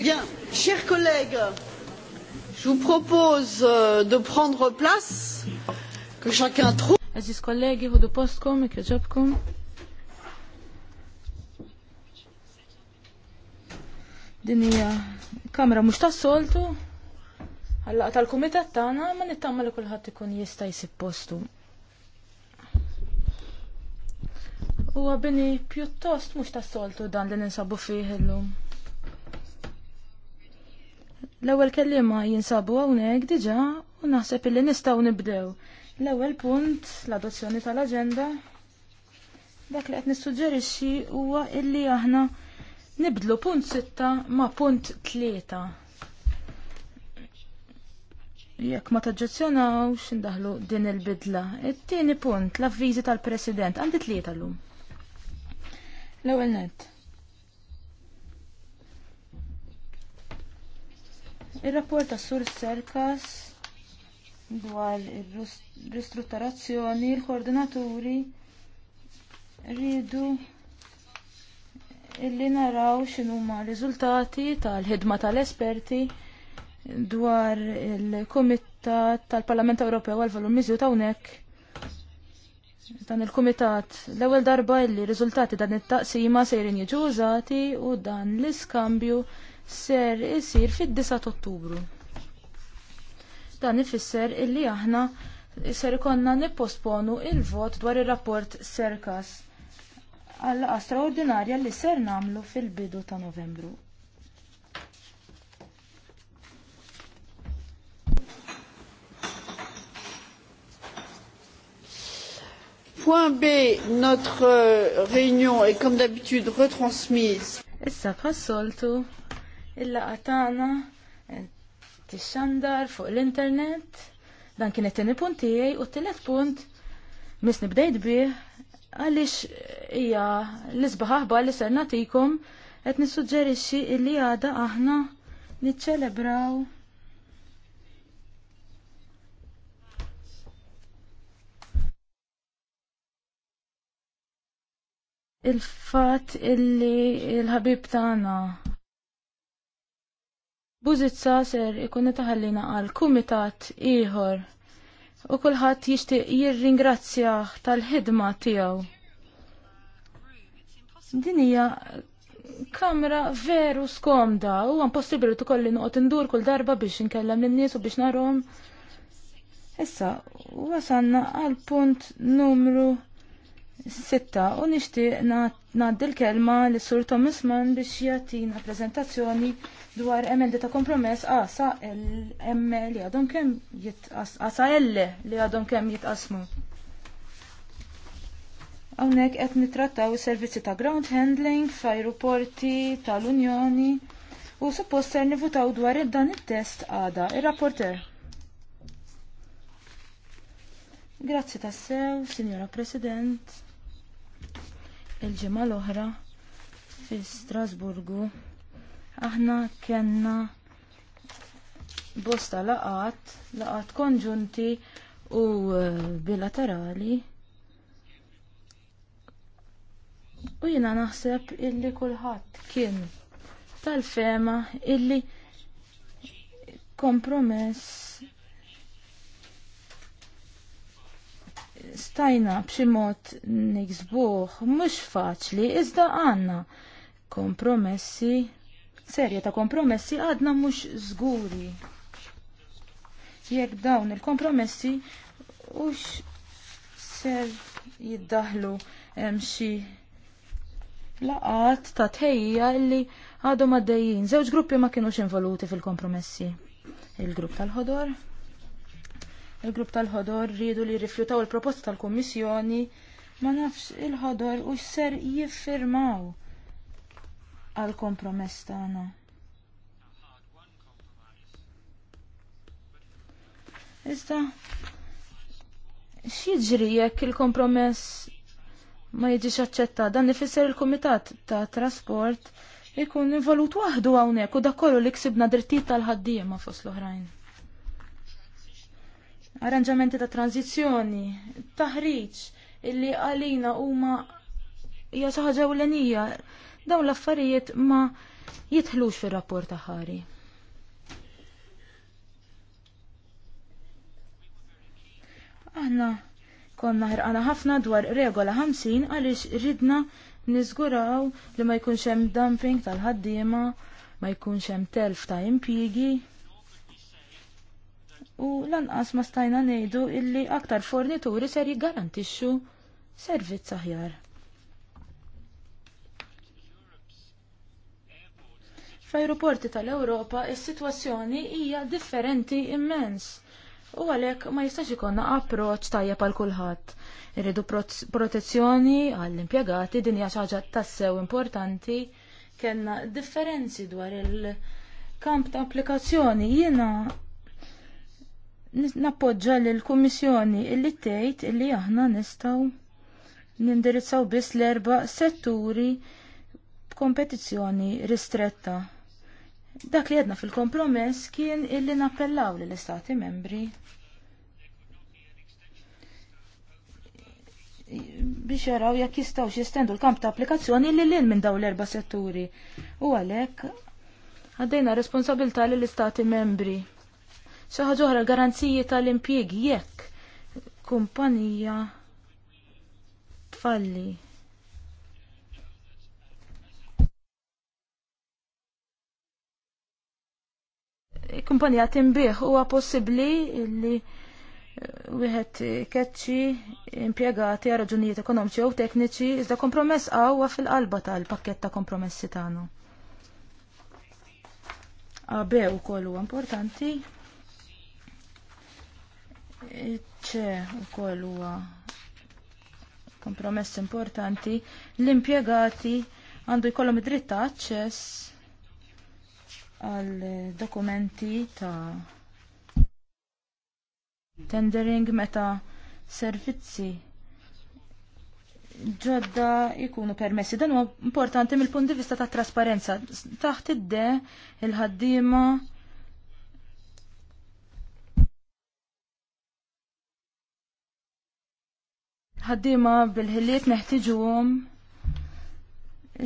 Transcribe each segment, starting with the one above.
Bien, chers collègues, je vous propose euh, de prendre place, que chacun trouve. Aziz kollegi, hudu postkom, ikħġabkom. Din hija kamra mhux tas-soltu. Għallaq tal-kumitat tana, ma nittama li kulħadd ikun jista' jsib postu. Huwa bini pjuttost mhux tas-soltu dan li ninsabu fih illum. L-ewwel kelliema jinsabu hawnhekk diġà u naħseb illi nistgħu nibdew. L-ewwel punt l-adozzjoni tal-aġenda. Dak li qed nissuġġerixxi huwa illi aħna nibdlu punt sitta ma' punt tlieta. Jekk ma taġġezzjonaw indaħlu din il-bidla. It-tieni punt l-avviżi tal-President għandi tlieta llum. L-ewwel nett. Il-rapport ta' Sur Serkas dwar il-ristrutturazzjoni, il-koordinaturi rridu illi naraw x'inhuma riżultati tal-ħidma tal-esperti dwar il-Kumitat tal-Parlament Ewropew għal volum ta' hawnhekk dan il-Kumitat l-ewwel darba illi riżultati dan it-taqsima sejrin jiġu użati u dan l-iskambju ser isir fid-9 Ottubru. Dan ifisser illi aħna ser ikonna nipposponu il-vot dwar ir rapport Serkas għall straordinarja li ser nagħmlu fil-bidu ta' Novembru. Point B, notre euh, réunion est comme d'habitude retransmise. Issa, pas soltu il għatana tagħna eh, tixxandar fuq l-internet. Dan kien it-tieni punt tiegħi u t-tielet punt mis nibdejt bih għaliex eh, hija l-isbaħ aħbar li ser għet qed nissuġġerixxi li għada aħna niċċelebraw il-fat illi il-ħabib tagħna Buzit ser ikun taħallina għal kumitat ieħor u kulħadd jixtieq jirringrazzjah tal-ħidma tiegħu. Din hija kamra veru skomda u għan tu kolli noqgħod indur kull darba biex inkellem lin-nies u biex narhom. Issa, wasanna għal punt numru sitta u nixtieq ngħaddi l-kelma li sur Thomas Mann biex jagħtina preżentazzjoni dwar emendi ta' kompromess għasa l-M li għadhom kemm jitqas għasa L li għadhom kem jitqasmu. Hawnhekk qed nitrattaw is-servizzi ta' ground handling f'ajruporti tal-Unjoni u suppost ser nivutaw dwar id-dan it-test għada ir-rapporter. Grazzi tassew, Signora President il-ġimgħa l-oħra fi Strasburgu aħna kellna bosta laqat, laqat konġunti u eh, bilaterali. U jiena naħseb illi kulħadd kien tal-fema illi kompromess stajna b'xi mod niksbuh mhux faċli iżda għandna kompromessi serje ta' kompromessi għadna mhux żguri. Jekk dawn il-kompromessi ux ser jiddaħlu hemm xi laqat ta' tħejja li għadhom għaddejjin. Żewġ gruppi ma kienux involuti fil-kompromessi. Il-grupp tal-ħodor il-grupp tal-ħodor rridu li rifjutaw il-proposta tal-Kummissjoni ma nafx il-ħodor u ser jiffirmaw għal kompromess tagħna. Iżda x'jiġri jekk il-kompromess ma jiġix aċċetta, dan ifisser il-Kumitat ta' Trasport ikun involut waħdu hawnhekk u dak kollu li ksibna drittijiet tal-ħaddiema fost l-oħrajn arranġamenti ta' tranzizjoni, taħriġ illi għalina huma hija u l ewlenija. Dawn l-affarijiet ma jitħlux fir-rapport ta' ħari. Aħna konna ħirqana ħafna dwar regola 50 għaliex ridna niżguraw li ma jkunx hemm dumping tal-ħaddiema, ma jkunx hemm telf ta' impjigi u lanqas ma stajna ngħidu illi aktar fornituri ser jiggarantixxu servizz aħjar. F'ajruporti tal-Ewropa is-sitwazzjoni hija differenti immens. U għalhekk ma jistax ikonna approċċ tajjeb għal kulħadd. Irridu protezzjoni għall-impjegati din hija xi ħaġa tassew importanti kellna differenzi dwar il-kamp ta' applikazzjoni jiena nappoġġa lill kummissjoni illi tgħid illi aħna nistgħu nindirizzaw biss l-erba' setturi b'kompetizzjoni ristretta. Dak li għedna fil-kompromess kien illi nappellaw lill istati membri biex jaraw jekk jistgħu jistendu l-kamp ta' applikazzjoni li lil minn dawn l-erba' setturi. U għalhekk għaddejna responsabilità lill istati membri Xi ħaġa l garanziji tal-impjiegi jekk kumpanija tfalli. Kumpanija timbieħ huwa possibbli li eh, wieħed keċċi impjegati għal raġunijiet ekonomiċi u tekniċi iżda kompromess qawwa fil-qalba tal-pakkett ta' kompromessi tagħna. AB ukoll huwa importanti ċe u koll huwa kompromess importanti, l-impiegati għandu jkollhom id-dritt ta' aċċess għal dokumenti ta' tendering meta servizzi ġodda jkunu permessi. Dan huwa importanti mill-punt di vista ta' trasparenza. Taħt id-de il-ħaddiema il il ħaddiema ħaddiema bil-ħiliet neħtiġuhom.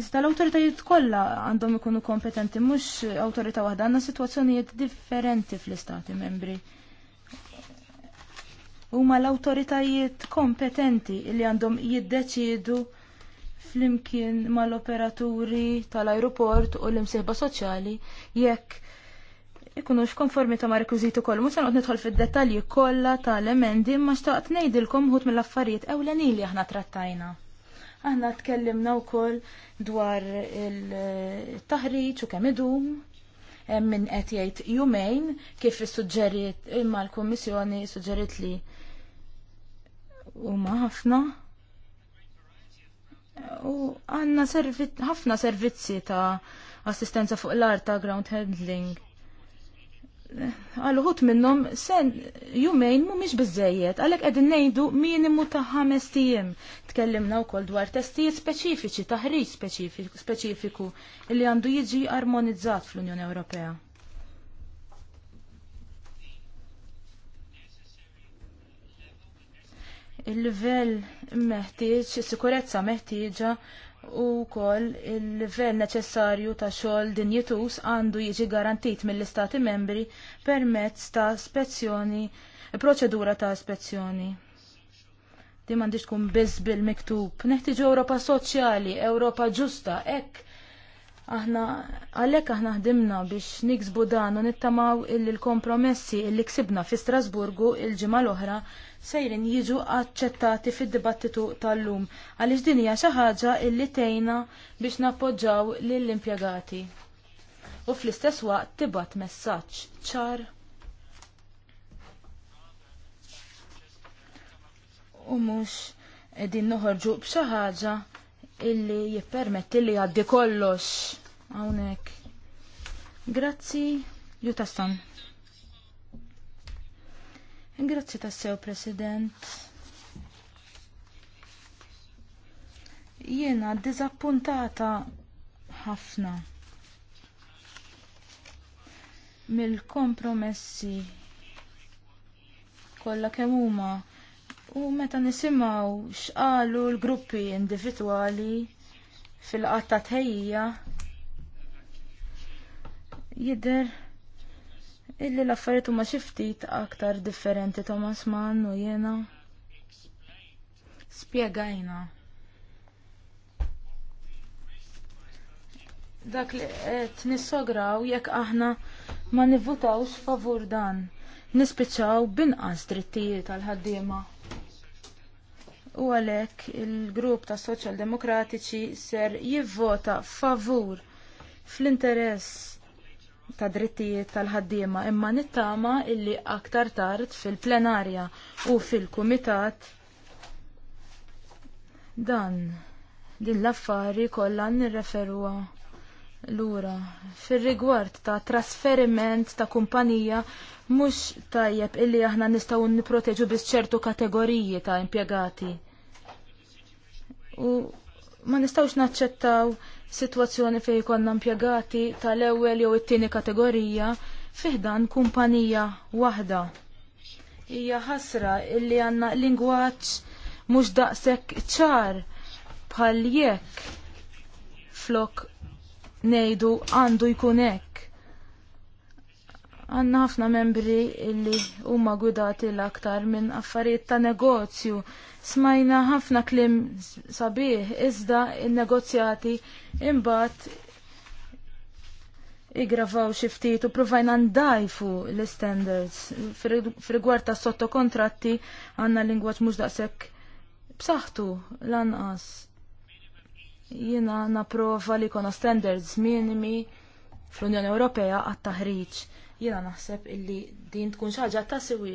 Iżda l-awtoritajiet kollha għandhom ikunu kompetenti mhux awtorità waħda għandna sitwazzjonijiet differenti fl-istati membri. Huma l-awtoritajiet kompetenti li għandhom jiddeċiedu flimkien mal-operaturi tal ajruport u l-imsieħba soċjali jekk ikunux ta' ma' rekwiżiti kollu. Mhux noqgħod nidħol fid-dettalji kollha tal-emendi imma xtaqt nejdilkom hut mill-affarijiet ewlenin li aħna trattajna. Aħna tkellimna wkoll dwar il-taħriġ u kemm idum minn qed jgħid jumejn kif suġġerit imma l-Kummissjoni suġġerit li huma ħafna. U għandna ħafna servizzi ta' assistenza fuq l-art ta' ground handling għal-ħut minnom sen jumejn miex bizzejiet, għalek għedin nejdu minimu ta' ħames tijem. Tkellimna u koll dwar testijiet speċifiċi, taħriġ speċifiku, li għandu jiġi armonizzat fl-Unjoni Ewropea. Il-livell meħtieġ, sikurezza meħtieġa u kol il-livell neċessarju ta' xogħol dinjitus għandu jiġi garantit mill-istati membri permezz ta' spezzjoni, proċedura ta' spezzjoni. Di mandi tkun biss bil-miktub. Neħtieġu Ewropa soċjali, Ewropa ġusta, hekk aħna għalhekk aħna ħdimna biex niksbu dan u nittamaw il-kompromessi kompromessi li ksibna fi Strasburgu il-ġimgħa l-oħra sejrin jiġu aċċettati fid-dibattitu tal-lum għaliex din hija xi ħaġa illi tgħinna biex nappoġġaw lill-impjegati. U fl-istess waqt tibgħat messaġġ ċar. U mhux qegħdin noħorġu b'xi ħaġa illi jippermetti li għaddi kollox hawnhekk. Grazzi, Jutastan. Ingrazzi te, President. Jiena dizappuntata ħafna mill-kompromessi kollha kemm huma u meta nisimgħu x'qalu l-gruppi individwali fil-qatta tħejja jidher illi l-affarijiet huma xi ftit aktar differenti Thomas Mann u jiena. Spjegajna. Dak li qed nissograw jekk aħna ma nivvutawx favur dan. Nispiċċaw binqas drittijiet għal ħaddiema. U għalhekk il-grupp ta' Demokratiċi ser jivvota favur fl-interess ta' drittijiet tal-ħaddiema imma nittama illi aktar tard fil-plenarja u fil-kumitat dan din l-affari kollha nirreferuha lura fir-rigward ta' trasferiment ta' kumpanija mhux tajjeb illi aħna nistgħu nipproteġu biss ċertu kategoriji ta' impjegati. U ma nistgħux naċċettaw situazzjoni fej konna impjegati tal-ewwel jew it-tieni kategorija fiħdan kumpanija waħda. Hija ħasra illi għandna lingwaġġ mhux daqshekk ċar bħal jekk flok ngħidu għandu jkun hekk. Għanna ħafna membri li huma gwidati l-aktar minn affarijiet ta' negozju. Smajna ħafna klim sabiħ, iżda il-negozjati imbagħad igravaw xi ftit u provajna ndajfu l-standards. Frigwarta sotto kontratti sottokontratti għandna mux mhux daqshekk b'saħħtu lanqas. Jiena naprova li kona standards minimi fl-Unjoni Ewropea għat taħriġ Jiena naħseb illi din tkun xi ħaġa ta' siwi.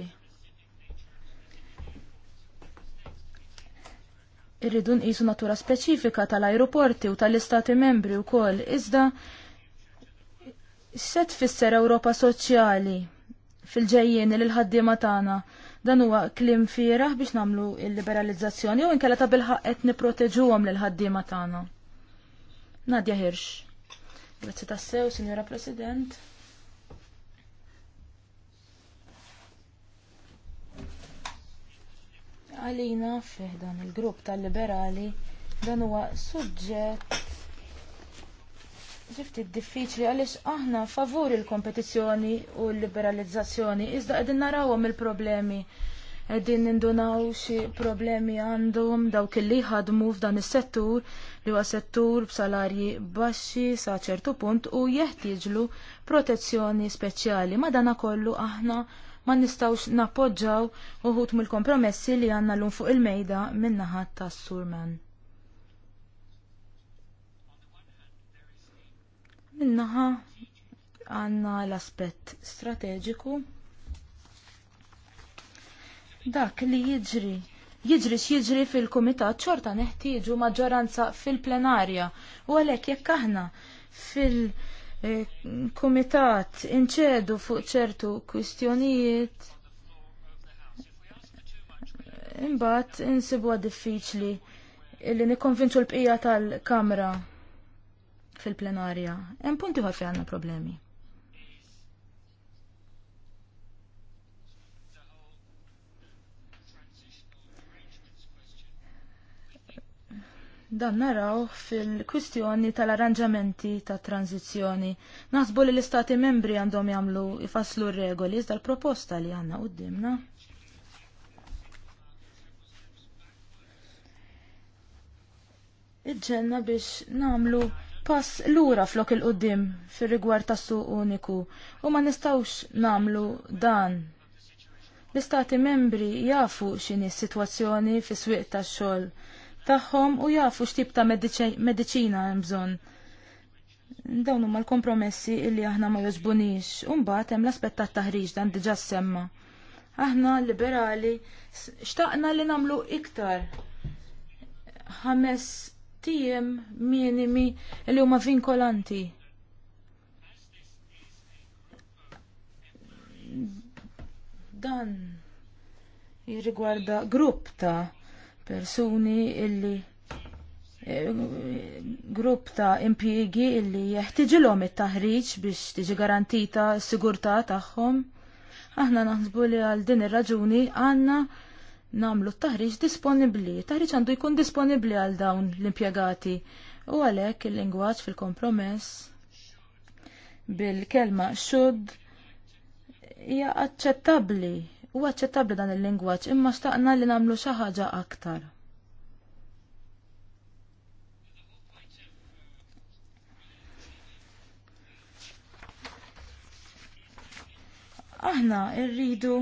Irridu nqisu natura speċifika tal-ajruporti u tal-istati membri wkoll iżda se tfisser Ewropa Soċjali fil-ġejjien l ħaddiema tagħna dan huwa klim fieraħ biex nagħmlu l-liberalizzazzjoni u nkella ta' bilħaq qed nipproteġuhom lil ħaddiema tagħna. Nadja Hirsch. Grazzi tassew, Sinjora President. Għalina fiħdan il-grupp tal-liberali dan huwa suġġett ġifti diffiċli għaliex aħna favur il-kompetizzjoni u l-liberalizzazzjoni, iżda qegħdin narawhom il-problemi. għedin nindunaw xi problemi għandhom dawk li ħadmu f'dan is-settur li huwa settur b'salarji baxxi sa ċertu punt u jeħtieġlu protezzjoni speċjali. Madana kollu aħna ma nistawx nappoġġaw uħut mill-kompromessi li għanna l fuq il-mejda minnaħat ta' Surman. Minnaħa għanna l-aspett strateġiku dak li jiġri jiġri x'jiġri fil-kumitat xorta neħtieġu maġġoranza fil-plenarja u għalhekk jekk aħna fil-, -plenarja, E, kumitat inċedu fuq ċertu kwistjonijiet imbagħad insibuha diffiċli illi nikkonvinċu l-bqija tal-kamra fil-plenarja. Hemm punti ħor għandna problemi. Dan naraw fil-kwistjoni tal-arranġamenti ta' tranzizjoni. Nasbu li l-istati membri għandhom jagħmlu ifasslu regoli iżda l-proposta li għandna qudiemna. Iġġelna biex namlu pass lura flok il-qoddim fir-rigward tas-suq uniku u ma nistawx namlu dan. L-istati membri jafu x'inhi s-sitwazzjoni fis-swieq tax-xogħol tagħhom u jafu x'tip ta' mediċina hemm bżonn. Dawn huma l-kompromessi illi aħna ma jogħġbunix u mbagħad hemm l-aspett tat-taħriġ dan diġà semma. Aħna liberali xtaqna li nagħmlu iktar ħames tiem minimi li huma vinkolanti. Dan jirrigwarda grupp ta' persuni illi eh, grupp ta' impjiegi illi jeħtiġilhom it-taħriġ biex tiġi garantita s-sigurtà tagħhom. Aħna naħsbu li għal din ir-raġuni għandna nagħmlu t-taħriġ disponibbli. Taħriġ għandu jkun disponibbli għal dawn l-impjegati u għalhekk il-lingwaġġ fil-kompromess bil-kelma xud hija aċċettabbli U aċċettabbli dan il-lingwaġġ imma xtaqna li nagħmlu xi ħaġa aktar. Aħna rridu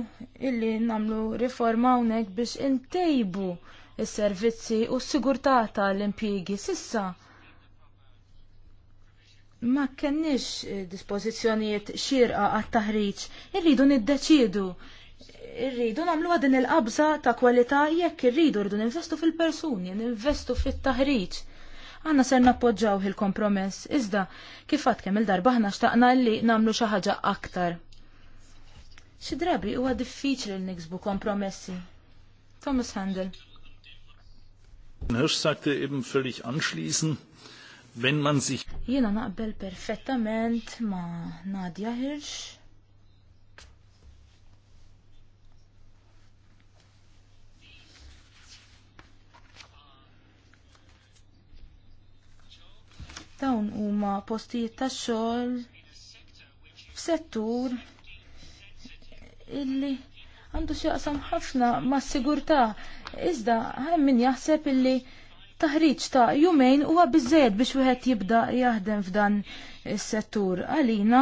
illi nagħmlu riforma hawnhekk biex intejbu s servizzi u s-sigurtà tal-impjiegi sissa. Ma kenniex eh, dispożizzjonijiet xirqa għat-taħriġ, irridu niddeċiedu irridu nagħmluha din il-qabża ta' kwalità jekk irridu rridu ninvestu fil-persuni, ninvestu fit-taħriġ. Għanna ser nappoġġaw il-kompromess, iżda kif għad kemm il-darba ħna xtaqna li nagħmlu xi ħaġa aktar. Xi drabi huwa diffiċli li niksbu kompromessi. Thomas Handel. sagte eben völlig anschließen, wenn man sich Jiena naqbel perfettament ma' Nadja Hirsch Dawn huma postijiet ta' xogħol f'settur illi għandu x'jaqsam ħafna mas sigurtà. Iżda hemm min jaħseb illi taħriġ ta' jumejn huwa biżżejjed biex wieħed jibda jaħdem f'dan is-settur. Għalina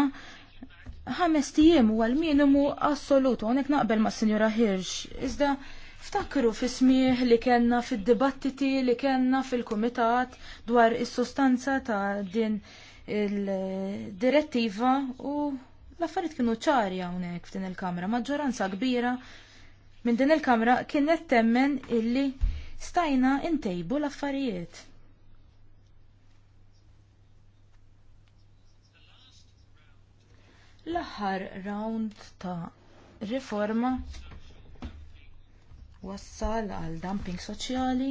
ħames tijiem huwa l-minimu assolutu, hawnhekk naqbel ma' sinjura Hirsch. Iżda Ftakru fi smieħ li kellna fid-dibattiti li kellna fil-kumitat dwar is-sustanza ta' din il-direttiva u l-affarijiet kienu ċari hawnhekk f'din il-kamra. Maġġoranza kbira minn din il-kamra kienet temmen illi stajna intejbu l-affarijiet. L-aħħar round ta' riforma wassal għal dumping soċjali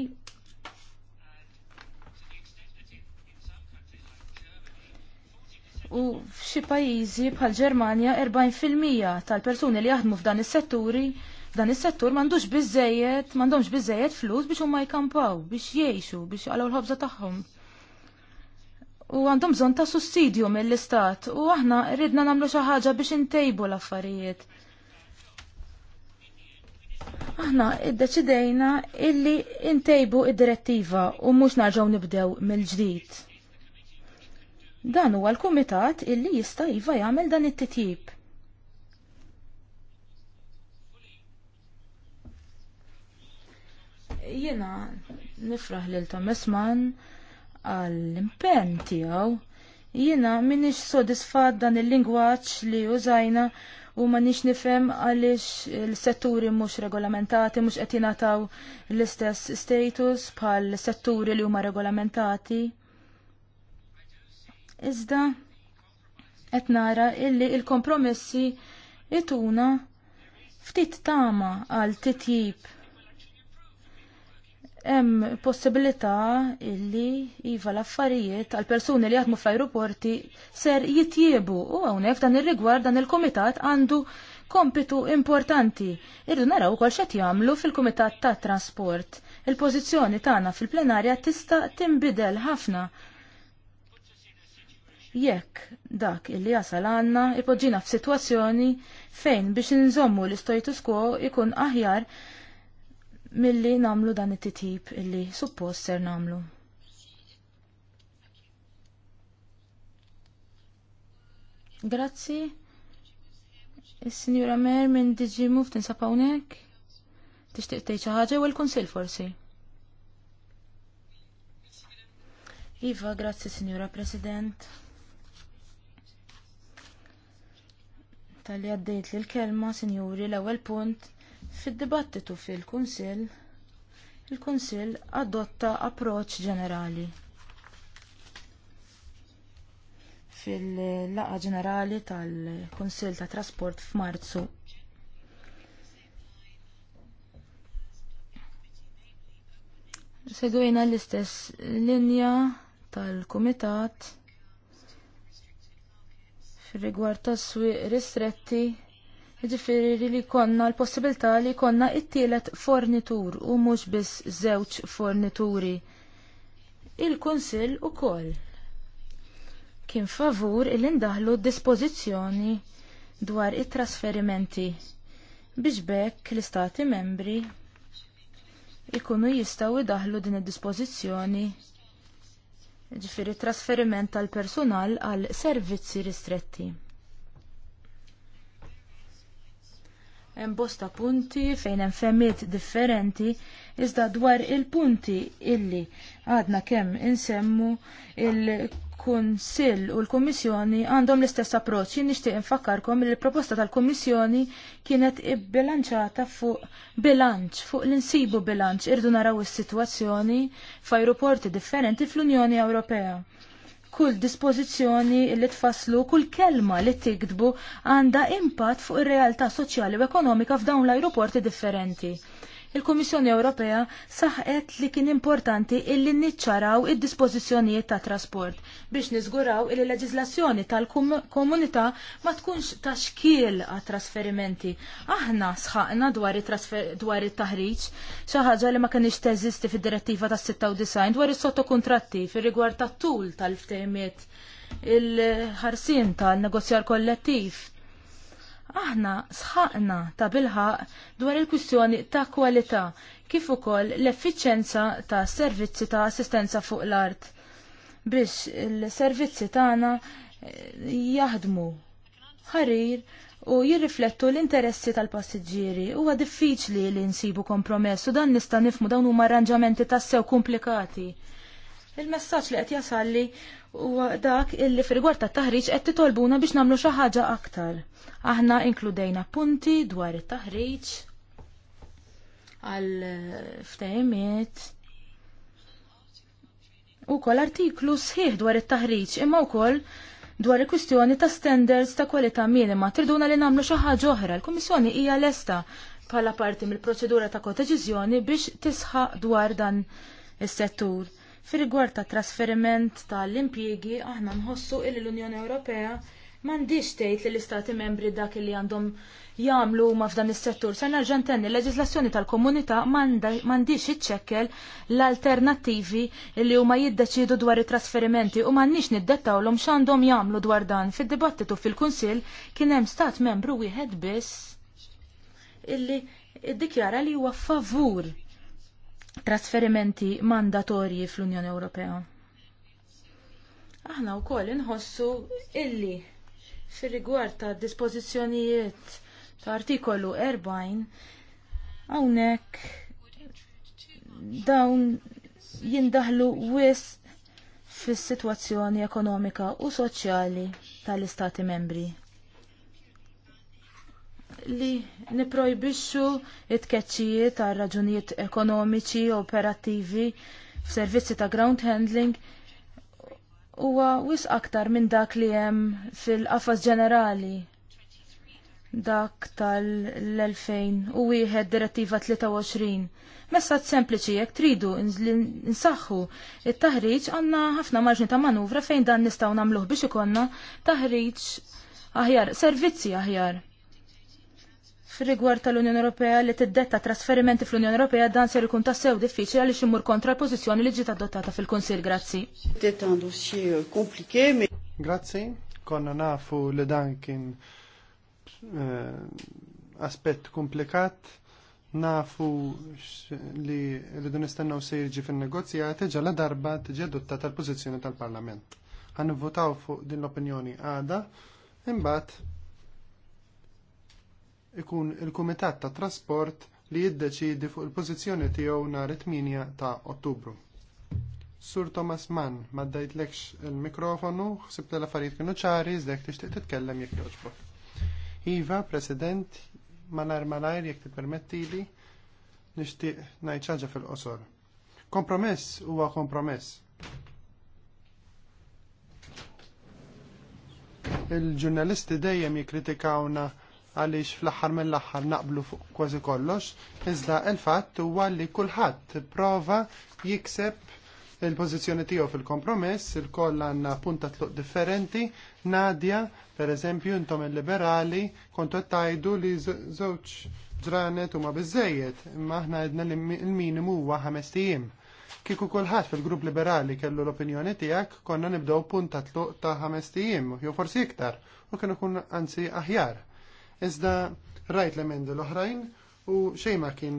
u f'xi pajjiżi bħal Ġermanja 40% tal-persuni li jaħdmu f'dan is-setturi f'dan is-settur m'għandux biżejjed, m'għandhomx biżejjed flus biex huma jkampaw, biex jgħixu, biex jaqgħu l-ħobża tagħhom. U għandhom bżonn ta' sussidju mill-istat u aħna rridna nagħmlu xi ħaġa biex intejbu l-affarijiet. Aħna id-deċidejna illi intejbu id-direttiva u mhux narġgħu nibdew mill-ġdid. Dan huwa l-kumitat illi jista' iva jagħmel dan it-titjib. Jiena nifraħ lil Thomas Mann għall-impenn tiegħu jiena minix sodisfat dan il lingwaġġ li użajna u ma nix nifem għalix l-setturi mux regolamentati, mux għetinataw l-istess status bħal setturi li huma regolamentati. Iżda, etnara illi il-kompromessi ituna ftit tama għal titjib hemm possibilità illi iva l-affarijiet għal persuni li jaħdmu fl-ajruporti ser jitjiebu u hawnhekk dan ir-rigward dan il-kumitat għandu kompitu importanti. Irdu naraw ukoll xet jagħmlu fil-Kumitat tat Trasport. Il-pożizzjoni tagħna fil-plenarja tista' tinbidel ħafna. Jekk dak illi jasal għandna ipoġġina f'sitwazzjoni fejn biex inżommu l-istojtu quo ikun aħjar milli namlu dan it-titib illi suppost ser namlu. Grazzi. Is-Sinjura Mer minn Digi Move tinsab hawnhekk? Tixtieq tgħid xi ħaġa jew il-Kunsill forsi? Iva, grazzi Sinjura President. Tal-li għaddejt li l-kelma, Sinjuri, l-ewwel punt Fid-dibattitu fil-Kunsill, il-Kunsill adotta approċċ ġenerali fil laqgħa ġenerali tal-Kunsill tat Trasport f'Marzu. Segwejna l-istess linja tal-Kumitat fir rigward tas-swieq ristretti Ġifiri li konna l-possibilità li konna it-tielet fornitur u mhux biss żewġ fornituri. Il-Kunsill ukoll kien favur il d dispożizzjoni dwar it-trasferimenti biex bekk l-istati membri ikunu jistaw idaħlu din id-dispożizzjoni ġifiri trasferiment tal-personal għal servizzi ristretti. Hemm bosta punti fejn hemm femmiet differenti iżda dwar il-punti illi għadna kemm insemmu il kunsill u l-Kummissjoni għandhom l-istess approċċ. Jien nixtieq infakkarkom li l-proposta tal-Kummissjoni kienet ibbilanċata fuq bilanċ, fuq l-insibu bilanċ irdu naraw is-sitwazzjoni f'ajruporti differenti fl-Unjoni Ewropea kull dispożizzjoni li tfasslu, kull kelma li tiktbu għandha impatt fuq ir-realtà soċjali u ekonomika f'dawn l-ajruporti differenti il-Kummissjoni Ewropea saħqet li kien importanti illi niċċaraw id-dispożizzjonijiet ta' trasport biex niżguraw il leġislazzjoni tal-komunità ma tkunx ta' xkiel għat trasferimenti. Aħna sħaqna dwar dwar it-taħriġ xi ħaġa li ma kienx teżisti fid-direttiva tas-96 dwar is-sottokuntratti fir-rigward tat-tul tal-ftehimiet il-ħarsin tal-negozjar kollettiv aħna sħaqna ta' bilħaq dwar il-kwistjoni ta' kwalità kif ukoll l-effiċenza ta' servizzi ta' assistenza fuq l-art biex il-servizzi tagħna eh, jaħdmu ħarir u jirriflettu l-interessi tal-passiġġieri. Huwa diffiċli li nsibu kompromess u dan nista' nifmu dawn huma arranġamenti tassew komplikati. Il-messaġġ li qed jasalli huwa dak illi fir-rigward tat-taħriġ qed titolbuna biex nagħmlu xi ħaġa aktar Aħna inkludejna punti dwar it-taħriġ għal eh, ftehimiet u kol artiklu sħiħ dwar it-taħriġ imma wkoll dwar il-kwistjoni ta' standards ta' kwalità minima. Tirduna li nagħmlu xi ħaġa oħra. l kummissjoni hija lesta bħala parti mill-proċedura ta' kodeċiżjoni biex tisħaq dwar dan is-settur. Fi rigward ta' trasferiment tal-impjiegi aħna nħossu il l-Unjoni Ewropea M'għandix tgħid li l-istati membri dak li għandhom jagħmlu ma f'dan is-settur. se nerġa' ntenni l-leġislazzjoni tal-komunità m'għandix iċċekkel l-alternattivi li huma jiddeċidu dwar it-trasferimenti u m'għandniex niddettawlhom x'għandhom jagħmlu dwar dan. Fid-dibattitu fil-Kunsill kien hemm stat membru wieħed biss illi iddikjara li huwa favur trasferimenti mandatorji fl-Unjoni Ewropea. Aħna wkoll inħossu illi Fir-rigward ta' dispożizzjonijiet ta' artikolu 40 hawnhekk dawn jindaħlu wis fis-sitwazzjoni ekonomika u soċjali tal-istati membri li niprojbixxu it-tkeċċijiet għal raġunijiet ekonomiċi operattivi f'servizzi ta' ground handling huwa wis aktar minn dak li hemm fil-qafas ġenerali dak tal-2001 direttiva 23. Messa sempliċi jekk tridu nsaħħu it-taħriġ għandna ħafna marġni ta' manuvra fejn dan nistgħu nagħmluh biex ikonna taħriġ aħjar, servizzi aħjar. Fir-rigward tal-Unjoni Ewropea li tiddetta trasferimenti fl-Unjoni Ewropea dan ser ikun tassew diffiċli għaliex imur kontra l-pożizzjoni li ġiet adottata fil-Kunsill. Grazzi. Euh, Grazzi, konna nafu li dan kien euh, aspett komplikat nafu li l-dun istennaw se jirġi fil negozjati ġala darba tiġi adottata l-pożizzjoni tal-Parlament. votaw fuq din l-opinjoni għada, imbagħad ikun il-Kumitat ta' Trasport li jiddeċidi fuq il-pożizzjoni tiegħu nhar it-8 ta' Ottubru. Sur Thomas Mann, ma ddajtlekx il-mikrofonu, xsibt l-affarijiet kienu ċari, zdek tixtieq titkellem jekk jogħġbok. Iva, President, malar malajr jekk tippermettili, nixtieq ngħid ħaġa fil-qosor. Kompromess huwa kompromess. Il-ġurnalisti dejjem jikkritikawna għaliex fl-aħħar mill-aħħar naqblu fuq kważi kollox, iżda il-fatt huwa li kulħadd prova jikseb il-pożizzjoni tiegħu fil-kompromess, il-koll għandna punta tluq differenti, Nadja, per eżempju, intom il-liberali, kontu tajdu li żewġ ġranet huma bizzejiet, imma aħna għedna l-minimu huwa ħames tijim. kiku kulħadd fil-grupp liberali kellu l-opinjoni tiegħek konna nibdew punta tluq ta' ħames tiem, jew forsi iktar, u kienu kun anzi aħjar. Iżda rajt l-emendi l-oħrajn u xejn ma kien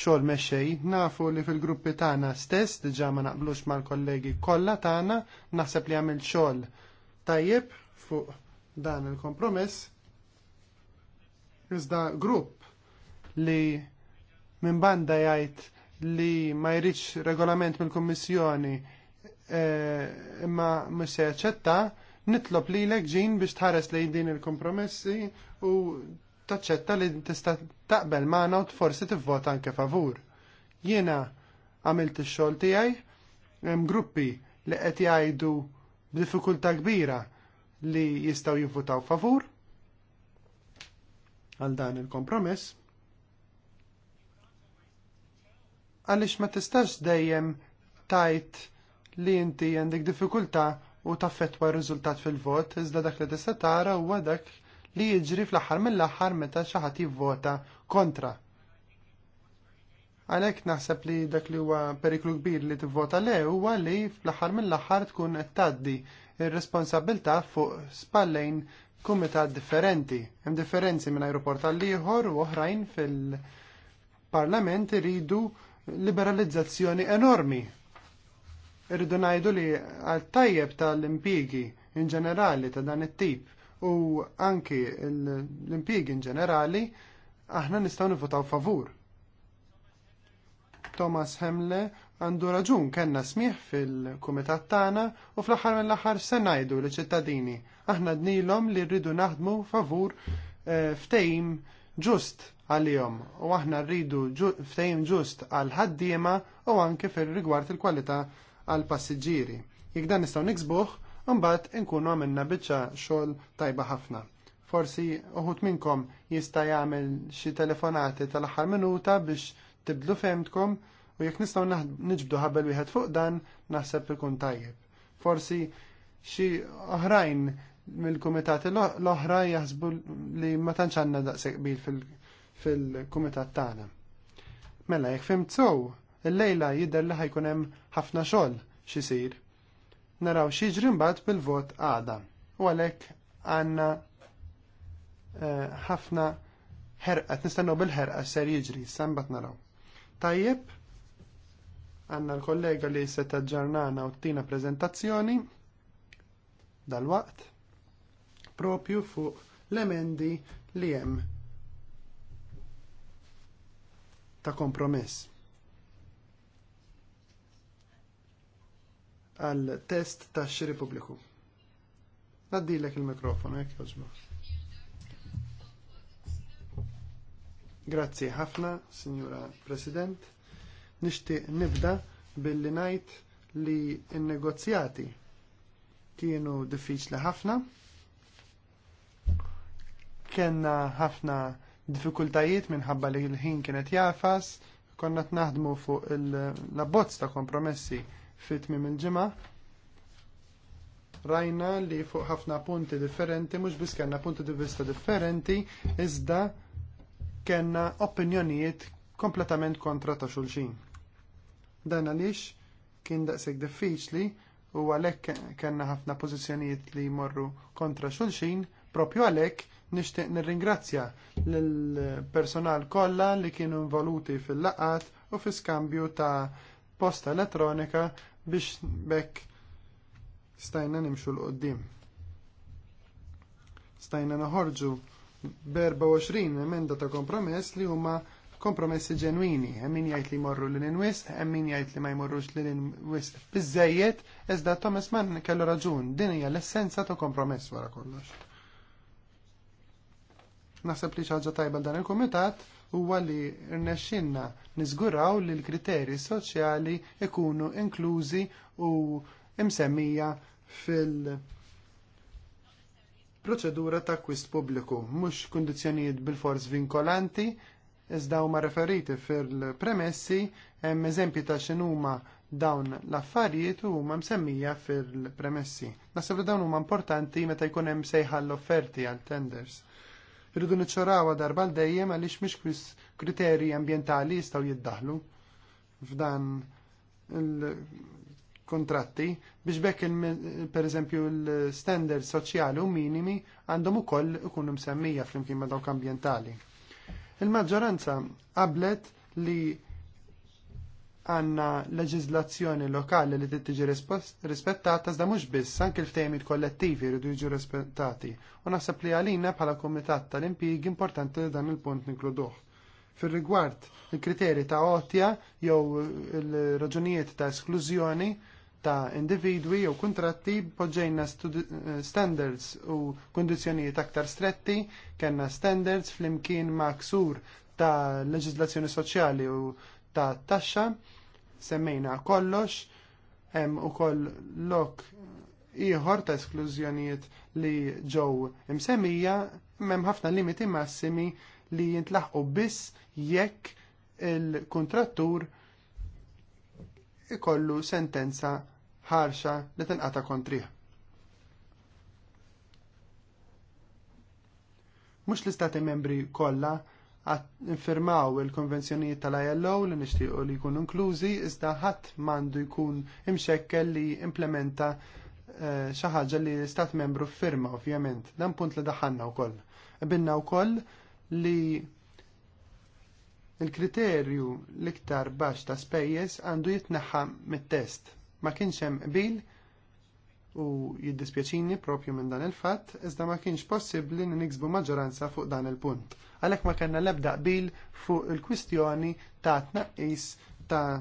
xogħol mexej, nafu li fil-gruppi tagħna stess diġà ma naqblux mal-kollegi kollha tagħna, naħseb li għamil xogħol tajjeb fuq dan il-kompromess. Iżda grupp li minn banda jgħid li ma jridx regolament mill-Kummissjoni eh, imma mhux se jaċċetta, Nitlob li l ġin biex tħares lejn din il-kompromessi u taċċetta li tista' taqbel maħna u forsi tivvota anke favur. Jiena għamilt ix-xogħol tiegħi hemm gruppi li qed jgħidu b'diffikultà kbira li jistgħu jivvotaw favur għal dan il-kompromess. Għaliex ma tistax dejjem tajt li inti għandek diffikultà u taffetwa r-riżultat fil-vot iżda dak li tista' tara huwa dak li jiġri fl-aħħar mill-aħħar meta xi ħadd jivvota kontra. Għalhekk naħseb li dak li huwa periklu kbir li tivvota le huwa li fl-aħħar mill-aħħar tkun qed tgħaddi ir-responsabilità fuq spallejn kumitat differenti. Hemm differenzi minn aeroport għal ieħor u oħrajn fil-Parlament iridu liberalizzazzjoni enormi Irridu ngħidu li għal tajjeb tal-impigi in ġenerali ta' dan it-tip u anki l-impigi in ġenerali aħna nistgħu nivotaw favur. Thomas Hemle għandu raġun kellna smieħ fil-kumitat tagħna u fl-aħħar mill-aħħar se ngħidu li ċittadini aħna dnilhom li rridu naħdmu favur eh, ftehim ġust għalihom u aħna rridu ftehim ġust għal ħaddiema u anke fir-rigward il-kwalità għal passiġġieri. Jekk dan nistgħu niksbuh, imbagħad inkunu għamilna biċċa xogħol tajba ħafna. Forsi uħut minnkom jista' jagħmel xi telefonati tal-aħħar minuta biex tibdlu femtkom u jekk nistgħu niġbdu ħabel wieħed fuq dan naħseb ikun tajjeb. Forsi xi oħrajn mill-kumitati l-oħra jaħsbu li ma tantx għandna daqshekk qbil fil-kumitat tagħna. Mela, jekk fimt sow, il-lejla jidher li ħajkun hemm ħafna xogħol xisir. Naraw xieġri mbagħad bil-vot għada. U għalhekk għandna eh, ħafna ħerqa, nistennew bil-ħerqa ser jiġri, sambat naraw. Tajjeb, għanna l-kollega li se ġarnana u tina prezentazzjoni dal-waqt propju fuq l-emendi li hemm ta' kompromess. għal test ta' xiri pubbliku. Naddilek il-mikrofonu, jek jożma. Grazzi ħafna, Signora President. Nixtieq nibda billi ngħid li n-negozjati kienu diffiċli ħafna. Kenna ħafna diffikultajiet minħabba li l-ħin kienet jafas, konna t naħdmu fuq il-labbozz ta' kompromessi fitmi minn il-ġimgħa. Rajna li fuq ħafna punti differenti, mhux biss kena punti di vista differenti, iżda kellna opinjonijiet kompletament kontra ta' xulxin. Dan għaliex kien daqshekk diffiċli u għalhekk kena ħafna pożizzjonijiet li jmorru kontra xulxin, propju għalhekk nishtiq nirringrazzja lill personal kollha li kienu involuti fil-laqat u fi skambju ta' posta elettronika biex bekk stajna nimxu l-qoddim. Stajna naħorġu b-24 emenda ta' kompromess li huma kompromessi ġenwini, emmin jgħid li morru l inwis emmin jgħid li ma jmorrux l inwis bizzejiet, iżda Thomas Mann kellu raġun, din hija l-essenza ta' kompromess wara kollox. Naħseb li ħaġa tajba dan il-kumitat huwa li rnexxinna niżguraw li l-kriterji soċjali ikunu inklużi u imsemmija fil- proċedura ta' akkwist pubbliku mhux kundizzjonijiet bil-fors vinkolanti, iżda huma referiti fil-premessi, hemm eżempji ta' x'inhuma dawn l-affarijiet huma msemmija fil-premessi. Naħseb li dawn huma importanti meta jkun hemm sejħa l-offerti għal tenders. Rridu niċċarawa darba l-dejjem għaliex mhix kwis kriterji ambjentali jistgħu jiddaħlu f'dan il-kontratti biex bekk per eżempju l-standard soċjali u minimi għandhom ukoll ikunu msemmija flimkien ma' dawk ambjentali. Il-maġġoranza qablet li għanna leġizlazzjoni lokali li tittiġi rispettata iżda mhux biss anke l ftejmi kollettivi jridu jiġu rispettati. U naħseb li għalina bħala kumitat tal-impjiegi importanti li dan il-punt nikluduħ. fil rigward il-kriterji ta' otja jew il-raġunijiet ta' esklużjoni ta' individwi jew kuntratti poġġejna standards u kundizzjonijiet aktar stretti, kellna standards flimkien ma' ksur ta' leġizlazzjoni soċjali u ta' taxxa, semmejna kollox, hemm ukoll lok ieħor ta' esklużjonijiet li ġew imsemmija, hemm ħafna limiti massimi li jintlaħqu biss jekk il-kontrattur ikollu sentenza ħarxa li tinqata kontriha. Mhux l-istati membri kollha infirmaw il-konvenzjonijiet tal-ILO li nixtiequ li jkunu inklużi iżda ħadd m'għandu jkun imxekkel li implementa eh, xi ħaġa li l-Istat membru firma ovvjament. Dan punt li daħanna wkoll. Binna wkoll li il-kriterju l-iktar baxx ta' spejjeż għandu jitneħħa mit-test. Ma kienx hemm qbil u jiddispjaċini propju minn dan il-fatt, iżda ma kienx possibbli li niksbu maġġoranza fuq dan il-punt. Għalhekk ma kellna l-ebda qbil fuq il-kwistjoni ta' tnaqqis ta'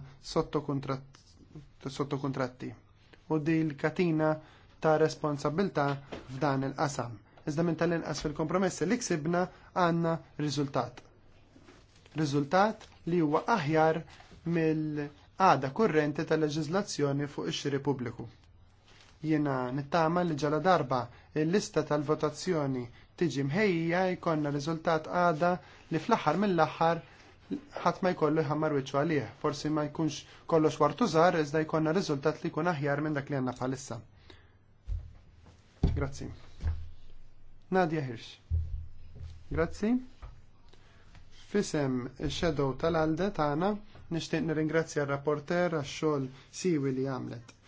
sottokuntratti u di l-katina ta' responsabilta f'dan il-qasam. Iżda minn tal-inqas fil kompromess li ksibna għandna riżultat. Riżultat li huwa aħjar mill-għada kurrenti tal-leġizlazzjoni fuq ix-xiri pubbliku. Jiena nittama li ġala darba il-lista tal-votazzjoni tiġi mħejja jkollna riżultat għada li fl-aħħar mill-aħħar ħadd ma jkollu jħammar wiċċu għalih. Forsi ma jkunx kollox wartu żgħar iżda jkollna riżultat li jkun aħjar minn dak li għandna bħalissa. Grazzi. Nadja Hirsch. Grazzi. Fisem il-shadow tal-alde tagħna nixtieq nirringrazzja r-rapporter għax-xogħol siwi li għamlet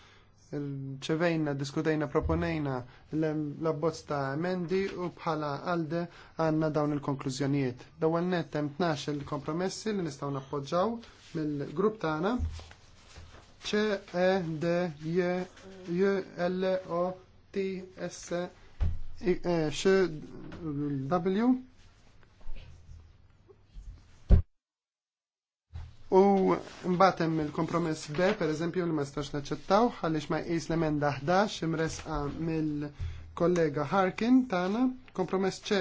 ċevejna, diskutejna, proponejna l-abbozz ta' emendi u bħala għalde għanna dawn il-konklużjonijiet. Dawan net hemm 12 il-kompromessi li nistgħu nappoġġaw mill-grupp tagħna. C, E, D, J, J, L, O, T, S, e, e, X, W, U mbagħad il-kompromess B pereżempju li ma stax naċċettaw għaliex ma jqis l-emenda 11 imresqa mill-kollega Harkin tagħna. Kompromess C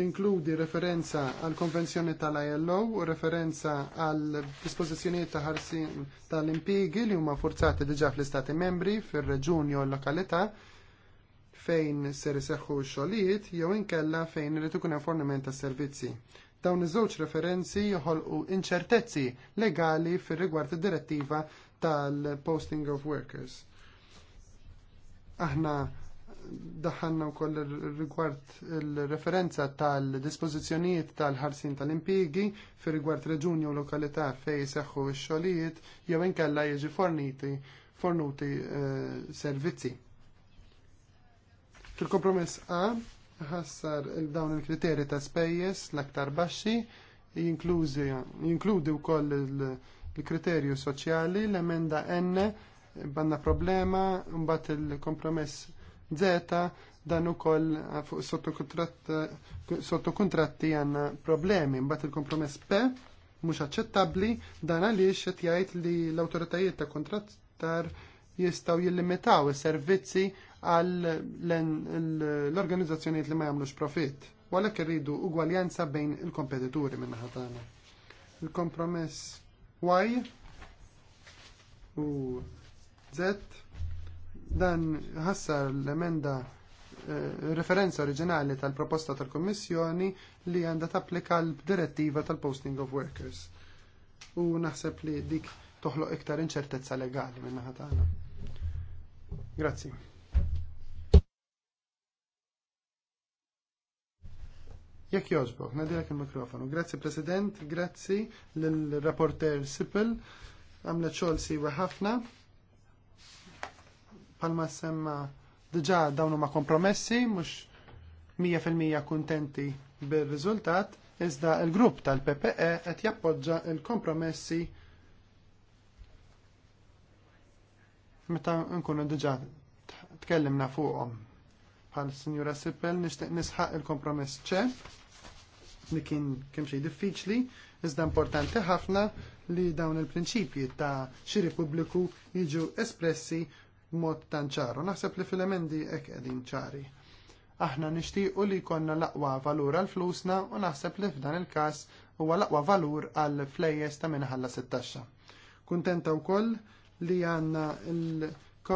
tinkludi referenza għal konvenzjoni tal-ILO u referenza għal dispożizzjonijiet ta' ħarsin tal-impigi li huma forzati diġà fl-istati membri fir-reġuni u l-lokalità fejn ser iseħħu x-xogħlijiet jew inkella fejn irid ikun hemm tas-servizzi. Dawn iż-żewġ referenzi joħolqu inċertezzi legali fir rigward id-direttiva tal-posting of workers. Aħna daħanna u koll rigward il-referenza tal-dispozizjonijiet tal-ħarsin tal impjiegi fir rigward reġuni u lokalità fej seħħu x-xolijiet jew inkella jiġi forniti fornuti eh, servizzi. Fil-kompromess A ħassar dawn il-kriteri ta' spejjes l-aktar baxxi jinkludi wkoll il-kriterju soċjali l-emenda N banna problema mbagħad il-kompromess Z dan ukoll sotto sottokuntratti għandna problemi mbagħad il-kompromess P mhux aċċettabbli dan għaliex qed jgħid li l-awtoritajiet ta' kontrattar jistgħu jillimitaw is-servizzi għal l-organizzazzjoniet li ma jagħmlux profit. Walek irridu ugwaljanza bejn il-kompetituri minn ħatana. Il-kompromess Y u Z dan ħassar l-emenda eh, referenza oriġinali tal-proposta tal-Kommissjoni li għandha tapplika l-direttiva tal-posting of workers. U naħseb li dik toħloq iktar inċertezza legali minna ħatana. Grazzi. Jekk jogħġbok, nadilek il-mikrofonu. Grazzi President, grazzi l-rapporter Sipil, għamlet xogħol siwa ħafna. Palma semma dġa dawn huma kompromessi, mhux 100% kuntenti bir-riżultat, iżda l grupp tal-PPE qed jappoġġa l kompromessi meta nkunu dġa tkellimna fuqom. Pal-Signora Sippel nixtieq nisħaq il-kompromess ċe li kien kemm xi diffiċli, iżda importanti ħafna li dawn il-prinċipji ta' xiri pubbliku jiġu espressi b'mod tan ċaru. Naħseb li fil-emendi hekk qegħdin ċari. Aħna nixtiequ li jkollna l-aqwa valur għal flusna u naħseb li f'dan il-każ huwa l-aqwa valur għal flejjes ta' minħalla 16. Kuntenta wkoll li għandna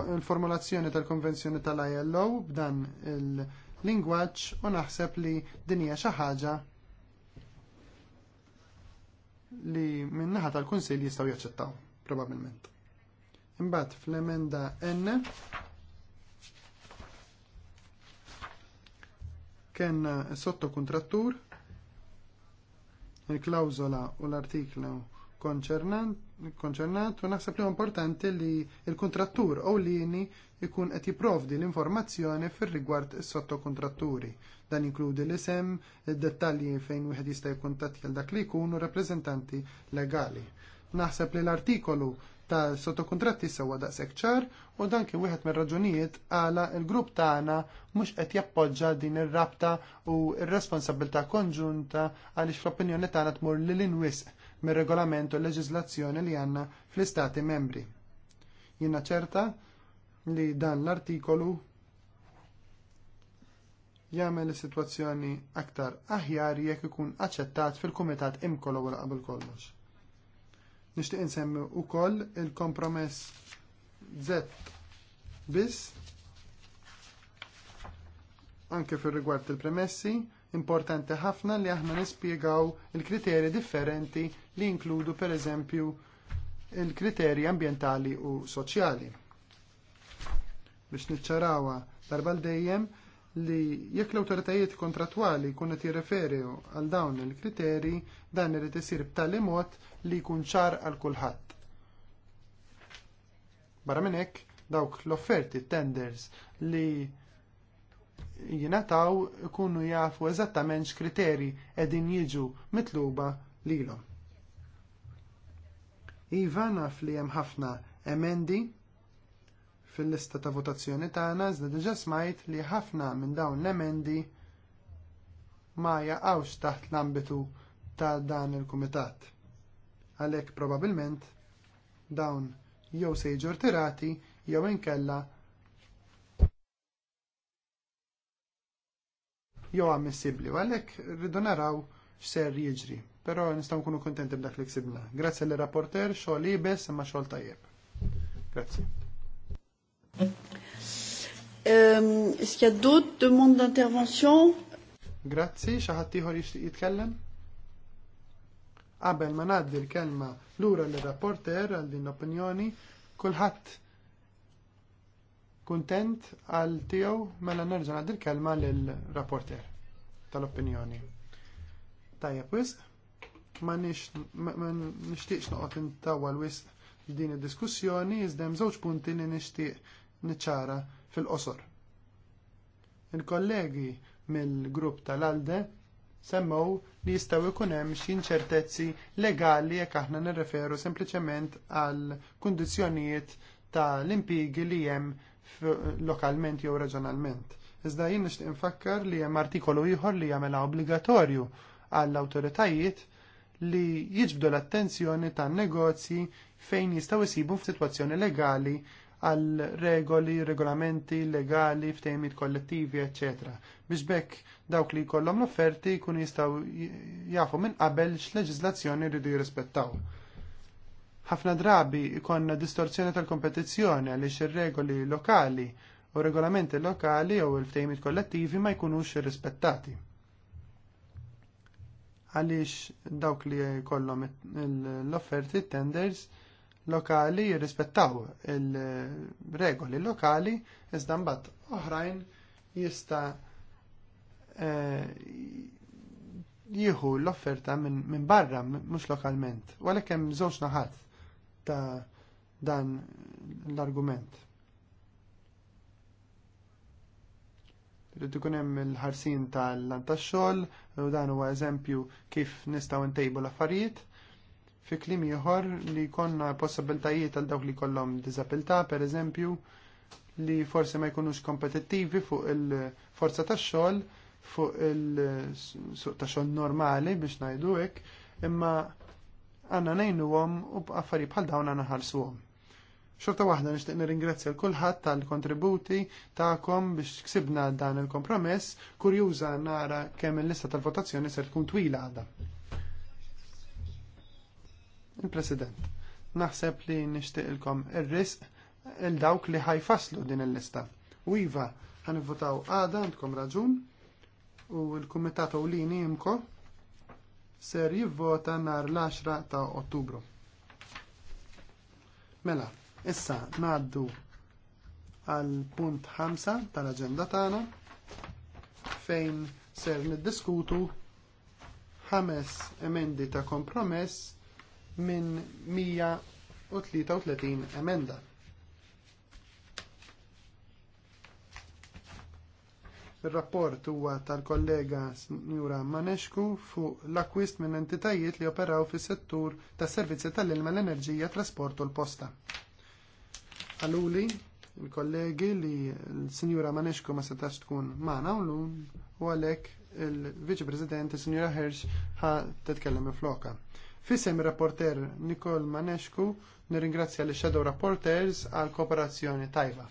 l-formulazzjoni tal-konvenzjoni tal-ILO b'dan il-lingwaġġ u naħseb li din hija xi ħaġa li minnaħa tal-Kunsill jistgħu jaċċettaw, probabbilment. Imbagħad fl-emenda N kenna sottokuntrattur il klausola u l-artiklu konċernat u naħseb li importanti li il-kontrattur u lini ikun qed jipprovdi l-informazzjoni fir-rigward is-sottokontratturi. Dan inkludi l-isem, id-dettalji fejn wieħed jista' jikkuntattja dak li jkunu rappreżentanti legali. Naħseb li l-artikolu ta' sottokontratti sewa daqshekk ċar u dan kien wieħed mir-raġunijiet għala l-grupp tagħna mhux qed jappoġġa din ir-rabta u r-responsabilità konġunta għaliex fl-opinjoni tagħna tmur lil inwisq mir-regolament u l-leġiżlazzjoni li għandna fl-istati membri. Jina ċerta li dan l-artikolu jagħmel is-sitwazzjoni aktar aħjar jekk ikun aċċettat fil-kumitat imkollu wara qabel kollox. Nixtieq insemmi wkoll il-kompromess Z biss anke fir rigward il-premessi importanti ħafna li aħna nispjegaw il-kriterji differenti li jinkludu pereżempju l kriterji ambjentali u soċjali. Biex niċċarawa darba dejjem li jekk l-awtoritajiet kontratwali jkunu qed jirreferu għal dawn il-kriterji, dan irid isir b'tali mod li jkun ċar għal kulħadd. Barra minn hekk, dawk l-offerti tenders li jingħataw ikunu jafu eżattament x'kriterji qegħdin jiġu mitluba lilhom. Iva naf li hemm ħafna emendi fil-lista ta' votazzjoni tagħna iżda diġà smajt li ħafna minn dawn l-emendi ma jaqgħux taħt l-ambitu ta' dan il-kumitat. Għalhekk probabbilment dawn jew se jiġu rtirati jew inkella jew ammissibbli u għalhekk rridu naraw x'ser jiġri. Però nistgħu nkunu kontenti b'dak li ksibna. Grazzi l rapporter xogħol ibes imma xogħol tajjeb. Grazzi. Ehm, est-ce qu'il y a d'autres demandes d'intervention Grazzi, xi ħadd jitkellem? Qabel ma ngħaddi l-kelma lura lir rapporter għal din l-opinjoni, kulħadd Kuntent għal tiegħu mela nerġa' għad l-kelma lill-rapporter tal-opinjoni. Tajjeb wisq, ma nixtieqx noqgħod intawwa l-wisq f'din id-diskussjoni iżda hemm żewġ punti li nixtieq niċċara fil-qosor. Il-kollegi mill-grupp tal-Alde semmew li jistgħu jkun hemm xi inċertezzi legali jekk aħna nirreferu sempliċement għal kundizzjonijiet tal impigi li hemm lokalment jew reġjonalment. Iżda jien nixtieq infakkar li hemm artikolu ieħor li jagħmel obbligatorju għall awtoritajiet li jiġbdu l-attenzjoni tan negozji fejn jistgħu jsibu f'sitwazzjoni legali għal regoli, regolamenti legali, ftejmit kollettivi, ecc. Biex bekk dawk li jkollhom l-offerti jkunu jistgħu jafu minn qabel x'leġiżlazzjoni jridu jirrispettaw ħafna drabi ikonna distorzjoni tal-kompetizzjoni għaliex ir-regoli lokali u regolamenti lokali jew il-ftejmit kollettivi ma jkunux irrispettati. Għaliex dawk li jkollhom l-offerti tenders lokali jirrispettaw il-regoli lokali iżda mbagħad oħrajn jista' eh, jieħu l-offerta minn barra, mhux lokalment. U għalhekk hemm żewġ naħat ta' dan l-argument. Rridu ikun hemm il-ħarsin tal-lan tax-xogħol u dan huwa eżempju kif nistgħu ntejbu l-affarijiet. Fi klim ieħor li jkollna possibiltajiet għal dawk li jkollhom diżabilità, pereżempju, li forsi ma jkunux kompetittivi fuq il-forza tax-xogħol fuq il-suq tax-xogħol normali biex ngħidu hekk, imma għanna nejnu għom u b'affari bħal dawn għanna għom. Xorta wahda nishtiq nirringrazzja l-kulħadd tal-kontributi ta'kom biex ksibna dan il-kompromess, kurjuża nara kemm il-lista tal-votazzjoni ser tkun twila għadha. Il-President, naħseb li nishtiq ilkom il risq il-dawk li ħajfaslu din il-lista. U iva, ħanivvotaw għada, għandkom raġun, u l-Kumitat Ewlieni imko ser jivvota nhar l-10 ta' Ottubru. Mela, issa ngħaddu għal punt 5 tal-aġenda tagħna fejn ser niddiskutu ħames emendi ta' kompromess minn 133 emenda. Il-rapport huwa tal-kollega Njura Manesku fuq l-akwist minn entitajiet li operaw fis settur tas servizzi tal-ilma l-enerġija, trasport u l-posta. Għaluli, il-kollegi li l-Sinjura Manesku ma setax tkun maħna u u għalek il-Vice President, il-Sinjura Hirsch, ħa tetkellem floka. Fissem il-rapporter Nikol Manesku nirringrazzja li Shadow Rapporters għal kooperazzjoni tajba.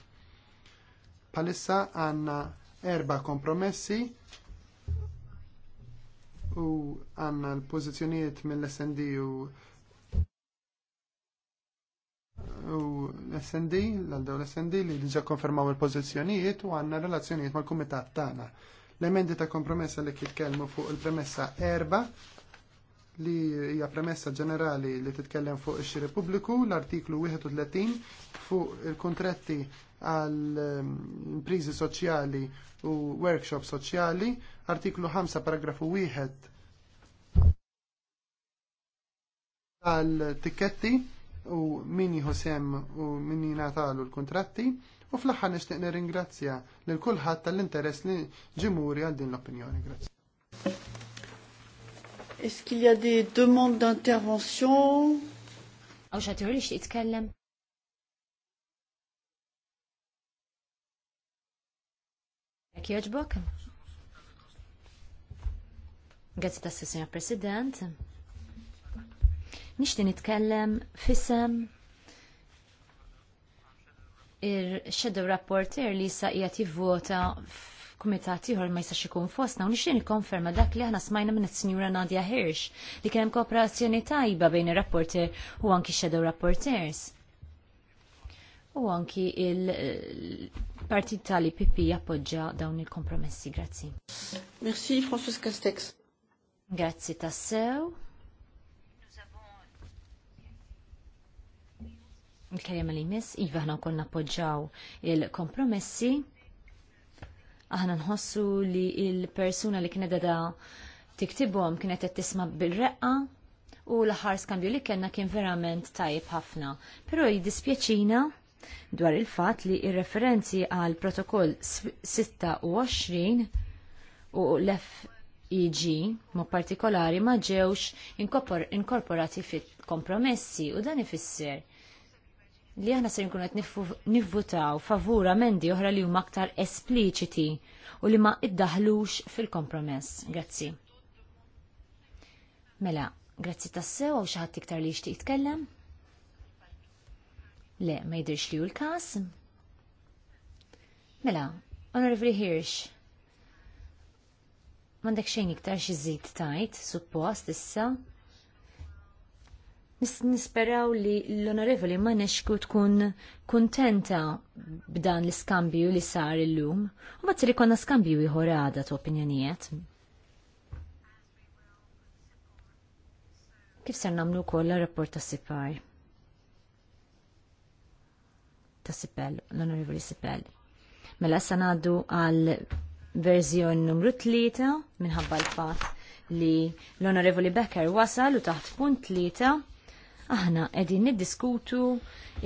Palissa għanna erba kompromessi u għanna l pozizjoniet mill-SND u u l-SND, l-għaldew l-SND li diġa konfermaw il pozizjoniet u għanna relazzjonijiet mal-kumitat tagħna. L-emendi ta' kompromessa li kitkellmu fuq il-premessa erba li hija premessa ġenerali li titkellem fuq ix-xiri pubbliku, l-artiklu 31 fuq il-kontratti għal ehm, imprizi soċjali u workshop soċjali, artiklu 5 paragrafu 1 għal tikketti u min jħosem u min jinatalu l-kontratti u fl aħħar nishtiq ringrazzja lil kulħadd tal-interess li ġimuri għal din l-opinjoni. Grazie. Est-ce qu'il y a des demandes d'intervention? Kjoġbok? Grazzi s signor President. Nishti nitkellem fissem il-shadow rapporter li sa jgħat jivvota f'kumitat ieħor ma jistax ikun fostna u nixtieq nikkonferma dak li aħna smajna minn is-Sinjura Nadja Hirsch li kien kooperazzjoni tajba bejn ir-rapporter u anki shadow rapporters u anki il-partit eh, tal-IPP jappoġġa dawn il-kompromessi. Grazzi. Merci, François Castex. Grazzi tassew. Il-keljem li iva ħna kol nappoġġaw il-kompromessi. Aħna nħossu li il-persuna li kienet da tiktibhom kienet qed tisma' bil-reqqa u l-ħar skambju li kellna kien verament tajb ħafna. Però jiddispjaċina dwar il-fatt li r referenzi għal protokoll 26 u l-FEG mod partikolari ma ġewx inkorporati fit-kompromessi u dan ifisser li aħna ser nkunu qed nivvutaw favur amendi oħra li huma aktar espliċiti u li ma iddaħlux fil-kompromess. Grazzi. Mela, grazzi tassew għaw xaħat iktar li jixtieq jitkellem? Le, ma jidirx li u l-kas. Mela, Onorevoli Hirsch, mandek xejn iktar xi żid tajt, suppost issa. Nisperaw li l-Onorevoli Manexku tkun kontenta b'dan l-iskambju li sar illum, u bazz li konna skambju ieħor għada ta' opinjonijiet. Kif ser namlu kolla rapport ta' sipar? ta' Sipel, l-Onorevoli Sipel. Mela issa għal verżjoni numru 3 minħabba l-fatt li l-Onorevoli Becker wasal u taħt punt 3 aħna qegħdin niddiskutu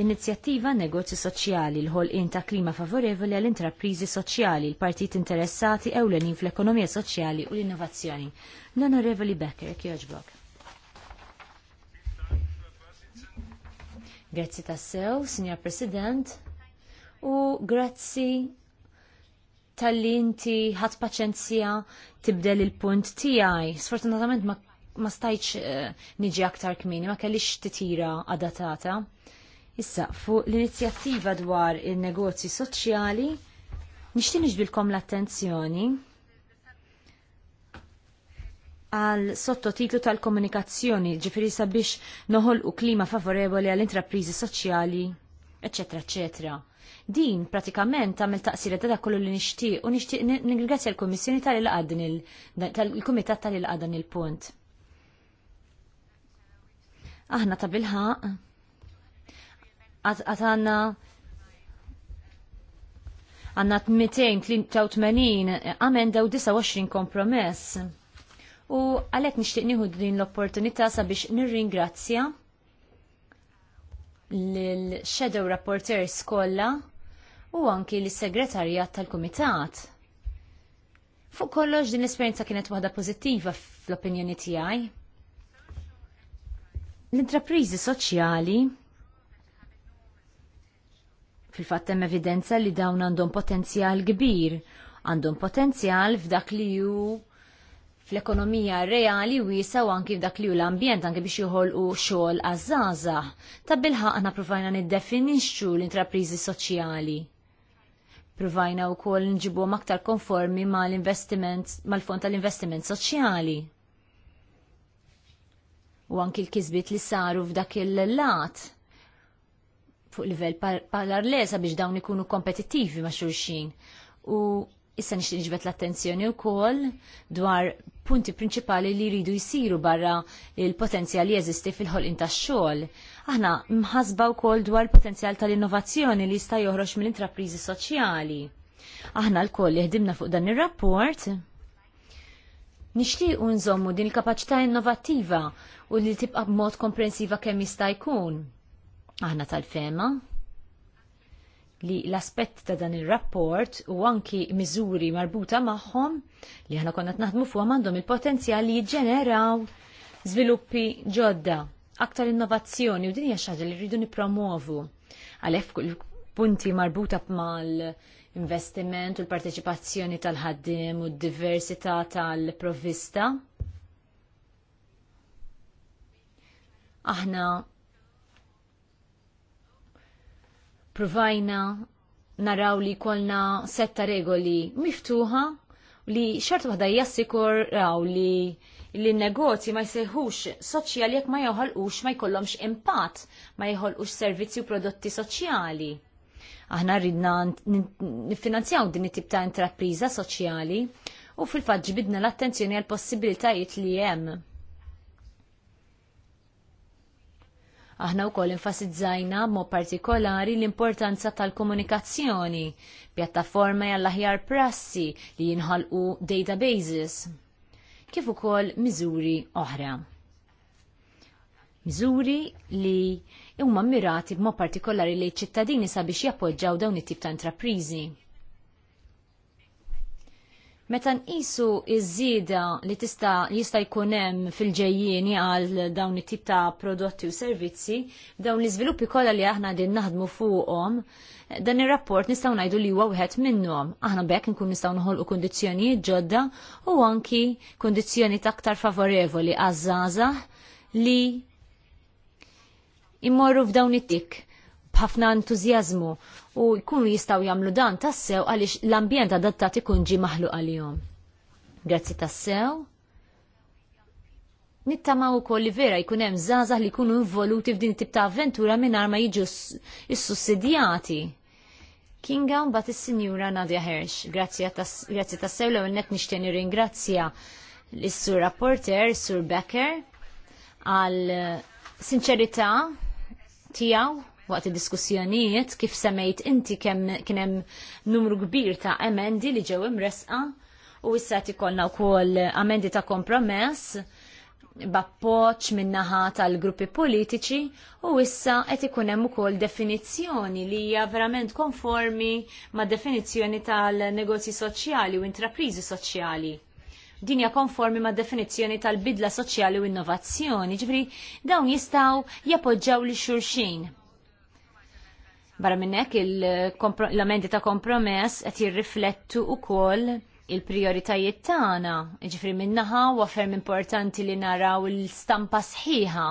inizjattiva negozju soċjali l-ħolqien ta' klima favorevoli għall intrapriżi soċjali, l-partit interessati ewlenin fl-ekonomija soċjali u l-innovazzjoni. L-Onorevoli Becker, kjoġbok. Grazzi tassew, Signor President, u grazzi tal-li inti ħat paċenzja tibdel il-punt tijaj. Sfortunatament ma, ma stajċ uh, eh, niġi aktar kmini, ma kellix titira adatata. Issa, fuq l-inizjattiva dwar il-negozji soċjali, nixti nġbilkom l-attenzjoni għal sottotitlu tal-komunikazzjoni, ġifiri sabiex noħol u klima favorevoli għal intraprizi soċjali, ecc. ecc. Din pratikament għamil taqsir ta' kollu li nixtieq u nixtieq ningrazzja l-Kummissjoni tal-Kumitat tal il-qadden il-punt. Aħna ta' bilħaq għatanna għanna 283 għamenda u 29 kompromess u għalhekk nixtieq nieħu din l-opportunità sabiex nirringrazzja l-Shadow Rapporteurs kollha u anki l-Segretarjat tal-Kumitat. Fuq kollox din l-esperjenza kienet waħda pożittiva fl-opinjoni tiegħi. L-intrapriżi soċjali fil-fatt hemm evidenza li dawn għandhom potenzjal kbir, għandhom potenzjal f'dak li ju fl-ekonomija reali wisa u anki f'dak li hu l-ambjent anke biex joħolqu xogħol għaż-żgħażagħ Ta' bilħaq aħna provajna niddefinixxu l-intrapriżi soċjali. Provajna wkoll nġibuhom aktar konformi mal-investiment mal-fond tal-investiment soċjali. U anki l-kisbiet li saru f'dak il-lat fuq livell parlarlesa biex dawn ikunu kompetittivi ma' xulxin. U Issa nixtieq l-attenzjoni wkoll dwar punti prinċipali li jridu jsiru barra il-potenzjal li jeżisti fil-ħolqin tax-xogħol. Aħna mħasba wkoll dwar il-potenzjal tal-innovazzjoni li jista' joħroġ mill-intrapriżi soċjali. Aħna l-koll li ħdimna fuq dan ir-rapport nixtiequ nżommu din il-kapaċità innovattiva u li tibqa' b'mod komprensiva kemm jista' jkun. Aħna tal-fema li l-aspett ta' dan il-rapport u anki miżuri marbuta magħhom li aħna konna naħdmu fuq għandhom il-potenzjal li jiġġeneraw żviluppi ġodda, aktar innovazzjoni u din hija xi ħaġa li rridu nippromovu. Għalhekk punti marbuta mal-investiment u l-parteċipazzjoni tal-ħaddim u d-diversità tal-provvista. Aħna provajna naraw li kolna setta regoli miftuħa li xart jassikur raw li li negozji ma jsejħux soċjali jekk ma joħolqux ma jkollhomx impatt, ma jħolqux servizzi u prodotti soċjali. Aħna rridna nifinanzjaw din it-tip ta' intrapriża soċjali u fil-fatt ġbidna l-attenzjoni għal possibilitajiet li hemm Aħna wkoll infasizzajna mo partikolari l-importanza tal-komunikazzjoni, pjattaforma għall-aħjar prassi li jinħalqu databases, kif ukoll miżuri oħra. Miżuri li huma mirati b'mod partikolari li ċittadini sabiex jappoġġaw dawn it-tip ta' intrapriżi. Meta nqisu iż-żieda li tista' jista' jkun hemm fil ġejjien għal dawn it-tip ta' prodotti u servizzi, dawn l-iżviluppi kollha li aħna din naħdmu fuqhom, dan ir-rapport nistgħu ngħidu li huwa wieħed minnhom. Aħna bekk nkun nistgħu noħolqu kundizzjonijiet ġodda u anki kundizzjoni aktar favorevoli għaż-żgħażagħ li immorru f'dawn it-tik b'ħafna entużjażmu u jkunu jistgħu jagħmlu dan tassew għaliex l-ambjent adattat ikun ġi maħluq għalihom. Grazzi tassew. Nittamaw u li vera jkun hemm żgħażagħ li jkunu involuti f'din tip ta' avventura mingħajr ma jiġu issussidjati. Kinga mbagħad is-Sinjura Nadja Hersh. Grazzi tassew l-ewwel nett nixtieq nirringrazzja l-Sur Rapporter, Sur Becker, għal sinċerità tijaw waqt id-diskussjonijiet kif semmejt inti kemm kien hemm numru kbir ta' emendi li ġew imresqa u issa qed ikollna wkoll amendi ta' kompromess b'appoġġ min-naħa tal-gruppi politiċi u issa qed ikun hemm ukoll definizzjoni li hija verament konformi mad definizzjoni tal-negozji soċjali u intrapriżi soċjali din hija konformi ma' definizzjoni tal-bidla soċjali u innovazzjoni, ġifri dawn jistgħu jappoġġaw li xulxin. Barra minnek l-amendi ta' kompromess qed jirriflettu ukoll il-prioritajiet tagħna, jiġifieri minnaħa u ferm importanti li naraw l-stampa sħiħa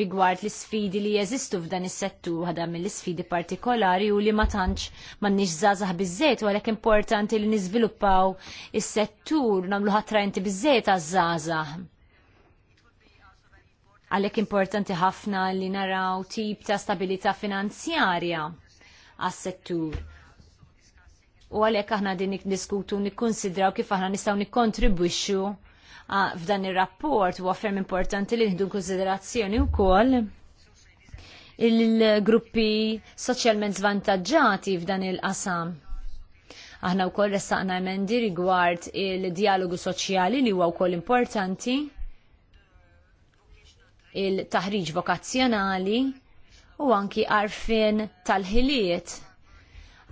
rigward l-sfidi li jeżistu f'dan is settu ħadha mill-sfidi partikolari u li ma tantx m'għandniex żgħażagħ biżejt għalhekk importanti li niżviluppaw is-settur nagħmlu inti biżejt għaż-żgħażagħ Għalhekk importanti ħafna li naraw tip ta' stabilità finanzjarja għas-settur. U għalhekk aħna din niddiskutu nikkonsidraw kif aħna nistgħu nikkontribwixxu f'dan ir-rapport huwa ferm importanti li nieħdu konsiderazzjoni wkoll il-gruppi soċjalment zvantaġġati f'dan il-qasam. Aħna wkoll ressaqna emendi rigward il-dialogu soċjali li huwa wkoll importanti il-taħriġ vokazzjonali u anki għarfien tal-ħiliet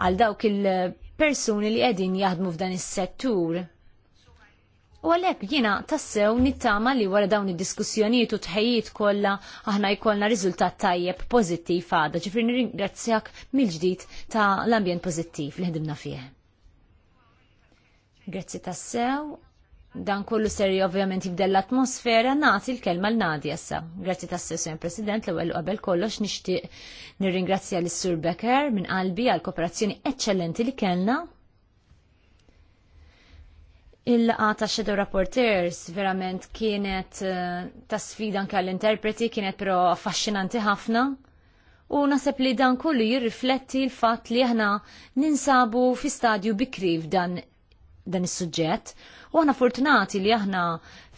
għal dawk il-persuni li qegħdin jaħdmu f'dan is-settur. U għalhekk jiena tassew nittama li wara dawn id-diskussjonijiet u tħejjiet kollha aħna jkollna riżultat tajjeb pożittiv għadha, ġifri nirringrazzjak mill-ġdid ta' l-ambjent pożittiv li ħdimna fih. Grazzi tassew dan kollu seri ovvjament jibdel l-atmosfera, nagħti l-kelma l-Nadja issa. Grazzi tas sessjon President, l-ewwel qabel kollox nixtieq nirringrazzja lis sur Becker minn qalbi għal kooperazzjoni eċċellenti li kellna. Il-laqa ta' Shadow Rapporteurs verament kienet eh, ta' sfida anke għall-interpreti, kienet pro affaxxinanti ħafna. U naseb li dan kollu jirrifletti l-fatt li aħna ninsabu fi stadju bikri f'dan dan is-suġġett U għana fortunati li aħna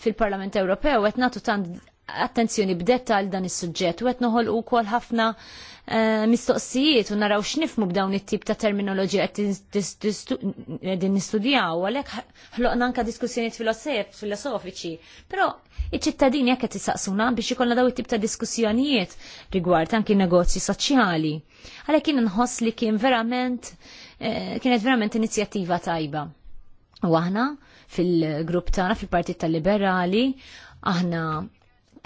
fil-Parlament Ewropew qed nagħtu tant attenzjoni għal dan is-suġġett u qed noħolqu wkoll ħafna eh, mistoqsijiet u naraw x'nifmu b'dawn it-tip ta' terminoloġija qed nistudjaw għalhekk ħloqna anke diskussjonijiet filosofiċi. Però iċ-ċittadini jekk qed isaqsuna biex ikollna daw it-tip ta' diskussjonijiet rigward anki negozji soċjali. Għalhekk kien nħoss li kien verament eh, kienet verament inizjattiva tajba. U aħna fil-grupp tagħna fil-Partit tal-Liberali aħna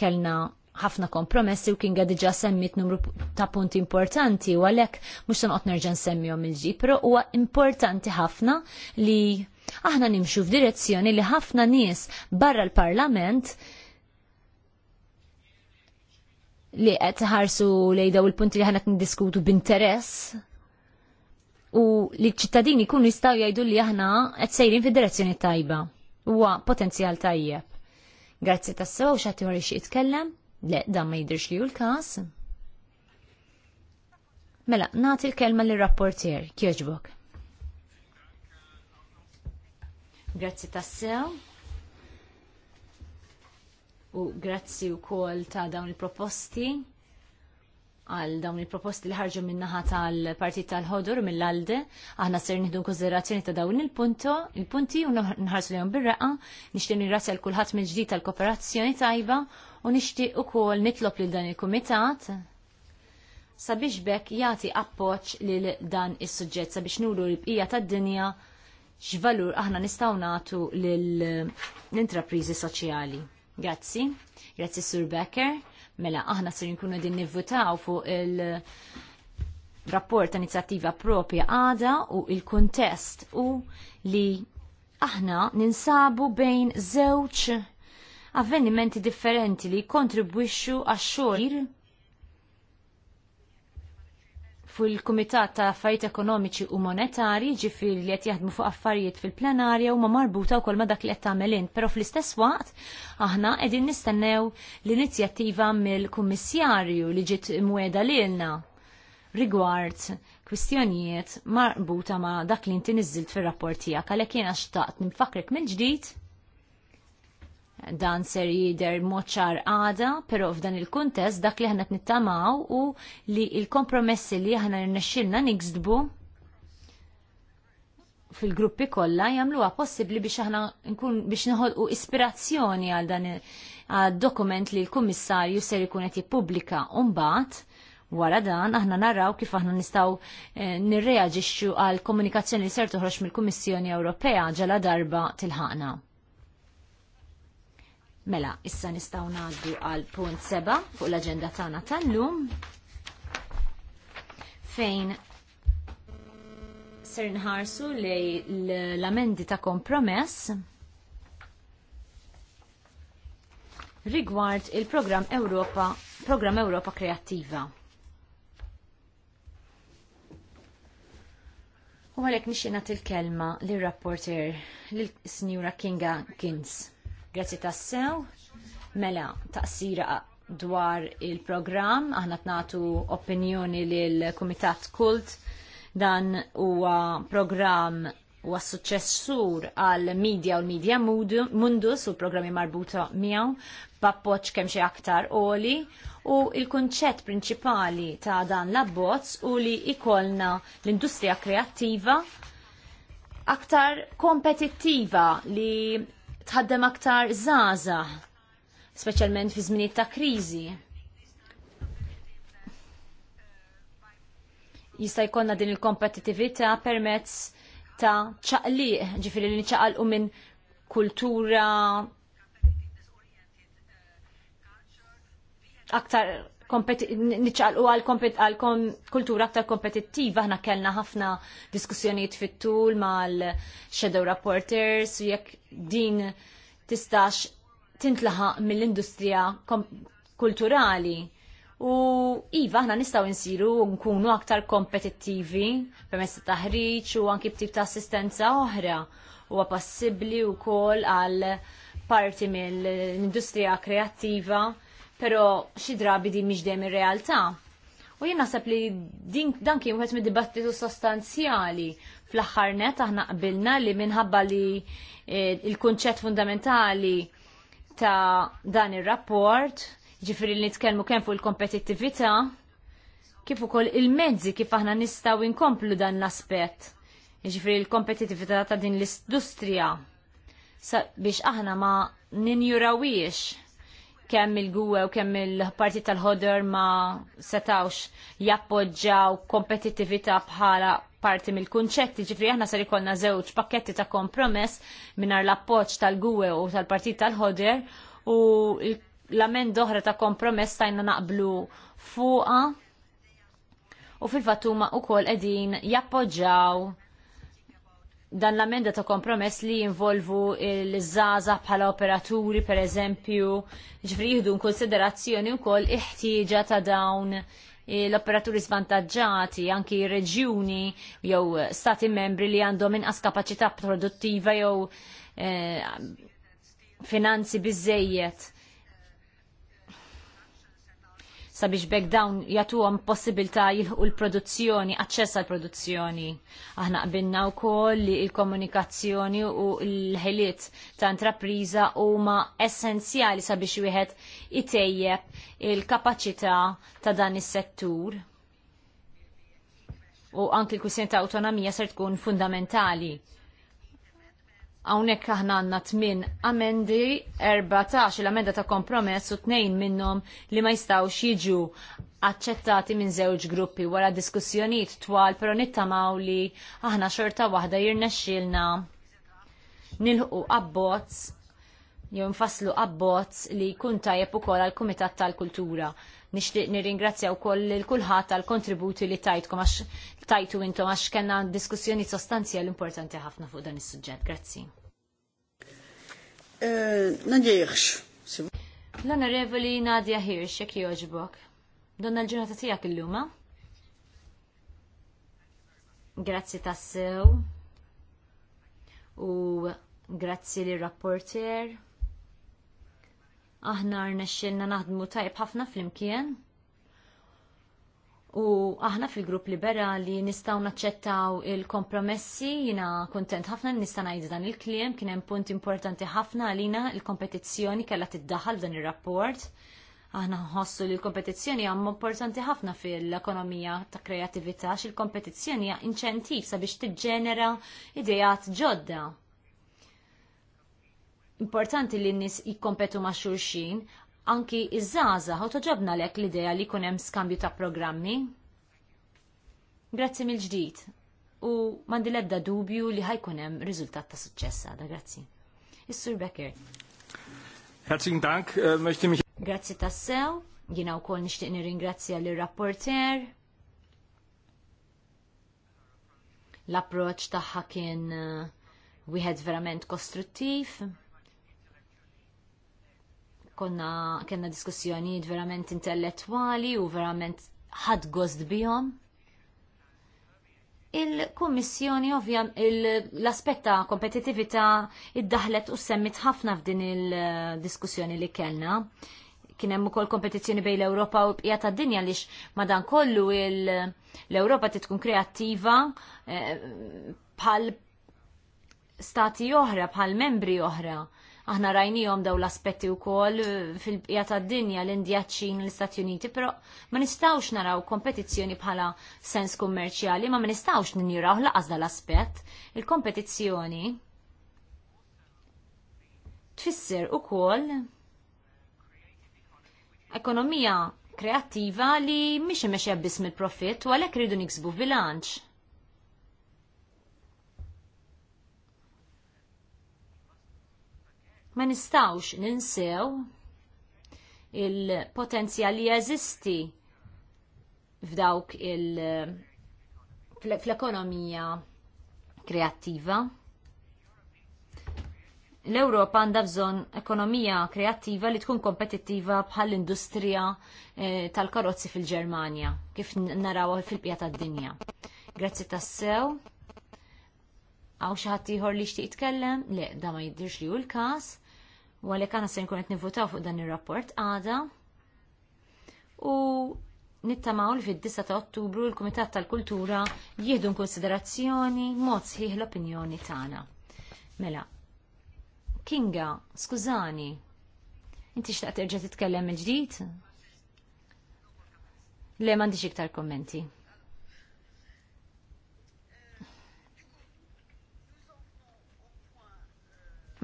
kellna ħafna kompromessi u kien għad iġa semmit numru ta' punti importanti u għalek mux tanqot nerġan semmijom il-ġi, pero huwa importanti ħafna li aħna nimxu f'direzzjoni li ħafna nies barra l-parlament li qed ħarsu lejn daw il-punti li ħanet niddiskutu b'interess u li ċittadini kun jistaw jajdu li aħna qed sejrin fid direzzjoni tajba. Huwa potenzjal tajjeb. Grazzi tas-sewa u xagħti wara xi jitkellem? Le, dan ma jidhirx li hu l-każ. Mela, nagħti l-kelma lir-rapportier, kieġbok. Grazzi tas-sew. U grazzi wkoll ta' dawn il-proposti għal dawn il-proposti li ħarġu minnaħa tal-partit tal-ħodur mill-alde, aħna ser nieħdu konsiderazzjoni ta' dawn il-punto, il-punti u nħarsu lehom bir-reqa, nixtieq nirrazzja l-kulħadd mill-ġdid tal-kooperazzjoni tajba u nixtieq ukoll nitlob lil dan il-kumitat sabiex bekk jagħti appoġġ lil dan is-suġġett sabiex nuru l-bqija tad-dinja x'valur aħna nistgħu nagħtu lill intrapriżi soċjali. Grazzi, grazzi Sur Becker. Mela, aħna ser nkunu din nivvutaw fuq il- rapport ta' inizjattiva propja għada u il-kontest u li aħna ninsabu bejn żewġ avvenimenti differenti li kontribwixxu għax xogħol fil-Kumitat ta' Affarijiet Ekonomiċi u Monetari, ġifir li qed jaħdmu fuq affarijiet fil-plenarja huma marbuta wkoll ma' dak li qed tagħmel int, però fl-istess waqt aħna qegħdin nistennew l-inizjattiva mill-Kummissarju li ġiet imweda lilna rigward kwistjonijiet marbuta ma' dak li inti niżilt fir-rapport tiegħek għalhekk jiena xtaqt nifakrek mill-ġdid dan ser jider moċar għada, pero f'dan il-kuntest dak li ħna nittamaw u li il-kompromessi li ħna rnexxilna niksdbu fil-gruppi kollha jagħmluha possibbli biex aħna nkun biex nħolqu ispirazzjoni għal dan il dokument li l-kummissarju ser jkun qed jippubblika mbagħad wara dan aħna narraw kif aħna nistgħu eh, nirreaġixxu għal komunikazzjoni li ser toħroġ mill-Kummissjoni Ewropea ġala darba tilħaqna. Mela, issa nistaw naddu għal punt seba fuq l-agenda tagħna tal-lum fejn ser nħarsu lej l-amendi ta' kompromess rigward il-programm Europa, programm Europa Kreattiva. U għalek nixinat il-kelma l-rapporter l sinjura Kinga Kins. Grazzi tassew. Mela, taqsira dwar il-programm, aħna tnatu opinjoni l kumitat Kult dan huwa programm huwa suċessur għal media u l-media mundus u programmi marbuta miegħu b'appoġġ kemm xi aktar oli u il-kunċett prinċipali ta' dan l-abbozz u li ikolna l-industrija kreattiva aktar kompetittiva li tħaddem aktar zaza, speċjalment fi żminijiet ta' kriżi. Jista' jkollna din il-kompetittività permezz ta' ċaqliq, ġifieri li nċaqalqu minn kultura aktar niċċaqlu għal kultura aktar kompetittiva, ħna kellna ħafna diskussjonijiet fit-tul mal-shadow reporters, u jekk din tistax tintlaħaq mill-industrija kulturali. U iva, ħna nistaw insiru nkunu aktar kompetittivi permess ta' taħriġ u anki btip ta' assistenza oħra. Huwa possibbli wkoll għal parti mill-industrija kreattiva pero xi drabi din mhix dejjem ir-realtà. U jien naħseb li din dan kien wieħed mid-dibattitu sostanzjali fl-aħħar net aħna qbilna li minħabba li eh, il-kunċett fundamentali ta' dan ir-rapport, ġifiri li nitkellmu kemm fuq il-kompetittività, kif ukoll il-mezzi kif aħna nistgħu inkomplu dan l-aspett. Ġifiri l-kompetittività ta' din l-industrija biex aħna ma ninjurawiex kemm il-gwe u kemm il-parti tal-ħoder ma setawx jappoġġaw kompetittività bħala parti mill-kunċetti, ġifri aħna sar ikollna żewġ pakketti ta' kompromess mingħajr l-appoġġ tal-gwe u tal-partit tal-ħoder u l-amend oħra ta' kompromess tajna naqblu fuqa u fil-fatuma u kol edin jappoġġaw dan l-amenda ta' kompromess li jinvolvu l-żaza bħala operaturi per eżempju, ġifri jihdu konsiderazzjoni wkoll iħtieġa ta' dawn l-operaturi svantagġati, anki reġjuni jew stati membri li għandhom inqas kapaċità produttiva jew eh, finanzi biżejjed sabiex bekk dawn jagħtuhom possibilità jilħu l-produzzjoni, aċċess għall produzzjoni Aħna qbilna wkoll li l-komunikazzjoni u l-ħiliet ta' intrapriża huma essenzjali sabiex wieħed itejjeb il-kapaċità ta' dan is-settur. U anki l-kwissjoni ta' awtonomija ser tkun fundamentali Hawnhekk aħna għandna tmien amendi 14 l-amenda ta' kompromess u tnejn minnhom li ma jistgħux jiġu aċċettati minn żewġ gruppi wara diskussjonijiet twal però nittamaw li aħna xorta waħda jirnexxilna. nilħu abbozz jew nfasslu abbozz li jkun tajjeb ukoll għall kumitat tal-Kultura. Nixtieq nirringrazzja wkoll lil kulħadd għall kontributi li tajtkom għax tajtu intom għax kellna diskussjoni sostanzjali importanti ħafna fuq dan is-suġġett. Grazzi. Eh, Nadja Hirsch. L-Onorevoli Nadja Hirsch, jek joġbok. Donna l-ġurnata tijak l luma Grazzi tassew. U grazzi li rapporter. Aħna rnexxilna naħdmu tajb ħafna fl-imkien. U aħna fil-grupp liberali nistaw naċċettaw il-kompromessi, jina kontent ħafna nista' ngħid dan il-kliem, kien hemm punt importanti ħafna għalina il-kompetizzjoni kellha tiddaħħal dan ir-rapport. Aħna nħossu li l-kompetizzjoni hija importanti ħafna fil-ekonomija ta' kreatività x il-kompetizzjoni hija inċentiv sabiex tiġġenera idejat ġodda. Importanti li n-nis jikkompetu ma' xulxin, anki iż-żaza ħaw toġobna lek l-idea li kunem skambju ta' programmi. Grazzi mill-ġdid u mandi lebda dubju li ħajkunem riżultat ta' suċċess da grazzi. Is-Sur Becker. Herzlichen Dank, äh, möchte mich. Grazzi tassew, jina u kol nishtiq nirringrazzja l-rapporter. L-approċ taħħa kien uh, wieħed verament kostruttiv. Konna kena diskussjonijiet verament intellettwali u verament ħad gost bihom. Il-Kummissjoni ovvja l-aspetta kompetitività iddaħlet u semmit ħafna f'din il-diskussjoni li kellna. Kien hemm ukoll kompetizzjoni bejn l-Ewropa u bqija tad-dinja madan madankollu l-Ewropa titkun kreattiva eh, bħal stati oħra, bħal membri oħra Aħna rajnijom daw l-aspetti u kol eh, fil-bqija ta' dinja l-Indija, ċin, l-Istati Uniti, pero ma nistawx naraw kompetizzjoni bħala sens kummerċjali, ma nistawx ninjuraw laqas dal-aspett. Il-kompetizzjoni tfisser u kol ekonomija kreattiva li mhix meċie biss mill-profitt u għalhekk ridu niksbu bilanċ. Ma nistawx ninsew il-potenzjal li jeżisti f'dawk il- fl-ekonomija kreattiva. L-Ewropa għandha bżonn ekonomija kreattiva li tkun kompetittiva bħall-industrija eh, tal-karozzi fil-Ġermanja, kif naraw fil-pjata tad dinja Grazzi tassew. Għaw xaħat tiħor li xtiq jitkellem? Le, da ma jiddirx li hu l-każ. U għalhekk għana se nkun qed fuq dan ir-rapport għada. U nittamaw li fid disa ta' Ottubru l-Kumitat tal-Kultura jieħdu konsiderazzjoni mod sħiħ l-opinjoni tagħna. Mela, Kinga, skużani, inti xtaqt terġa' titkellem il-ġdid? Le m'għandix iktar kommenti.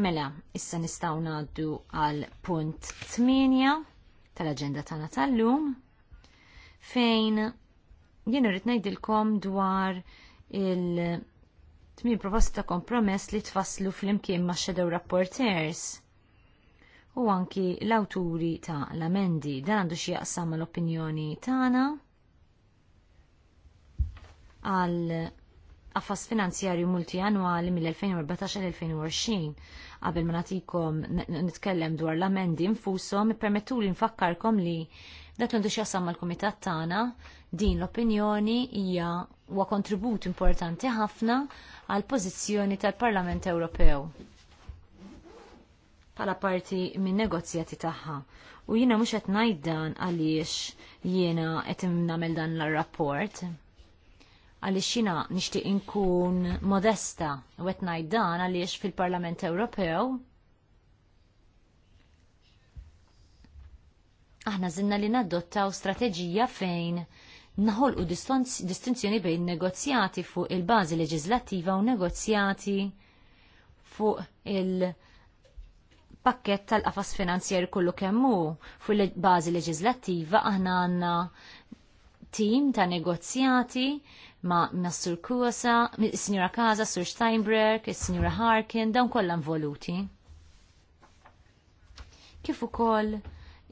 Mela, issa nistaw naddu għal punt 8 tal-agenda tagħna tal-lum fejn jien irrid ngħidilkom dwar il- tmin proposta ta' kompromess li tfasslu fl-imkien ma' shadow rapporteurs u anki l-awturi ta' l-amendi dan għandu xi jaqsam l-opinjoni tagħna għal għaffas finanzjarju multijanwali mill-2014-2020. Qabel ma natikom nitkellem dwar l-amendi infushom, permettu li nfakkarkom li dak l xjasam mal-komitat tagħna din l-opinjoni hija huwa kontribut importanti ħafna għal pożizzjoni tal-Parlament Ewropew bħala parti minn negozjati tagħha. U jiena mhux qed ngħid dan għaliex jiena qed nagħmel dan l-rapport għaliex xina nixtieq inkun modesta u qed ngħid dan għaliex fil-Parlament Ewropew aħna zinna li nadottaw strateġija fejn naħolqu distinzjoni bejn negozjati fuq il-bażi leġislattiva u negozjati fuq il- pakket tal-qafas finanzjeri kollu kemmu fuq il bażi leġislattiva aħna għandna tim ta' negozjati ma' Nassur Kusa, il-Sinjura Kaza, Sur Steinberg, il-Sinjura Harkin, dawn kollha involuti. Kif ukoll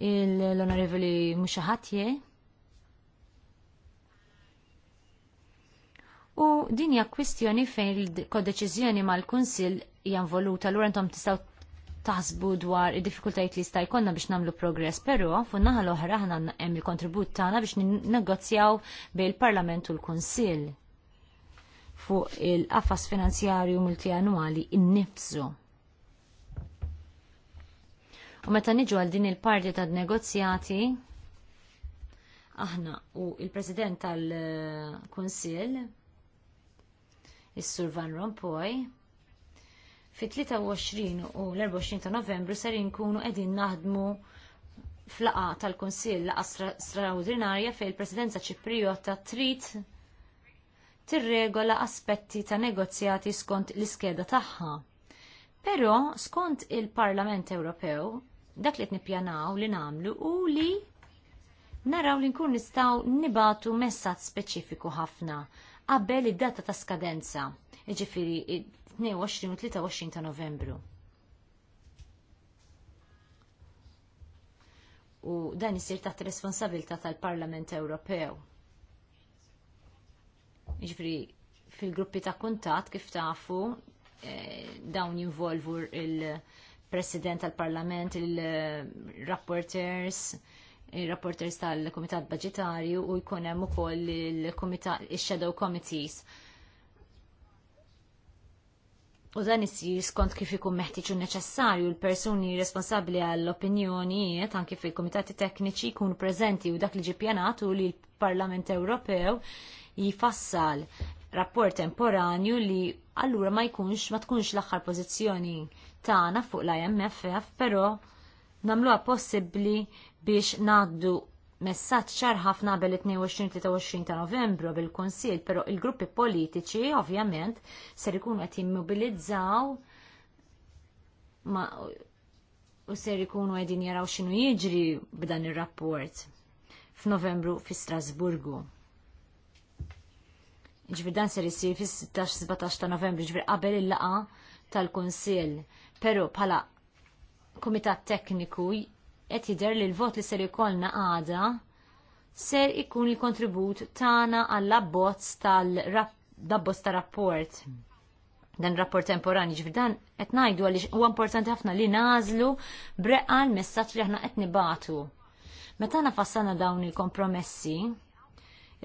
l-Onorevoli Mushahatje? U din hija kwistjoni fejn il-kodeċiżjoni mal-Kunsill hija involuta l intom tistaw taħsbu dwar id-diffikultajiet li sta' jkollna biex nagħmlu progress, però fun naħa l-oħra aħna hemm il-kontribut tagħna biex negozjaw bejn il-Parlament u l-Kunsill fuq il-qafas finanzjarju multianwali innifsu. U meta niġu għal din il-parti tad negozjati aħna u l president tal-Kunsill, is-Sur Van Rompuy, Fit-23 u l-24 ta' novembru ser inkunu qegħdin naħdmu flaqa tal-Kunsill laqa straordinarja fejn il-Presidenza Ċipriota trid tirregola aspetti ta' negozjati skont l-iskeda tagħha. Però skont il-Parlament Ewropew dak li tnippjanaw li nagħmlu u li naraw li nkun nistgħu nibatu messaġġ speċifiku ħafna qabel id-data ta' skadenza. Jiġifieri 22 u 23 ta' novembru. U dan jisir taħt responsabilità tal-Parlament Ewropew. Iġbri, fil-gruppi ta' kuntat kif tafu eh, dawn jinvolvu il-President tal-Parlament, il-Rapporters, il-Rapporters tal-Komitat Budgetarju u jkun hemm ukoll il-Shadow Committees U dan isir skont kif ikun meħtieġ u neċessarju l-persuni responsabbli għall-opinjonijiet anke fil-kumitati tekniċi jkunu preżenti u dak li ġipjanat u li l-Parlament Ewropew jifassal rapport temporanju li allura ma jkunx ma tkunx l-aħħar pożizzjoni tagħna fuq l-IMFF, però nagħmluha possibbli biex ngħaddu messaċ ċar ħafna bil 22-23 ta' novembru bil-Konsil, però il-gruppi politiċi ovvjament ser ikunu qed jimmobilizzaw u ser ikunu qegħdin jaraw x'inhu jiġri b'dan ir-rapport f'Novembru fi Strasburgu. Ġbir dan ser isir fis-16-17 ta' Novembru ġbir qabel il laqgħa tal-Kunsill, però bħala Kumitat Tekniku qed jidher li l-vot li ser ikollna għada ser ikun il-kontribut tagħna għall-abbozz tal ta' rapport dan rapport temporani ġifir dan qed ngħidu għaliex huwa importanti ħafna li nażlu breqqa l-messaġġ li aħna qed nibatu. Meta fassana dawn il-kompromessi,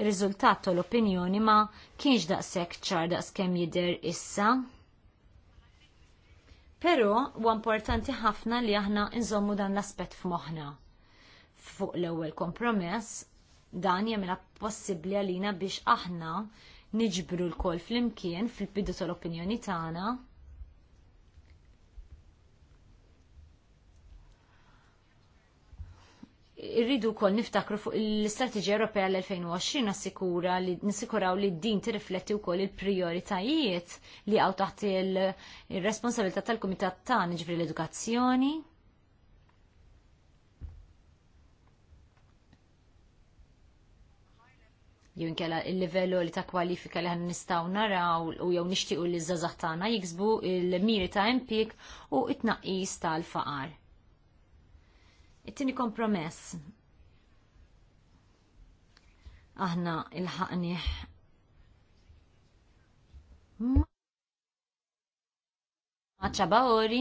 ir-riżultat tal-opinjoni ma kienx daqshekk ċar daqs kemm jidher issa Però huwa importanti ħafna li aħna nżommu dan l-aspett f'moħħna. Fuq l-ewwel kompromess, dan jagħmilha possibbli għalina biex aħna niġbru l-kol fl-imkien fil-bidu tal-opinjoni tagħna irridu kol niftakru fuq l-Istrateġija Ewropea l-2020 nassikura li nassikuraw li din tirrifletti wkoll il-prioritajiet li għaw taħt il-responsabilità tal-Kumitat tagħna ġifri l-edukazzjoni. jew inkella il-livell li ta' kwalifika li ħan nistgħu naraw u jew nixtiequ li ż-żazax tagħna jiksbu il-miri ta' impik u t tnaqqis tal-faqar it tini kompromess. Aħna il-ħaqniħ Maċċabaori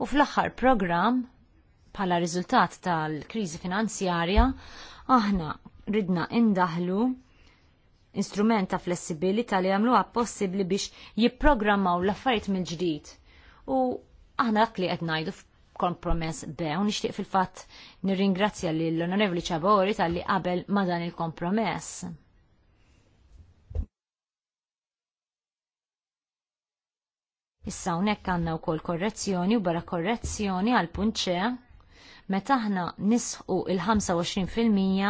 u fl-aħħar program bħala riżultat tal-kriżi finanzjarja aħna ridna indaħlu instrumenta ta' flessibilità li għamluha possibbli biex jipprogrammaw l-affarijiet mill-ġdid. U aħna għakli għednajdu qed ngħidu kompromess B u nixtieq fil-fatt nirringrazzja lill onorevoli Ċabori tal-li qabel ma dan il-kompromess. Issa hawnhekk għandna wkoll korrezzjoni u barra korrezzjoni għal punt C meta aħna nisħu il-25%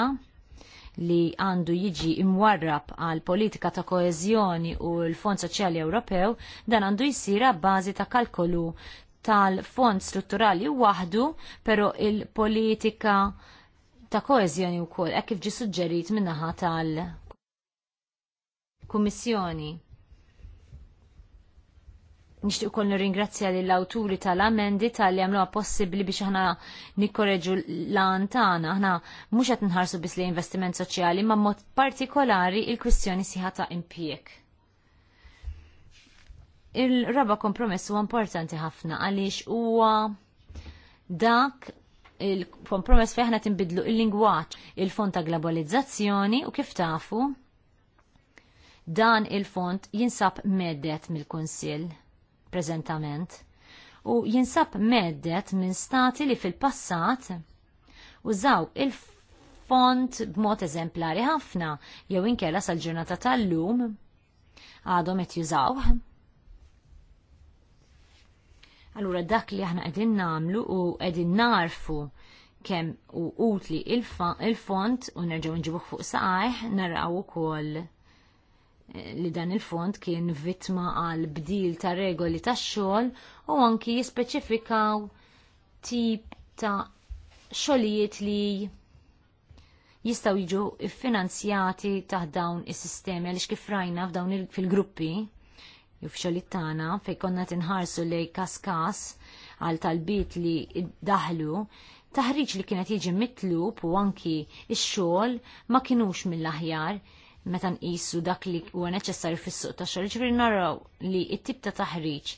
li għandu jiġi imwarrab għal politika ta' koeżjoni u l-Fond Soċjali Ewropew dan għandu jsir bażi ta' kalkolu tal-fond strutturali waħdu, pero il-politika ta' koezjoni u kol, kif ġi suġġerit minnaħa tal-Kummissjoni. Nishtiq kol ringrazzja l awturi tal-amendi tal-li għamluwa possibli biex ħana nikkoreġu l tagħna ħana mhux qed nħarsu bis li investiment soċjali, ma mod partikolari il-kwistjoni siħata impjek. Il-raba kompromess huwa importanti ħafna għaliex huwa dak il-kompromess fejn aħna tinbidlu il-lingwaġġ il-fond ta' globalizzazzjoni u kif tafu dan il font jinsab meddet mill-Kunsill preżentament u jinsab meddet minn stati li fil-passat użaw il-font b'mod eżemplari ħafna jew inkella sal-ġurnata tal-lum għadhom qed jużawh Allura dak li aħna qegħdin nagħmlu u qegħdin narfu kemm u utli il-font u nerġgħu nġibuh fuq saqajh naraw ukoll eh, li dan il-font kien vittma għal bdil ta' regoli tax xogħol u anki jispeċifikaw tip ta' xogħlijiet li jistgħu jiġu finanzjati taħt dawn is-sistemi għaliex kif rajna f'dawn fil-gruppi jew f'xogħlit tagħna fejn konna tinħarsu lejn kaskas għal talbit li daħlu taħriġ li kienet jiġi mitlub u anki x xogħol ma kinux mill-aħjar meta nqisu dak li huwa neċessarju fis-suq tax-xogħol ġifieri naraw li t-tip ta' taħriġ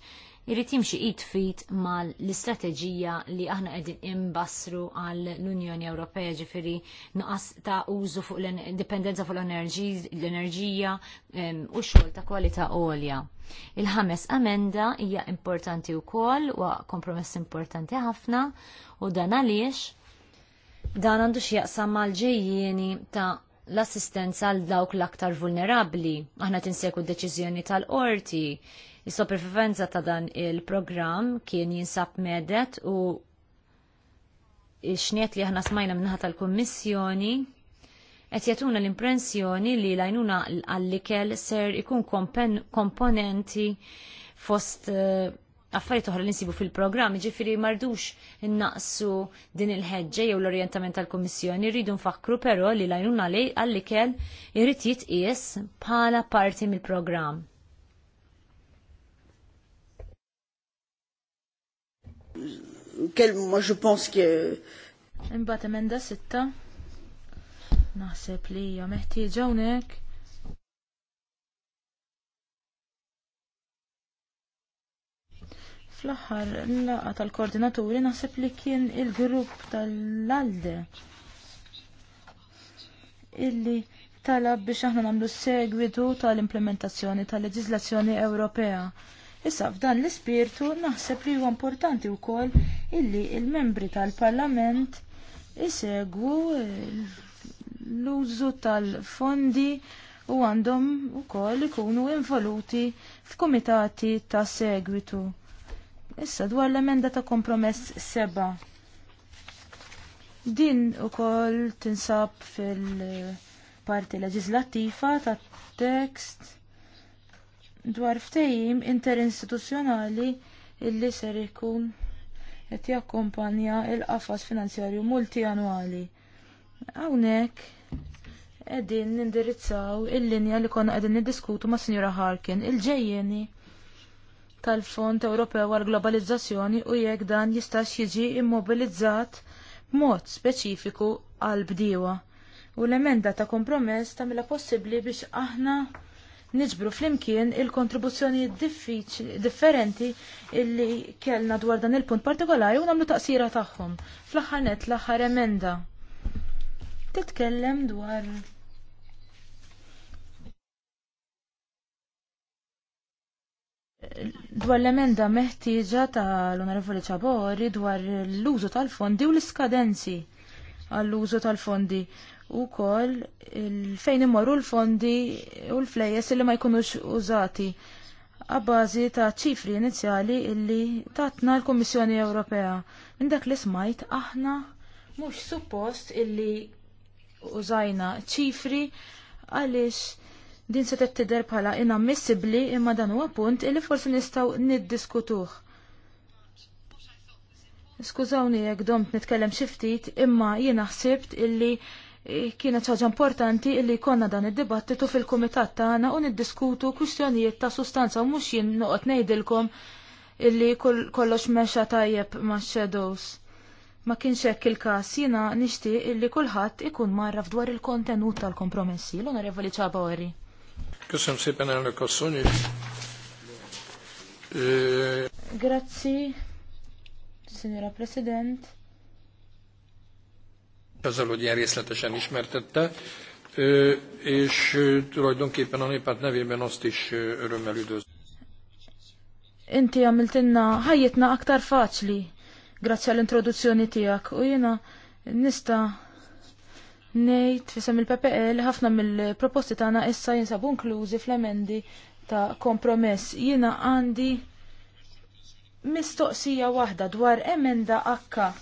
jrid jimxi id fit mal l-istrateġija li aħna qegħdin imbassru għal l-Unjoni Ewropea ġifieri nuqqas ta' użu fuq l-indipendenza fuq l-enerġija u xogħol ta' kwalità għolja. Il-ħames amenda hija importanti wkoll u kompromess importanti ħafna u dan għaliex dan għandu x'jaqsam mal-ġejjieni ta' l-assistenza għal dawk l-aktar vulnerabli. Aħna tinsegu d deċiżjoni tal-qorti, Is-sopravivenza ta' dan il-programm kien jinsab medet u xniet li aħna smajna minnaħat tal-Kummissjoni qed jagħtuna l-impressjoni li lajnuna għall-ikel ser ikun komponenti fost eh, affarijiet oħra li nsibu fil-programm, ġifiri mardux innaqsu din il-ħeġġa jew l-orjentament tal-Kummissjoni, rridu nfakru però li lajnuna li għall-ikel irrid jitqies bħala parti mill-programm. Kell moi je pense ke Imbagħad emenda sitta. Naħseb li hija meħtieġa hawnhekk. Fl-aħħar laqa tal-koordinaturi naħseb li kien il-grupp tal-Alde illi talab biex aħna nagħmlu segwitu tal-implementazzjoni tal-leġiżlazzjoni Ewropea Issa f'dan l-ispirtu naħseb li huwa importanti wkoll illi l il membri tal-Parlament isegwu eh, l-użu tal-fondi u għandhom ukoll ikunu involuti f'kumitati ta' segwitu. Issa dwar l-emenda ta' kompromess seba. Din ukoll tinsab fil-parti leġislattiva tat-tekst dwar ftehim interinstituzzjonali illi ser ikun qed jakkumpanja l qafas finanzjarju multianwali. Hawnhekk qegħdin nindirizzaw il-linja li konna qegħdin niddiskutu ma' Sinjura Harkin il-ġejjeni tal-Fond Ewropew għall Globalizzazzjoni u jekk dan jistax jiġi immobilizzat b'mod speċifiku għal bdiewa. U l-emenda ta' kompromess tagħmilha possibbli biex aħna niġbru flimkien il-kontribuzzjoni differenti illi kellna dwar dan il-punt partikolari u nagħmlu taqsira tagħhom. Fl-aħħar l-aħħar emenda. Titkellem dwar dwar l-emenda meħtieġa tal-Onorevoli Ċabori dwar l-użu tal-fondi u l-iskadenzi għall-użu tal-fondi u kol fejn imorru l-fondi u l flejjes li ma jkunux użati għabbażi ta' ċifri inizjali illi tatna l-Kommissjoni Ewropea. Minn dak li smajt aħna mhux suppost illi użajna ċifri għaliex din se tettider bħala inammissibbli imma dan huwa punt illi forsi nistgħu niddiskutuh. Skużawni jekk domt nitkellem xi ftit imma jiena ħsibt illi Eh, kienet ħaġa importanti li konna dan id-dibattitu fil-kumitat tagħna u niddiskutu kwistjonijiet ta' sustanza u mhux jien noqgħod ngħidilkom illi kollox mexa tajjeb ma' shadows. Ma kienx hekk il-każ jiena nixtieq illi kulħadd ikun marraf dwar il-kontenut tal-kompromessi l-Onorevoli Ċabawari. Kisem sipen għal kossuni. Grazzi, Signora President azzal, hogy ilyen részletesen ismertette, és tulajdonképpen a néppárt nevében azt is örömmel üdvözlöm. Inti għamiltinna ħajjitna aktar faċli grazzi għall-introduzzjoni tijak u jena nista nejt fissam il-PPL ħafna mill-proposti tana issa jinsabu inklużi fl-emendi ta' kompromess. Jena għandi mistoqsija wahda dwar emenda akka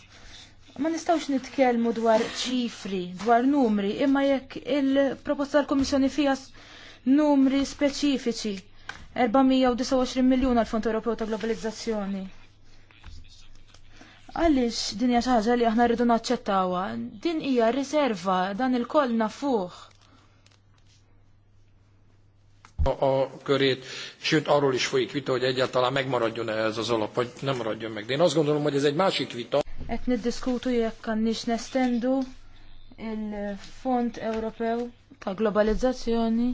ma nistawx nitkelmu dwar ċifri, dwar numri, imma jekk il-proposta tal-Komissjoni fija numri speċifiċi. 429 miljon għal Fond Ewropew ta' Globalizzazzjoni. Għaliex din hija xi ħaġa li aħna rridu naċċettawha, din hija riserva dan il-koll nafuh. a körét, sőt arról is folyik vita, hogy egyáltalán megmaradjon -e ez az alap, vagy nem maradjon meg. De én azt gondolom, hogy ez egy másik vita qed niddiskutu jekk għandniex nestendu il-Fond Ewropew ta' Globalizzazzjoni.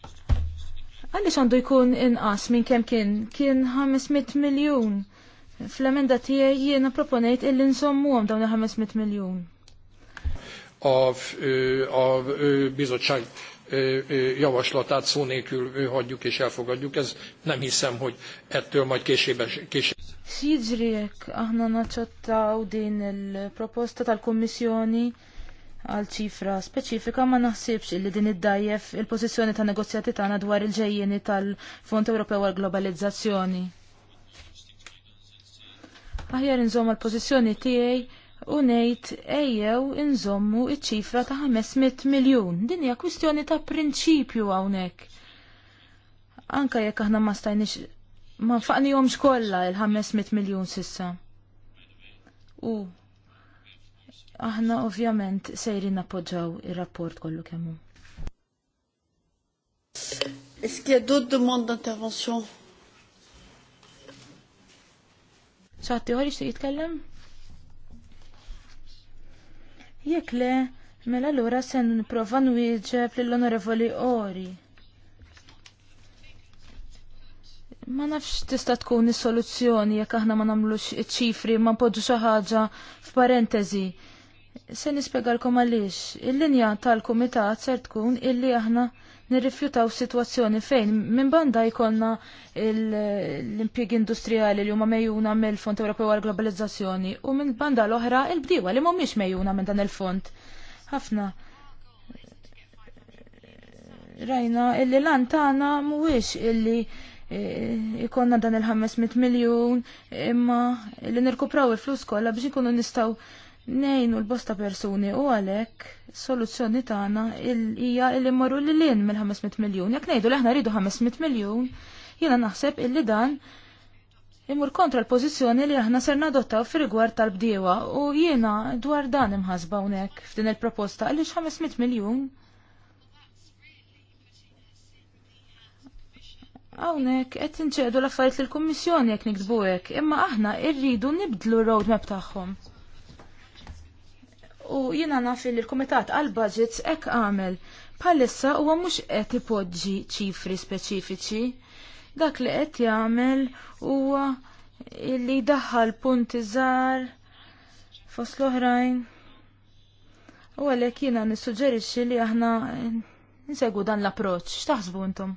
Għaliex għandu jkun inqas minn kemm kien? Kien 500 miljun. Fl-emenda tiegħi jiena proponejt illi nsommuhom dawn il-500 miljun. Of, uh, of uh, eh, bizoċċajt javaslatát szó nélkül hagyjuk és elfogadjuk. Ez nem hiszem, hogy ettől majd később később. Xieġrijek, aħna naċċettaw din il-proposta tal-Kommissjoni għal ċifra speċifika ma naħsibx illi din iddajjef il pozizjoni ta' negozjati ta' dwar il ġejjeni tal-Fond Ewropew għal Globalizzazzjoni. Aħjar inżomm l pozizjoni tiegħi u ngħid ejjew inżommu iċ-ċifra ta' 500 miljun. Din hija kwistjoni ta' prinċipju hawnhekk. Anka jekk aħna ma stajniex ma nfaqnihomx kollha il-500 miljun sissa. U aħna ovvjament sejrin appoġġaw ir-rapport kollu kemm Est-ce qu'il y a d'autres demandes d'intervention? xti jitkellem? Jekk le, mela allura se nipprova nwieġeb lill-Onorevoli Ori. Ma nafx tista' tkun is-soluzzjoni jekk aħna ma nagħmlux iċ-ċifri ma npoġġu xi ħaġa f'parentesi. Se nispjegalkom għaliex. Il-linja tal-kumitat ser tkun illi aħna nirrifjutaw situazzjoni fejn minn banda jkollna l-impjieg industrijali li huma mejjuna mill-Fond Ewropew għal Globalizzazzjoni u minn banda l-oħra il-bdiewa li mhumiex mejjuna minn dan il-fond. Ħafna rajna illi l-an tagħna mhuwiex illi e, ikonna dan il-500 miljun imma li nirkupraw il-flus kollha biex ikunu nistgħu nejnu l-bosta persuni u għalek soluzzjoni tagħna hija li li l lin mill-500 miljun. Jek ngħidu li aħna rridu 500 miljun, jiena naħseb illi dan imur kontra l-pożizzjoni li aħna serna nadottaw fi rigward tal-bdiewa u jiena dwar dan imħasba hawnhekk f'din il-proposta għaliex 500 miljun. Hawnhekk qed inċedu l-affarijiet lill-Kummissjoni jekk nikdbu hekk, imma aħna rridu nibdlu roadmap tagħhom u jiena naf li l-Kumitat għal-Budgets hekk għamel bħalissa huwa mhux qed ipoġġi ċifri speċifiċi. Dak li qed jagħmel huwa li daħħal punti żgħar fost l-oħrajn. U għalek jina nissuġġerixxi li aħna nsegu dan l-approċ. X'taħsbu intom?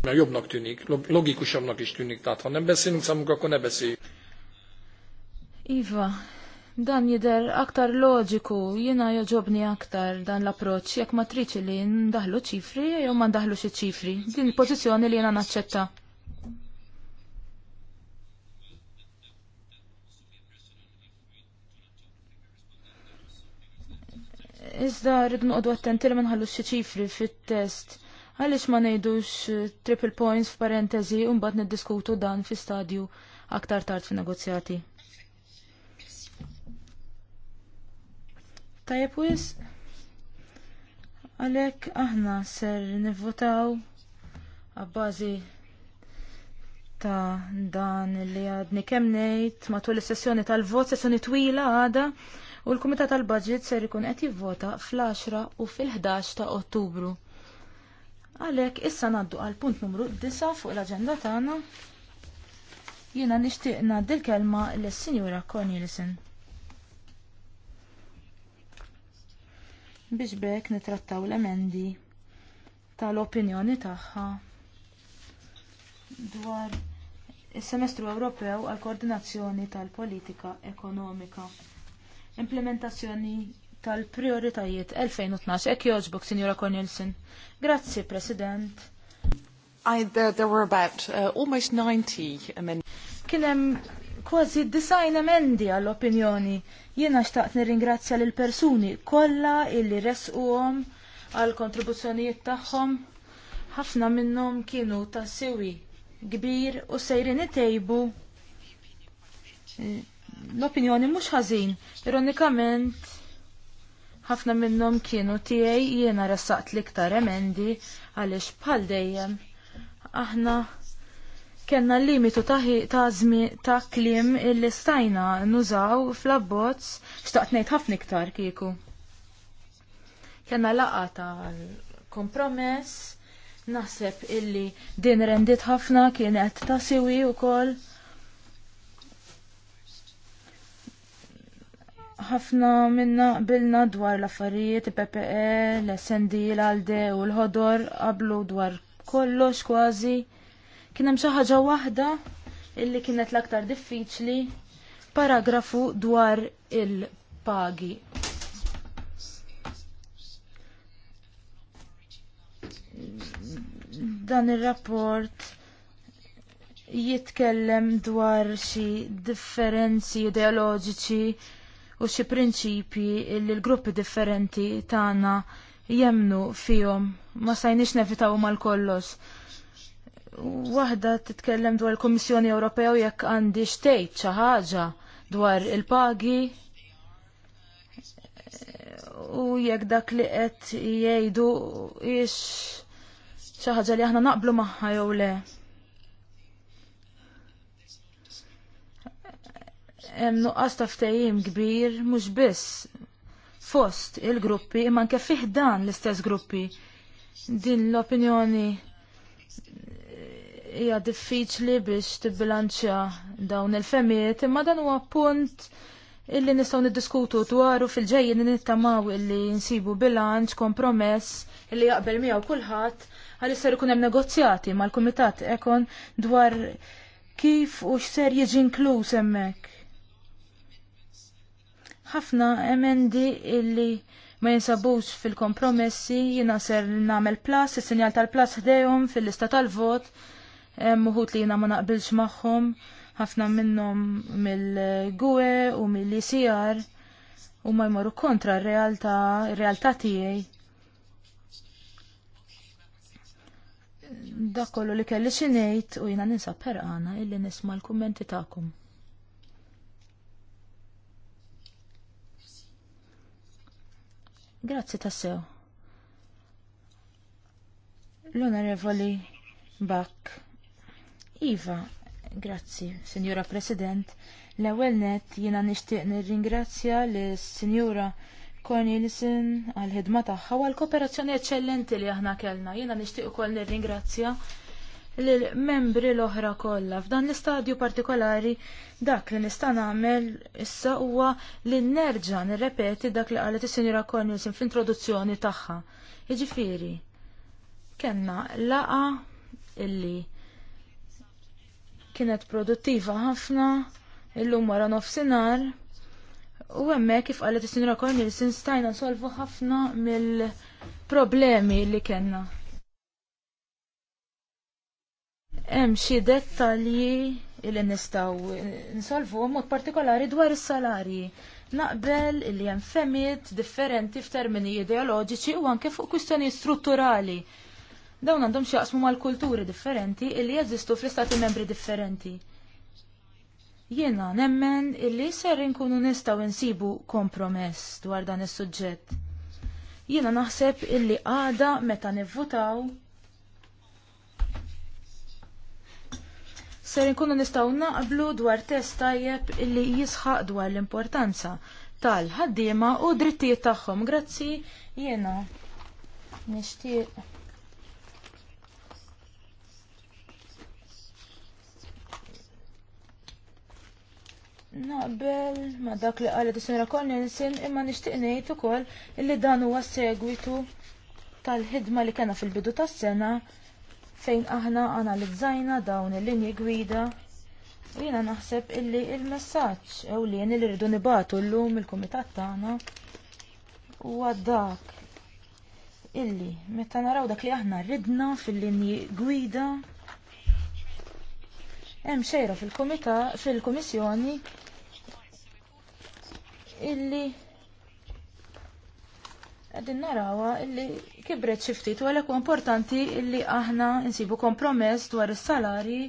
Ma jobnok tunik, logiku xobnok ix tunik ha nem beszélünk számunkra, akkor Iva, dan jider aktar loġiku, jina joġobni aktar dan l-approċ, jekk ma li ndaħlu ċifri, jew ma ndaħlu xi ċifri. Din il-pożizzjoni li jina naċċetta. Iżda rridu noqogħdu attenti li ma nħallux xi ċifri fit-test. Għaliex ma ngħidux triple points f'parentesi u mbagħad niddiskutu dan fi stadju aktar tard fin-negozjati. Tajjeb wis? Għalhekk aħna ser nivvotaw għabbażi ta' dan li għadni kemm ngħid matul is-sessjoni tal-vot, sessjoni twila għada, u l-Kumitat tal-Budget ser ikun qed jivvota fl-10 u fil-11 ta' Ottubru. Għalhekk issa ngħaddu għal punt numru 9 fuq l-aġenda tagħna. Jiena nixtieq ngħaddi l-kelma lis-Sinjura Cornelison. biex bekk nitrattaw l-emendi tal-opinjoni tagħha dwar is-semestru Ewropew għall koordinazzjoni tal-politika ekonomika. Implementazzjoni tal-prioritajiet 2012 ek joġbok, Sinjora Cornelsen. Grazzi, President. I, there, there were about uh, almost 90 amendments. Kienem kważi design emendi għall-opinjoni Jiena xtaqt nirringrazzja lil persuni kollha illi resquhom għal kontribuzzjonijiet tagħhom. Ħafna minnhom kienu ta' sewi kbir u sejrin itejbu e, l-opinjoni mhux ħażin. Ironikament ħafna minnhom kienu tiegħi jiena ressaqt l-iktar emendi għaliex bħal dejjem aħna Kenna limitu ta' ta' klim illi stajna nużaw fl-abbozz xtaqt ngħid ħafna iktar kieku. Kena laqa ta' kompromess, naħseb illi din rendit ħafna kienet ta' siwi wkoll. ħafna minna bilna dwar l-affarijiet, PPE, l-SND, l-ALDE u l-ħodor qablu dwar kollox kważi. Kien hemm xi ħaġa waħda illi kienet l-aktar diffiċli paragrafu dwar il-pagi. Dan ir-rapport jitkellem dwar xi differenzi ideoloġiċi u xi prinċipji li l-gruppi differenti tagħna jemnu fihom ma sajniex nevitaw mal-kollox. Waħda titkellem dwar il-Kommissjoni Ewropea u jekk għandi xtejt xi ħaġa dwar il-pagi u jekk dak li qed jgħidu ix xi ħaġa li aħna naqblu magħha jew le. Hemm nuqqas ta' ftehim kbir mhux biss fost il-gruppi imma anke fih dan l-istess gruppi din l-opinjoni hija diffiċli biex tibbilanċja dawn il-femijiet, imma dan huwa punt illi nistgħu niddiskutu dwaru fil-ġejjin nittamaw illi nsibu bilanċ, kompromess illi jaqbel miegħu kulħadd għal jisser ikun hemm negozjati mal-kumitat ekon dwar kif u x'ser jiġi inkluż hemmhekk. Ħafna emendi illi ma jinsabux fil-kompromessi jina ser namel plas, il-sinjal tal-plas ħdejhom fil-lista tal-vot hemm li jiena ma naqbilx magħhom, ħafna minnhom mill gwe u mill-ICR e u ma jmorru kontra r-realtà, r-realtà tiegħi. Dak kollu li kelli xinejt ngħid u jiena ninsa perqana illi nisma' l-kummenti tagħkom. Grazzi tassew. L-onorevoli Bach. Iva, grazzi, Sinjura President. L-ewwel net jiena nixtieq nirringrazzja lis Sinjura Cornelison għall ħidma tagħha u għall-kooperazzjoni eċċellenti li aħna kellna. Jiena nixtieq ukoll nirringrazzja lill membri l-oħra kollha. F'dan l-istadju partikolari dak li nista' nagħmel issa huwa li nerġa' nirrepeti dak li qalet is-Sinjura Cornelison fl-introduzzjoni tagħha. Jiġifieri, kellna laqa illi kienet produttiva ħafna, illum wara nofsinhar. U hemmhekk kif qalet is-Sinjora Cornelison stajna nsolvu ħafna mill-problemi li kellna. Hemm xi dettalji li nistgħu nsolvu mod partikolari dwar is-salarji. Naqbel li hemm femiet differenti f'termini ideoloġiċi u anke fuq kwistjoni strutturali Dawn għandhom xjaqsmu mal-kulturi differenti illi jeżistu fl-istati membri differenti. Jiena nemmen illi ser inkunu nistaw insibu kompromess dwar dan is-suġġett. Jiena naħseb illi għada meta nivvutaw ser nkunu nistgħu naqblu dwar test tajjeb illi jisħaq dwar l-importanza tal-ħaddiema u drittijiet tagħhom. Grazzi jiena nixtieq Naqbel ma dak li qalet is-sinra Cornelsen imma nixtieq ngħid ukoll li dan huwa segwitu tal-ħidma li kena fil-bidu tas-sena fejn aħna analizzajna dawn il-linji gwida u jiena naħseb illi il-messaġġ ewlien li rridu nibatu llum il-kumitat tagħna huwa dak illi meta naraw dak li aħna ridna fil-linji gwida hemm xejra fil-Kummissjoni fil illi għedin narawa illi kibret xiftit u għalek u importanti illi aħna nsibu kompromess dwar is-salari.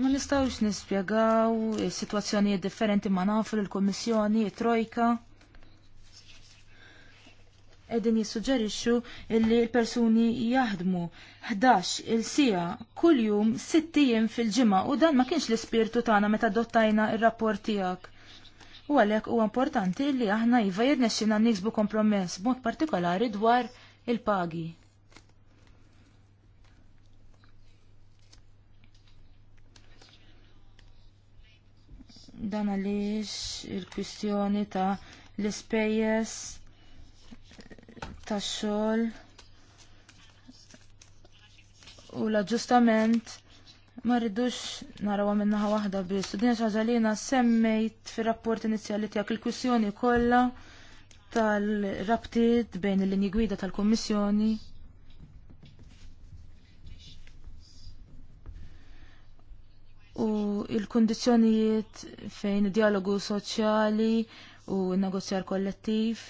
Ma nistawx nispjegaw situazzjonijiet differenti ma nafu l kummissjoni trojka edin jissuġġerixxu illi l-persuni jaħdmu 11 il-sija kuljum 6 fil-ġimgħa u dan ma kienx l-ispirtu tagħna meta dottajna r rapport tiegħek. U għalhekk huwa importanti li aħna iva jirnexxina niksbu kompromess b'mod partikolari dwar il-pagi. Dan għaliex il-kwistjoni ta' l-ispejjeż tax-xogħol u l-aġġustament ma rridux narawha minn naħa waħda biss. Din xi ħaġa li semmejt fir-rapport inizjali tiegħek il kwistjoni kollha tal-rabtiet bejn il-linji gwida tal-Kummissjoni. U il-kundizzjonijiet fejn id-dialogu soċjali u n-negozjar kollettiv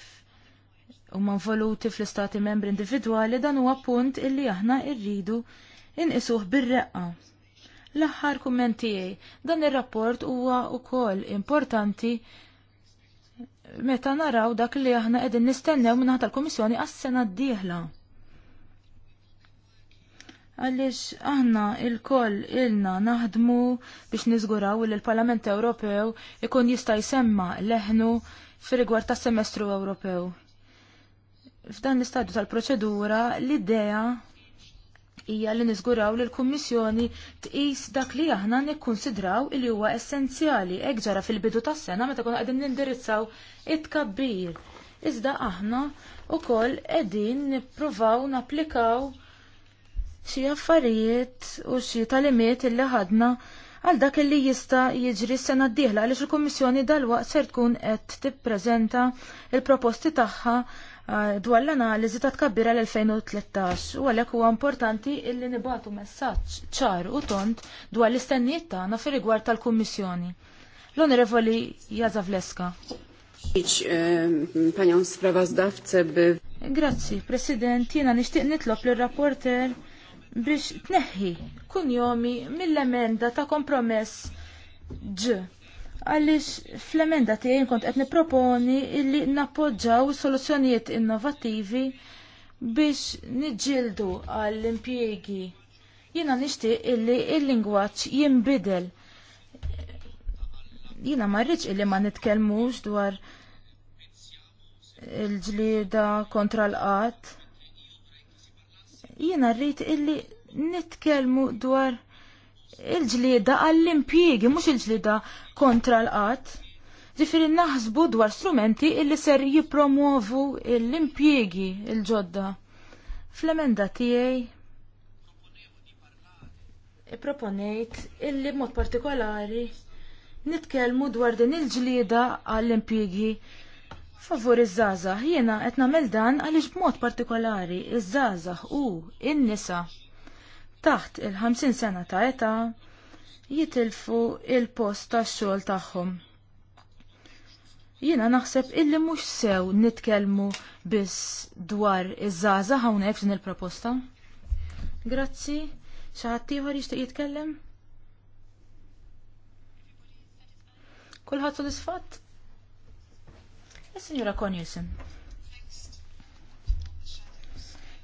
u man voluti fl-istati membri individuali dan huwa punt illi aħna irridu inqisuh bir-reqqa. L-aħħar kumment tiegħi dan ir-rapport huwa wkoll importanti meta naraw dak li aħna qegħdin nistennew minnaħa tal-Kummissjoni għas-sena d-dieħla. Għaliex aħna il-koll ilna naħdmu biex niżguraw li l-Parlament Ewropew ikun jista' jsemma leħnu fir-rigward tas-semestru Ewropew f'dan l-istadju tal-proċedura l-idea hija li niżguraw li l-Kummissjoni tqis dak li aħna nikkonsidraw li huwa essenzjali hekk ġara fil-bidu tas-sena meta kunu qegħdin nindirizzaw it-tkabbir. Iżda aħna wkoll qegħdin nippruvaw napplikaw xi affarijiet u xi talimiet illi ħadna għal dak li jista' jiġri s-sena d-dieħla għaliex il-Kummissjoni dalwaqt ser tkun qed tippreżenta il-proposti tagħha Ah, dwar l-analiżi ta' tkabbira l-2013 u għalhekk huwa importanti illi nibatu messaġġ ċar u tont dwar l-istennijiet tagħna fi rigward tal-Kummissjoni. L-Onorevoli Jazavleska. Ehm, Grazzi, President, Jiena nishtiq nitlob l-rapporter biex tneħħi kunjomi mill-emenda ta' kompromess ġ għallix fl-emenda tiegħi kont qed nipproponi illi nappoġġaw soluzzjonijiet innovattivi biex niġġieldu għall-impjiegi. Jiena nixtieq illi il-lingwaġġ jinbidel. Jiena ma rridx illi ma nitkellmux dwar il-ġlieda kontra l-qatt. Jiena rrid illi nitkellmu dwar il-ġlieda għall-impjiegi, mhux il-ġlieda kontra l-qatt. Ġifieri naħsbu dwar strumenti illi ser jipromovu l-impjiegi il-ġodda. Fl-emenda tiegħi proponejt illi b'mod partikolari nitkellmu dwar din il-ġlieda għall-impjiegi favur iż-żazax. Jiena qed nagħmel dan għaliex b'mod partikolari iż-żazax u in-nisa taħt il-50 sena ta' età jitilfu il-post tax-xogħol tagħhom. Jiena naħseb illi mhux sew nitkellmu biss dwar iż-żgħażagħ hawnhekk f'din il-proposta. Grazzi, xi ħadd ieħor jixtieq jitkellem? Kulħadd sodisfatt? Is-Sinjura Cornelsen.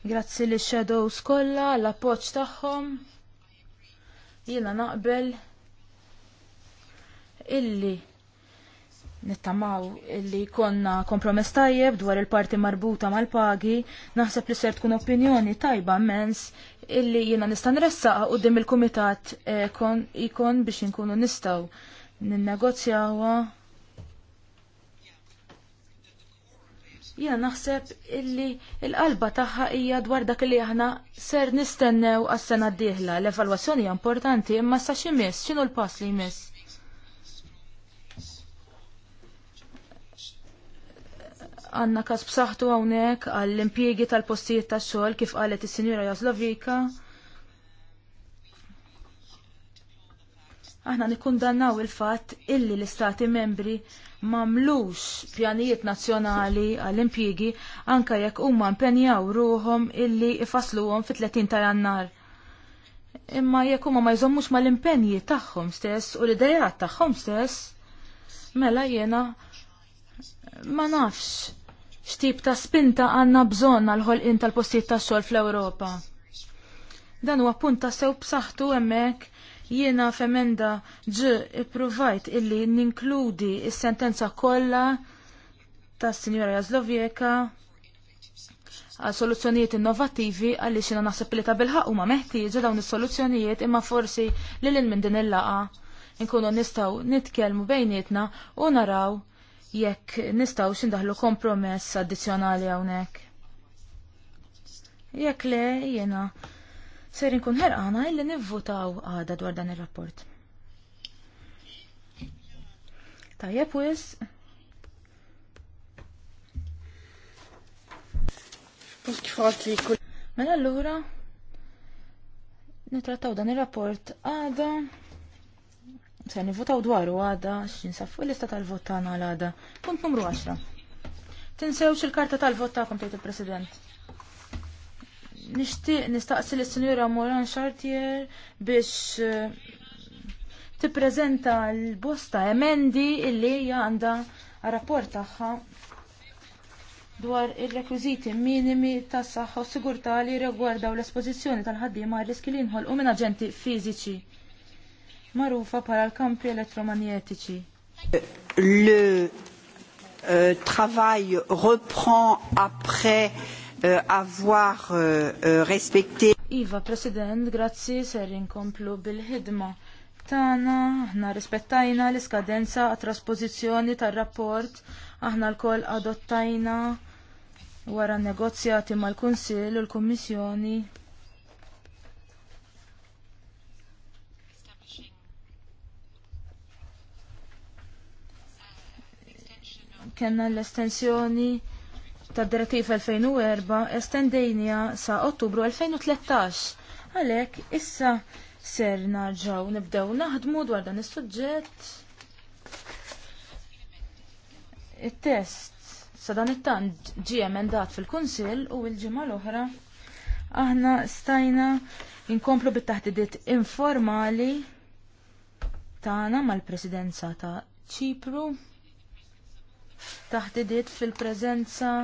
Grazzi li shadows kollha la appoġġ tagħhom. Jiena naqbel illi nittamaw illi konna kompromess tajjeb dwar il-parti marbuta mal-pagi, naħseb li ser tkun opinjoni tajba mens illi jiena nista' nressaqa qudiem il-kumitat ikon biex inkunu nistgħu ninnegozjawha Jiena naħseb illi il-qalba tagħha hija dwar dak li aħna ser nistennew għas-sena d-dieħla. L-evalwazzjoni hija importanti imma sa xi miss, x'inhu l-pass li jmiss? Għanna kas b'saħħtu hawnhekk għall-impjiegi tal-postijiet tax-xogħol kif qalet is-Sinjura Jaslovika. Aħna nikkundannaw il-fatt illi l-Istati membri mamlux pjanijiet nazzjonali għall-impjigi anke jekk huma mpenjaw ruhom illi ifasluhom fit-30 ta' jannar. Imma jekk huma ma jżommux mal-impenji tagħhom stess u l-idejat tagħhom stess, mela jiena ma nafx x'tip ta' spinta għandna bżonn għal ħolqien tal-postijiet tax-xogħol fl-Ewropa. Dan huwa punt sew b'saħħtu hemmhekk Jiena f'emenda ġ ippruvajt illi ninkludi is-sentenza kollha tas-Sinjora Jazlovjeka għal soluzzjonijiet innovattivi għalli xina naħseb li ta' bilħaq huma meħtieġa dawn is-soluzzjonijiet imma forsi lil minn din il-laqa nkunu nistgħu nitkellmu bejnietna u naraw jekk nistgħu xindaħlu kompromess addizzjonali hawnhekk. Jekk le jiena ser inkun ħerqana illi nivvutaw għada dwar dan ir-rapport. Tajjeb wis. Mela allura nitrattaw dan ir-rapport għada se nivvotaw dwaru għada xin fuq l-lista tal-vot tagħna għal għada. Punt numru 10. Tinsewx il-karta tal-vot tagħkom tgħid il-President nixtieq nistaqsi lis-Sinjura Moran Chartier biex eh, tipprezenta l-bosta emendi illi hija għandha rapport tagħha dwar ir-rekwiżiti minimi tas saħħa u sigurtà li rigwardaw l-espożizzjoni tal-ħaddiema riski li u minn aġenti fiżiċi magħrufa bħala l-kampi elettromagnetiċi. Le eh, travail reprend après Euh, avoir euh, euh, respecté. Iva, President, grazzi ser inkomplu bil-ħidma. Tana, aħna rispettajna l-iskadenza għat trasposizjoni tar-rapport, aħna l-koll adottajna wara negozjati mal-Kunsill u l-Kummissjoni. Kenna l-estensjoni tad direttiv 2004 estendejnija sa' Ottubru 2013. Għalhekk issa ser narġaw nibdew naħdmu dwar dan is-suġġett. It-test sa dan it-tant ġie emendat fil-Kunsill u l-ġimgħa l-oħra aħna stajna inkomplu bit-taħdidiet informali tagħna mal-Presidenza ta' Ċipru taħdidiet fil-preżenza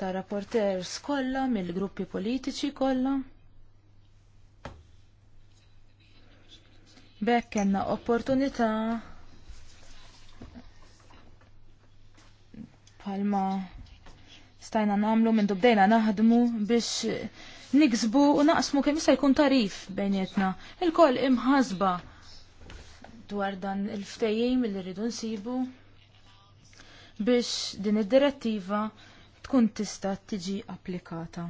ta' rapporters kollha mill-gruppi politiċi kollha. Bekk kellna opportunità bħalma stajna namlu minn bdejna naħdmu biex niksbu u naqsmu kemm jista' jkun tarif bejnietna. Il-koll imħasba dwar dan il-ftejjim li rridu nsibu biex din id-direttiva tkun tista' tiġi applikata.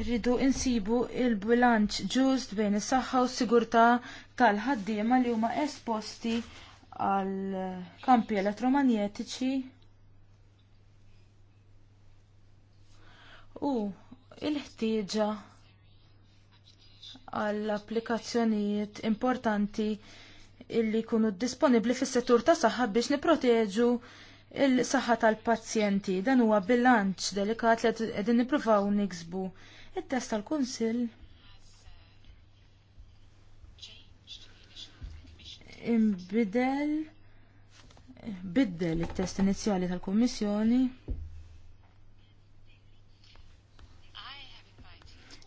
Irridu insibu il-bilanċ ġust bejn is-saħħa u s-sigurtà tal-ħaddiema li huma esposti għal kampi elettromagnetiċi u il-ħtieġa għall applikazzjonijiet importanti illi jkunu disponibbli fis-settur tas saħħa biex nipproteġu il-saħħa tal-pazjenti. Dan huwa bilanċ delikat li qegħdin nippruvaw niksbu. It-test tal-Kunsill imbidel biddel it-test inizjali tal-Kummissjoni.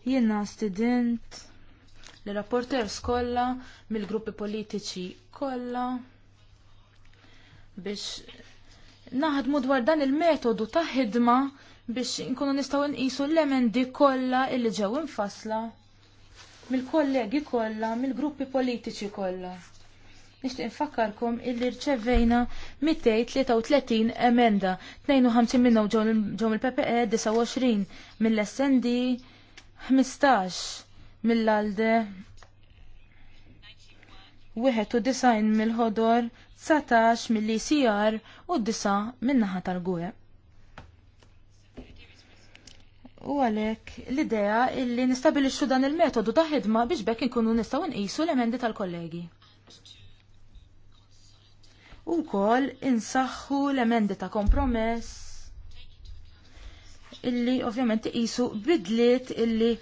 Jiena student li rapporters kollha mill-gruppi politiċi kollha biex naħdmu dwar dan il-metodu ta' ħidma biex nkunu nistgħu nqisu l-emendi kollha illi ġew infassla mill-kollegi kollha, mill-gruppi politiċi kollha. Nixtieq nfakkarkom illi rċevejna 233 emenda, 52 minnhom ġew mill-PPE, 29 mill-SND, 15 mill-ALDE, 91 mill-ħodor, 19 milli CR u 9 min-naħa tal-gwe. U għalhekk l-idea illi nistabilixxu dan il-metodu ta' ħidma biex bekk inkunu nistgħu nqisu l-emendi tal-kollegi. U kol insaħħu l-emendi ta' kompromess illi ovvjament isu bidliet illi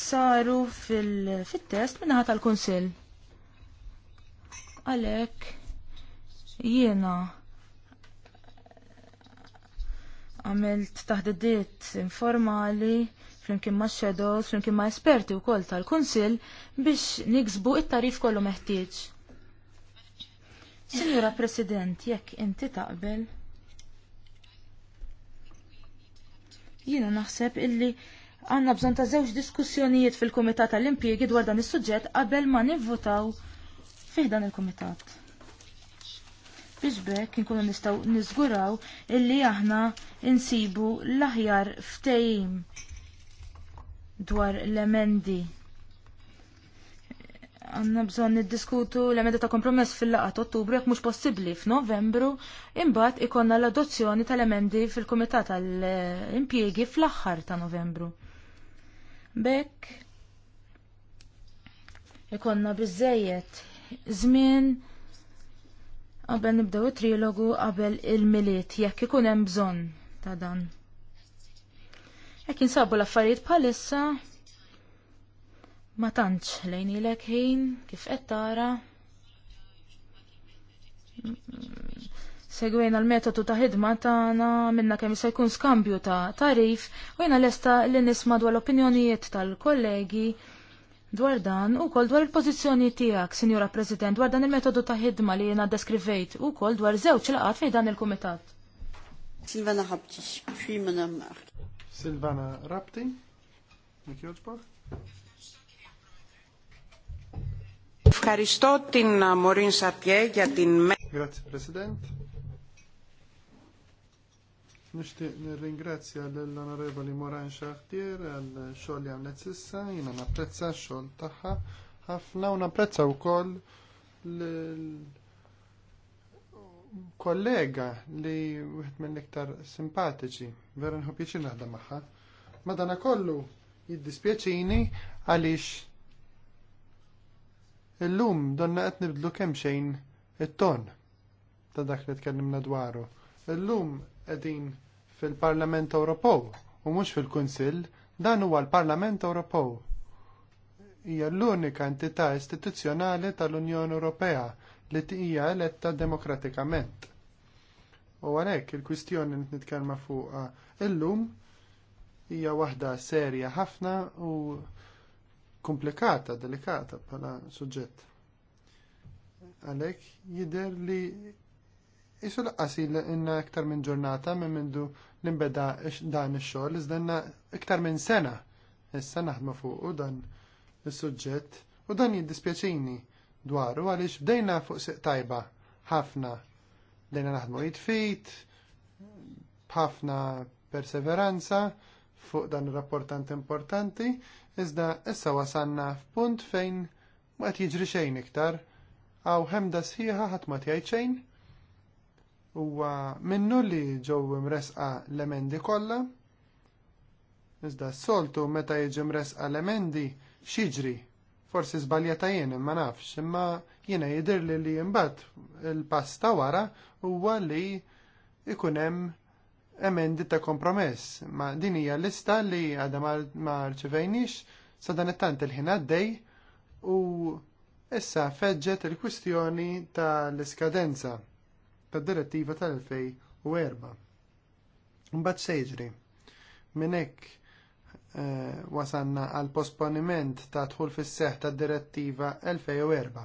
saru fil-test minnaħat tal-Kunsill. Għalhekk jiena għamilt taħdidiet informali flimkien ma' xedos, flimkien ma' esperti u koll tal-Kunsil biex niksbu it-tarif kollu meħtieġ. Signora President, jekk inti taqbel, jiena naħseb illi għanna bżon ta' zewġ diskussjonijiet fil-Komitat tal-Impjegi dwar dan is-suġġett qabel ma nivvutaw Fih dan il-komitat. Biex bekk kunu nistaw nizguraw illi aħna insibu l-aħjar ftejim dwar l-emendi. Għanna bżon niddiskutu l-emendi ta' kompromess fil-laqat ottubru jekk mhux possibbli f'Novembru, imbagħad ikonna l-adozzjoni tal-emendi fil-Kumitat tal-Impjiegi fl-aħħar ta' Novembru. Bekk ikonna bizzejiet zmin qabel nibdew it-trilogu qabel il-miliet jekk ikun hemm bżonn ta' dan. Jekk insabu l-affarijiet bħalissa ma tantx lejn ilek ħin kif qed tara. Segwejna l-metodu ta' ħidma tagħna minna kemm se jkun skambju ta' tarif u jiena lesta li nisma' dwar l-opinjonijiet tal-kollegi dwar dan u kol dwar il-pozizjoni tijak, Sinjora President, dwar dan il-metodu ta' ħidma li jena deskrivejt u kol dwar zewċ laqat fej dan il-komitat. Silvana Rabti, fi manam Silvana Rabti, mikjoġbor. Ευχαριστώ την Μωρίν Σαπιέ για Grazie, President. Nishtiq nirringrazzja l-Onorevoli Moran Xaħtir għal-xogħol li għamlet sissa, jiena napprezza x-xogħol tagħha ħafna u napprezza wkoll l-kollega li wieħed mill-iktar simpatiċi, vera nħobb jiġi naħdem magħha. Madana kollu jiddispjaċini għaliex illum donna qed nibdlu kemm xejn it-ton ta' dak li tkellimna dwaru. Illum qegħdin fil-Parlament Ewropew u mhux fil-Kunsill, dan huwa l-Parlament Ewropew. Hija l-unika entità istituzzjonali tal-Unjoni Ewropea li hija eletta demokratikament. U għalhekk il-kwistjoni li nitkellma fuqha illum hija waħda serja ħafna u komplikata, delikata bħala suġġett. Għalhekk jidher li Isu laqqasi inna iktar minn ġurnata minn mindu l-imbeda dan ix-xogħol, iżdanna iktar minn sena issa naħdmu fuq dan is-suġġett u dan jiddispjaċini dwaru għaliex bdejna fuq siq tajba ħafna bdejna naħdmu jitfit b'ħafna perseveranza fuq dan il rapportant importanti iżda issa wasanna f'punt fejn ma qed jiġri xejn iktar għaw ħemda sħiħa ħadd ma tgħid xejn huwa minnu li ġew imresqa l-emendi kollha. Iżda s-soltu meta jiġi mresqa l-emendi xiġri. Forsi żbaljata jien imma nafx, imma jiena jidhirli li li mbagħad il-pasta wara huwa li ikun hemm emendi ta' kompromess. Ma din hija lista li għadha ma rċivejniex sa dan it-tant il-ħin għaddej u issa feġġet il-kwistjoni tal-iskadenza tad-direttiva tal-2004. Mbagħad se jiġri. Minn hekk eh, wasanna għal posponiment ta' dħul fis seħħ tad-direttiva 2004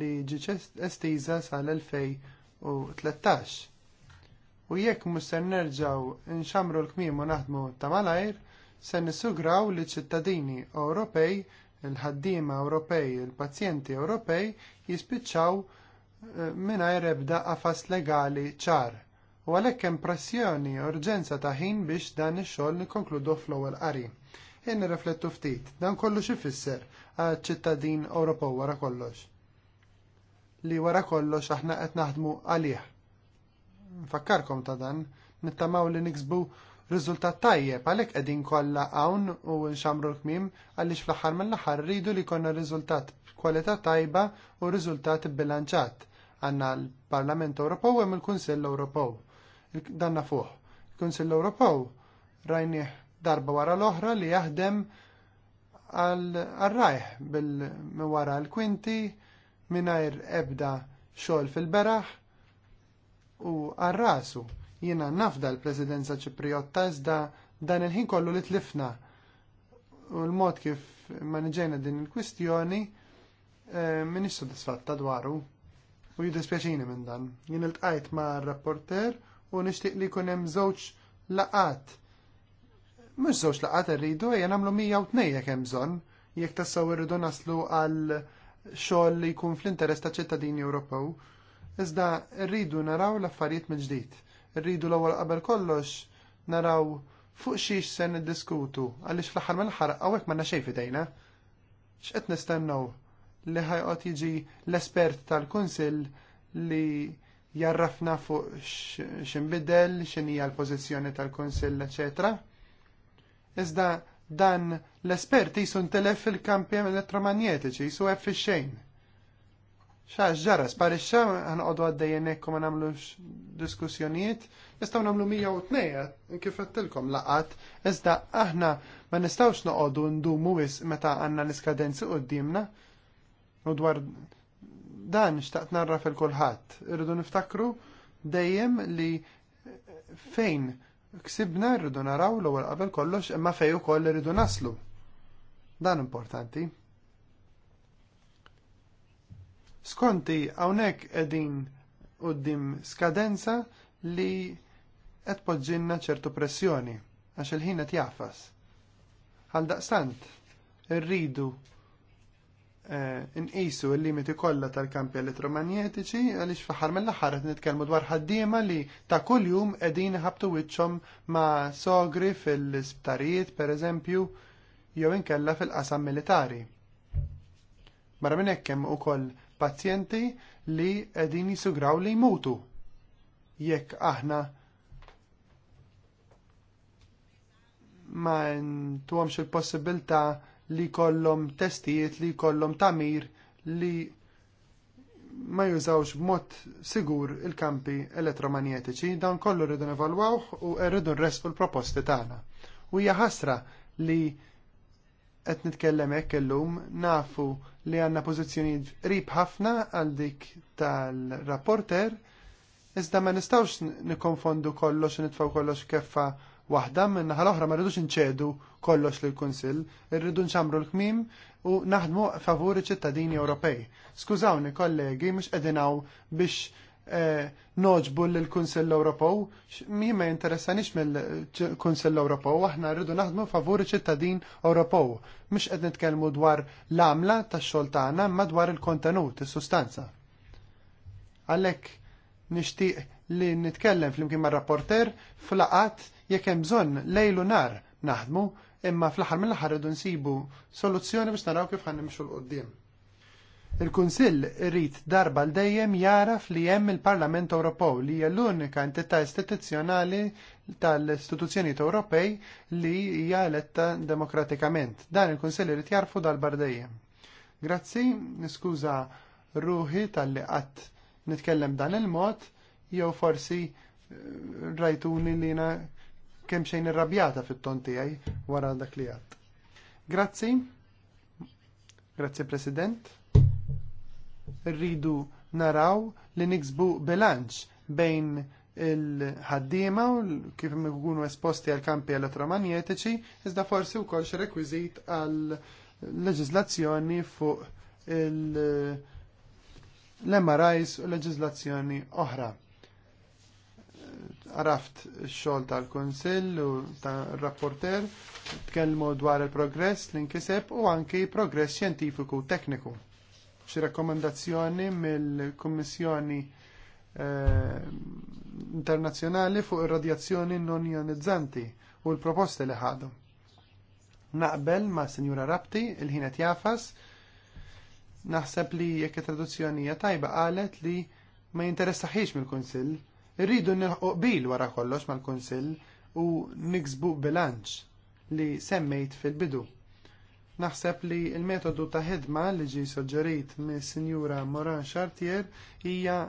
li ġiet estiża sal-2013. U jekk mhux se nerġgħu l-kmiem u naħdmu ta' malajr, se nissugraw li ċittadini Ewropej il-ħaddiema Ewropej, il-pazjenti Ewropej jispiċċaw Eh, mingħajr ebda qafas legali ċar. U għalhekk hemm pressjoni urġenza ta' ħin biex dan ix-xogħol nikkonkludu fl-ewwel qari. Jien nirriflettu ftit, dan kollu ifisser fisser għaċ-ċittadin Ewropew wara kollox. Li wara kollox aħna qed naħdmu għalih. Nfakkarkom ta' dan, nittamaw li niksbu Riżultat tajjeb għalhekk qegħdin kollha hawn u nxamru l-kmim għaliex fl-aħħar mill-aħħar rridu li jkollna riżultat b'kwalità tajba u riżultat bbilanċat Għanna l-Parlament Ewropew u il-Kunsill Ewropew. Danna fuq. Il-Kunsill Ewropew rajnih darba wara l-oħra li jaħdem għal-rajħ bil-wara l-kwinti mingħajr ebda xogħol fil-beraħ u għal-rasu jiena nafda l-presidenza ċipriotta iżda dan il-ħin kollu li tlifna u l-mod kif maniġena din il-kwistjoni eh, minix soddisfatta dwaru u jiddispjaċini minn dan. Jien iltqajt ma' rapporter u nixtieq li jkun hemm żewġ laqat. Mhux żewġ laqat irridu ejja nagħmlu mija u jemżon, jekk hemm bżonn jekk tassaw rridu naslu għal xogħol li jkun fl-interess ta' ċittadini Ewropew. Iżda rridu naraw l-affarijiet mill-ġdid. Rridu l-ewwel qabel kollox naraw fuq xiex se niddiskutu għaliex fl-aħħar mill ħar hawnhekk m'għandna xejn fidejna. X'qed nistennew li ħajqot jiġi l-espert tal-Kunsill li jarrafna fuq x'inbidel, x'inhija l-pożizzjoni tal-Kunsill, eċetera. Iżda dan l-espert jisu ntelef fil-kampi elettromagnetiċi, jisu għef xejn ċa ġara, sparixxa għanqodu għaddejjen ekku ma namlu diskussjonijiet, nistaw namlu 102 kif għattilkom laqat, iżda aħna ma nistawx noqodu ndumu wis meta għanna l-iskadenzi d-dimna, U dwar dan xtaqt narra fil-kulħadd. Irridu niftakru dejjem li fejn ksibna rridu naraw l-ewwel qabel kollox imma fejn ukoll irridu naslu. Dan importanti. Skonti hawnhekk qegħdin quddiem skadenza li qed poġġinna ċertu pressjoni għax il-ħin qed jafas. Għaldaqstant irridu Eh, nqisu l-limiti kollha tal-kampi elettromagnetiċi għaliex faħar mill-aħħar qed nitkellmu dwar ħaddiema li ta' kuljum qegħdin ħabtu wiċċhom ma' sogri fil-isptarijiet pereżempju jew inkella fil-qasam militari. Barra minn hekk hemm ukoll pazjenti li qegħdin jisugraw li jmutu jekk aħna ma ntuhomx il-possibilta' li jkollhom testijiet li jkollhom tamir li ma jużawx b'mod sigur il-kampi elettromagnetiċi, dan kollu rridu nevalwawh u rridu nresqu l-proposti tagħna. U hija ħasra li qed nitkellem hekk illum nafu li għandna pożizzjonijiet qrib ħafna għal dik tal-rapporter, iżda ma nistgħux nikkonfondu kollox u nitfgħu kollox keffa waħda minnaħa l-oħra ma rridux inċedu kollox lill kunsill irridu nċamru l-kmim u naħdmu favuri ċittadini Ewropej. Skużawni kollegi, mux edinaw biex eh, noġbu lill kunsill Ewropew, mi ma jinteressanix mill-Kunsill Ewropew, aħna rridu naħdmu favuri ċittadin Ewropew. Mhux qed nitkellmu dwar l-għamla tax-xogħol tagħna, dwar il-kontenut, is-sustanza. Għalhekk nixtieq li nitkellem fl-imkien ma' rapporter fl-laqat jekk hemm bżonn lejlu nar naħdmu imma fl-aħħar mill-aħħar rridu nsibu soluzzjoni biex naraw kif ħannimxu l-qoddim. Il-Kunsill irrid darba l dejjem jaraf li hemm il-Parlament Ewropew li hija l-unika entità istituzzjonali tal-istituzzjonijiet Ewropej li hija eletta demokratikament. Dan il-Kunsill irid jarfu darba dejjem. Grazzi, niskuża ruħi tal-li qatt nitkellem dan il-mod, jew forsi eh, rajtuni li na kemm xejn irrabjata fit-ton tiegħi wara dak li għad. Grazzi. Grazzi President. Rridu naraw li niksbu bilanċ bejn il-ħaddiema u kif ikunu esposti għal kampi elettromagnetiċi, iżda forsi wkoll xi rekwiżit għal leġiżlazzjoni fuq il mris u leġiżlazzjoni oħra għaraft xol tal konsil u tal-rapporter, tkellmu dwar il-progress li nkiseb u anki progress xjentifiku u tekniku. Xi rakkomandazzjoni mill-Kummissjoni eh, Internazzjonali fuq ir-radjazzjoni non ionizzanti u l-proposti li ħadu. Naqbel ma' Sinjura Rapti, il-ħinet jafas, naħseb li jekk traduzzjonija tajba qalet li ma jinteressaħiex mill-Kunsill Rridu nilħu qbil wara kollox mal-Kunsill u niksbu bilanċ li semmejt fil-bidu. Naħseb li l metodu ta' ħidma li ġie soġġerit mis sinjura Moran Chartier hija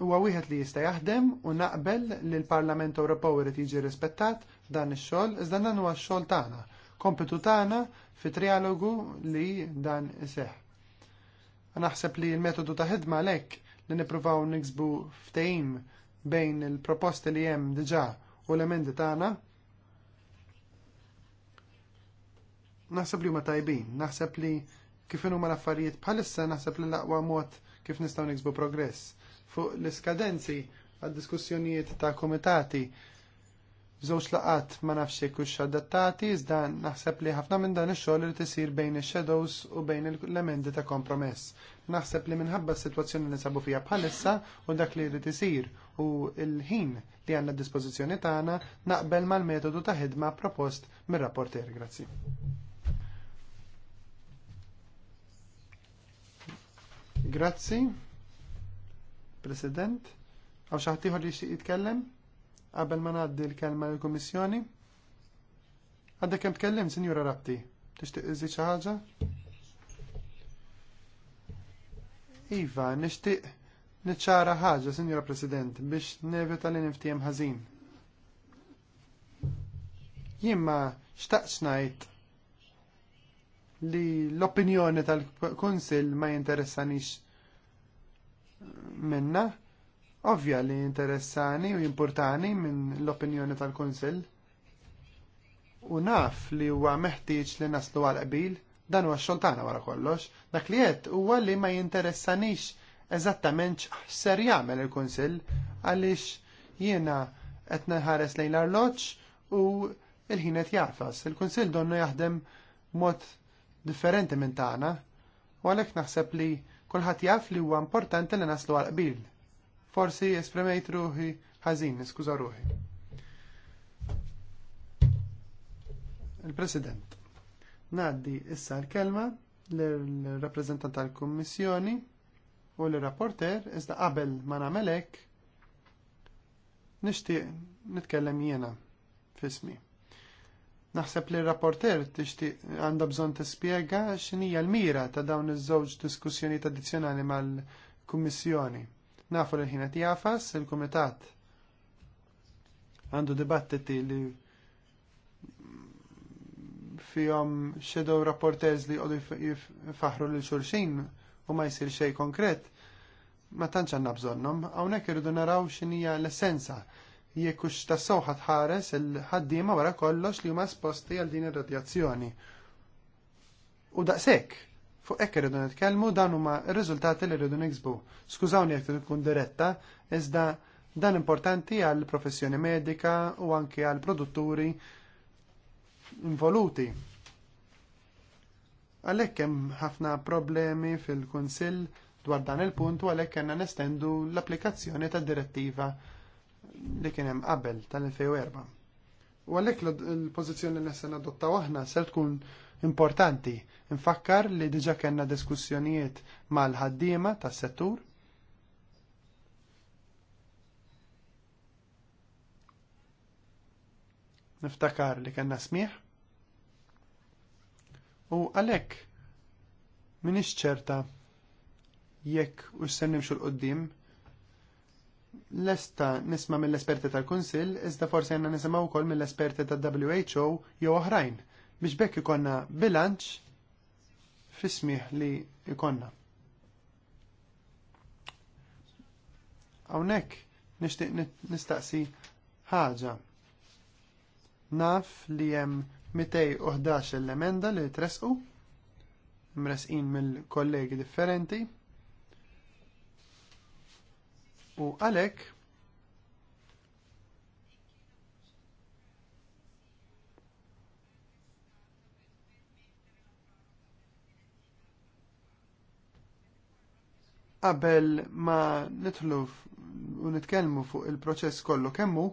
huwa wieħed li jista' jaħdem u naqbel li l-Parlament Ewropew irid jiġi rispettat dan ix-xogħol iżda dan huwa x-xogħol tagħna, kompitu tagħna fi trialogu li dan iseħħ. Naħseb li l-metodu ta' ħidma lek li nippruvaw niksbu ftehim bejn il-proposti li hemm diġà u l-emendi tagħna naħseb li huma tajbin, naħseb li kif ma l-affarijiet bħalissa naħseb li l-aqwa mod kif nistgħu niksbu progress. Fuq l-iskadenzi għad-diskussjonijiet ta' komitati Żewġ laqat ma nafx jekk hux adattati, iżda naħseb li ħafna minn dan ix-xogħol li tisir bejn ix-shadows u bejn l-emendi ta' kompromess. Naħseb li minħabba s-sitwazzjoni li sabu fija bħalissa u dak li jrid isir u l-ħin li għandna dispożizzjoni tagħna naqbel mal-metodu ta' ħidma propost mir-rapporter. Grazzi. Grazzi. President. Għaw xaħtiħor li jitkellem? qabel ma ngħaddi l-kelma l kummissjoni Għadek kemm tkellim, Sinjura Rabti, tixtieq iżid xi ħaġa? Iva, nixtieq niċċara ħaġa, Sinjura President, biex nevita li niftijem ħażin. Jien ma ngħid li l-opinjoni tal-Kunsill ma jinteressanix minna Ovvja li interessani u importani minn l-opinjoni tal-Kunsill. U naf li huwa meħtieġ li naslu għal qbil, dan huwa x-xoltana wara kollox, dak li qed huwa li ma jinteressanix eżattament x'ser jagħmel il-Kunsill għaliex jiena qed nħares lejn l-arloġġ u il-ħin qed jafas. Il-Kunsill donnu jaħdem mod differenti minn tagħna u għalhekk naħseb li kulħadd jaf li huwa importanti li naslu għal qbil Forsi esprimejt ruħi ħażin, skuża ruħi. Il-President, naddi issa l-kelma l-rappresentant tal-Kummissjoni u l-rapporter iżda qabel ma nagħmelek nixtieq nitkellem jiena fismi. Naħseb li l rapporter tixtieq għandha bżonn tispjega x'inhija l-mira ta' dawn iż-żewġ diskussjoni tradizzjonali mal-Kummissjoni. Nafu li ħinet jafas, il-Kumitat għandu dibattiti li fihom xedow rapporters li għodu faħru lil xulxin u ma jsir xej konkret, ma tantx għandna bżonnhom, hawnhekk irridu naraw x'inhija l-essenza jekk hux tassew ħares il-ħaddiema wara kollox li huma sposti għal din ir-radjazzjoni. U daqshekk Fuq hekk irridu nitkellmu dan huma r-riżultati li rridu niksbu. Skużawni jekk tkun diretta, iżda dan importanti għall professjoni medika u anke għall produtturi involuti. Għalhekk hemm ħafna problemi fil-Kunsill dwar dan il-punt u għalhekk għandna nestendu l-applikazzjoni tad-direttiva li kien hemm qabel tal-2004. U għalhekk il-pożizzjoni li se nadottaw aħna se tkun importanti. Infakkar li diġa kellna diskussjonijiet mal-ħaddiema tas-settur niftakar li kena smieħ. U għalek, minix ċerta jekk u s sennim l-qoddim, lesta nisma mill-esperti tal-Kunsil, iżda forse jenna nisimaw kol mill-esperti tal-WHO jew oħrajn biex bekk ikonna bilanċ fismiħ li ikonna. Hawnhekk nixtieq nistaqsi ħaġa. Naf li hemm 211 l-emenda li tresqu mresqin mill-kollegi differenti u għalhekk Qabel ma nidħlu u nitkellmu fuq il-proċess kollu kemmu,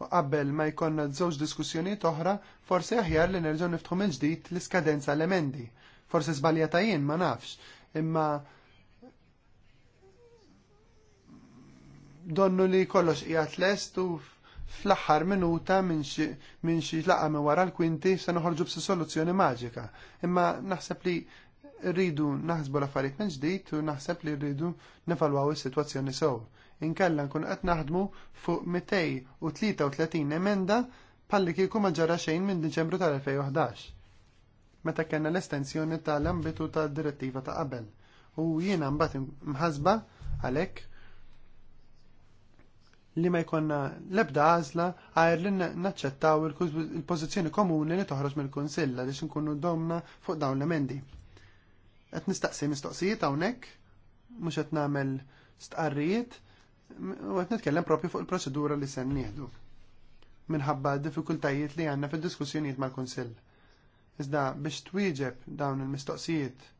u qabel ma jkollna żewġ diskussjonijiet oħra, forsi aħjar li nerġgħu niftħu minn ġdid l-iskadenza l-emendi. Forsi żbaljata jien ma nafx, imma donnu li kollox qiegħed lest u fl-aħħar minuta minn xi laqa minn wara l-kwinti se noħorġu b'si soluzzjoni maġika. Imma naħseb li rridu naħsbu l-affarijiet minn ġdid u naħseb li rridu nevalwaw is-sitwazzjoni sew. Inkella nkun qed naħdmu fuq 233 emenda palli kieku ma ġara xejn minn Diċembru tal-2011. Meta kellna l-estensjoni tal-ambitu tad-direttiva ta' qabel. U jiena mbagħad mħasba għalhekk li ma jkollna l-ebda għażla għajr li naċċettaw il-pożizzjoni komuni li toħroġ mill-Kunsill għaliex nkunu domna fuq dawn l-emendi qed nistaqsi mistoqsijiet hawnhekk, mhux qed nagħmel stqarrijiet, u qed nitkellem propju fuq il-proċedura li se nieħdu. Minħabba diffikultajiet li għandna fid-diskussjonijiet mal-Kunsill. Iżda biex twieġeb dawn il-mistoqsijiet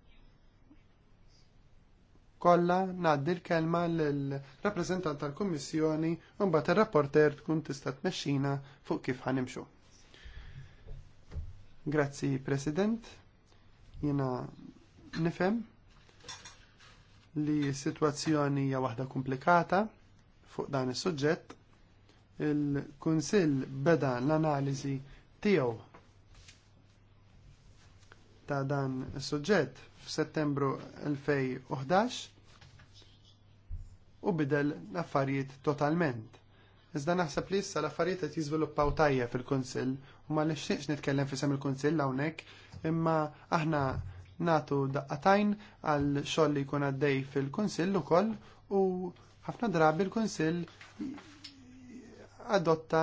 Kolla ngħaddi l-kelma lill-rappreżentant tal-Kummissjoni u mbagħad ir-rapporter tkun tista' tmexxina fuq kif ħanimxu. Grazzi President. Jiena nifhem li s-sitwazzjoni hija waħda komplikata fuq dan is-suġġett. Il-Kunsill beda l-analiżi tiegħu ta' dan is-suġġett f'Settembru 2011 u bidel l-affarijiet totalment. Iżda naħseb li issa l-affarijiet qed jiżviluppaw tajja fil-Kunsill u ma nixtieqx nitkellem fisem il-Kunsill hawnhekk imma aħna natu daqqatajn għal xoll li jkun għaddej fil-Kunsill ukoll u ħafna drabi l-Kunsill adotta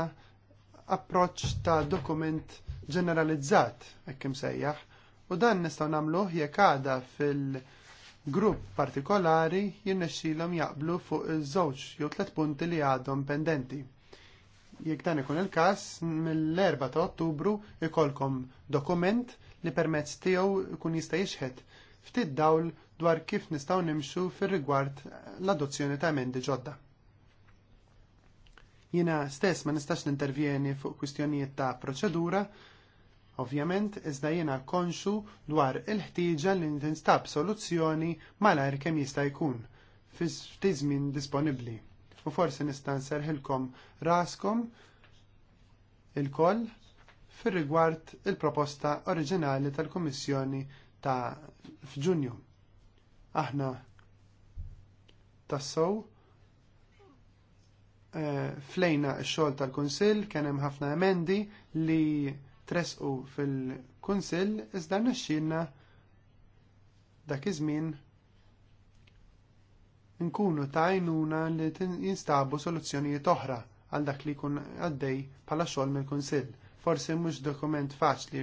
approċċ ta' dokument ġeneralizzat, hekk sejjaħ, u dan nistgħu nagħmluh jekk għada fil-grupp partikolari jinnexxilhom jaqblu fuq iż-żewġ jew tliet punti li għadhom pendenti. Jekk dan ikun il-każ, mill-4 ta' Ottubru ikolkom dokument li permezz tiegħu jkun jista' jixħed ftit dawl dwar kif nistgħu nimxu fir-rigward l-adozzjoni ta' emendi ġodda. Jiena stess ma nistax nintervjeni fuq kwistjonijiet ta' proċedura, Ovvjament, iżda jiena konxu dwar il-ħtieġa li nistab soluzzjoni malajr kemm jista' jkun ftit żmien disponibbli. U forsi nista' nserħilkom raskom il-koll fir-rigward il-proposta oriġinali tal-Kummissjoni ta' f'Ġunju. Aħna tassow eh, flejna x-xogħol tal-Kunsill kien hemm ħafna emendi li tresqu fil-Kunsill iżda nixxilna dak iż-żmien nkunu ta' għajnuna li jinstabu soluzzjonijiet oħra għal dak li jkun għaddej bħala xogħol mill-Kunsill. Forsi mhux dokument faċli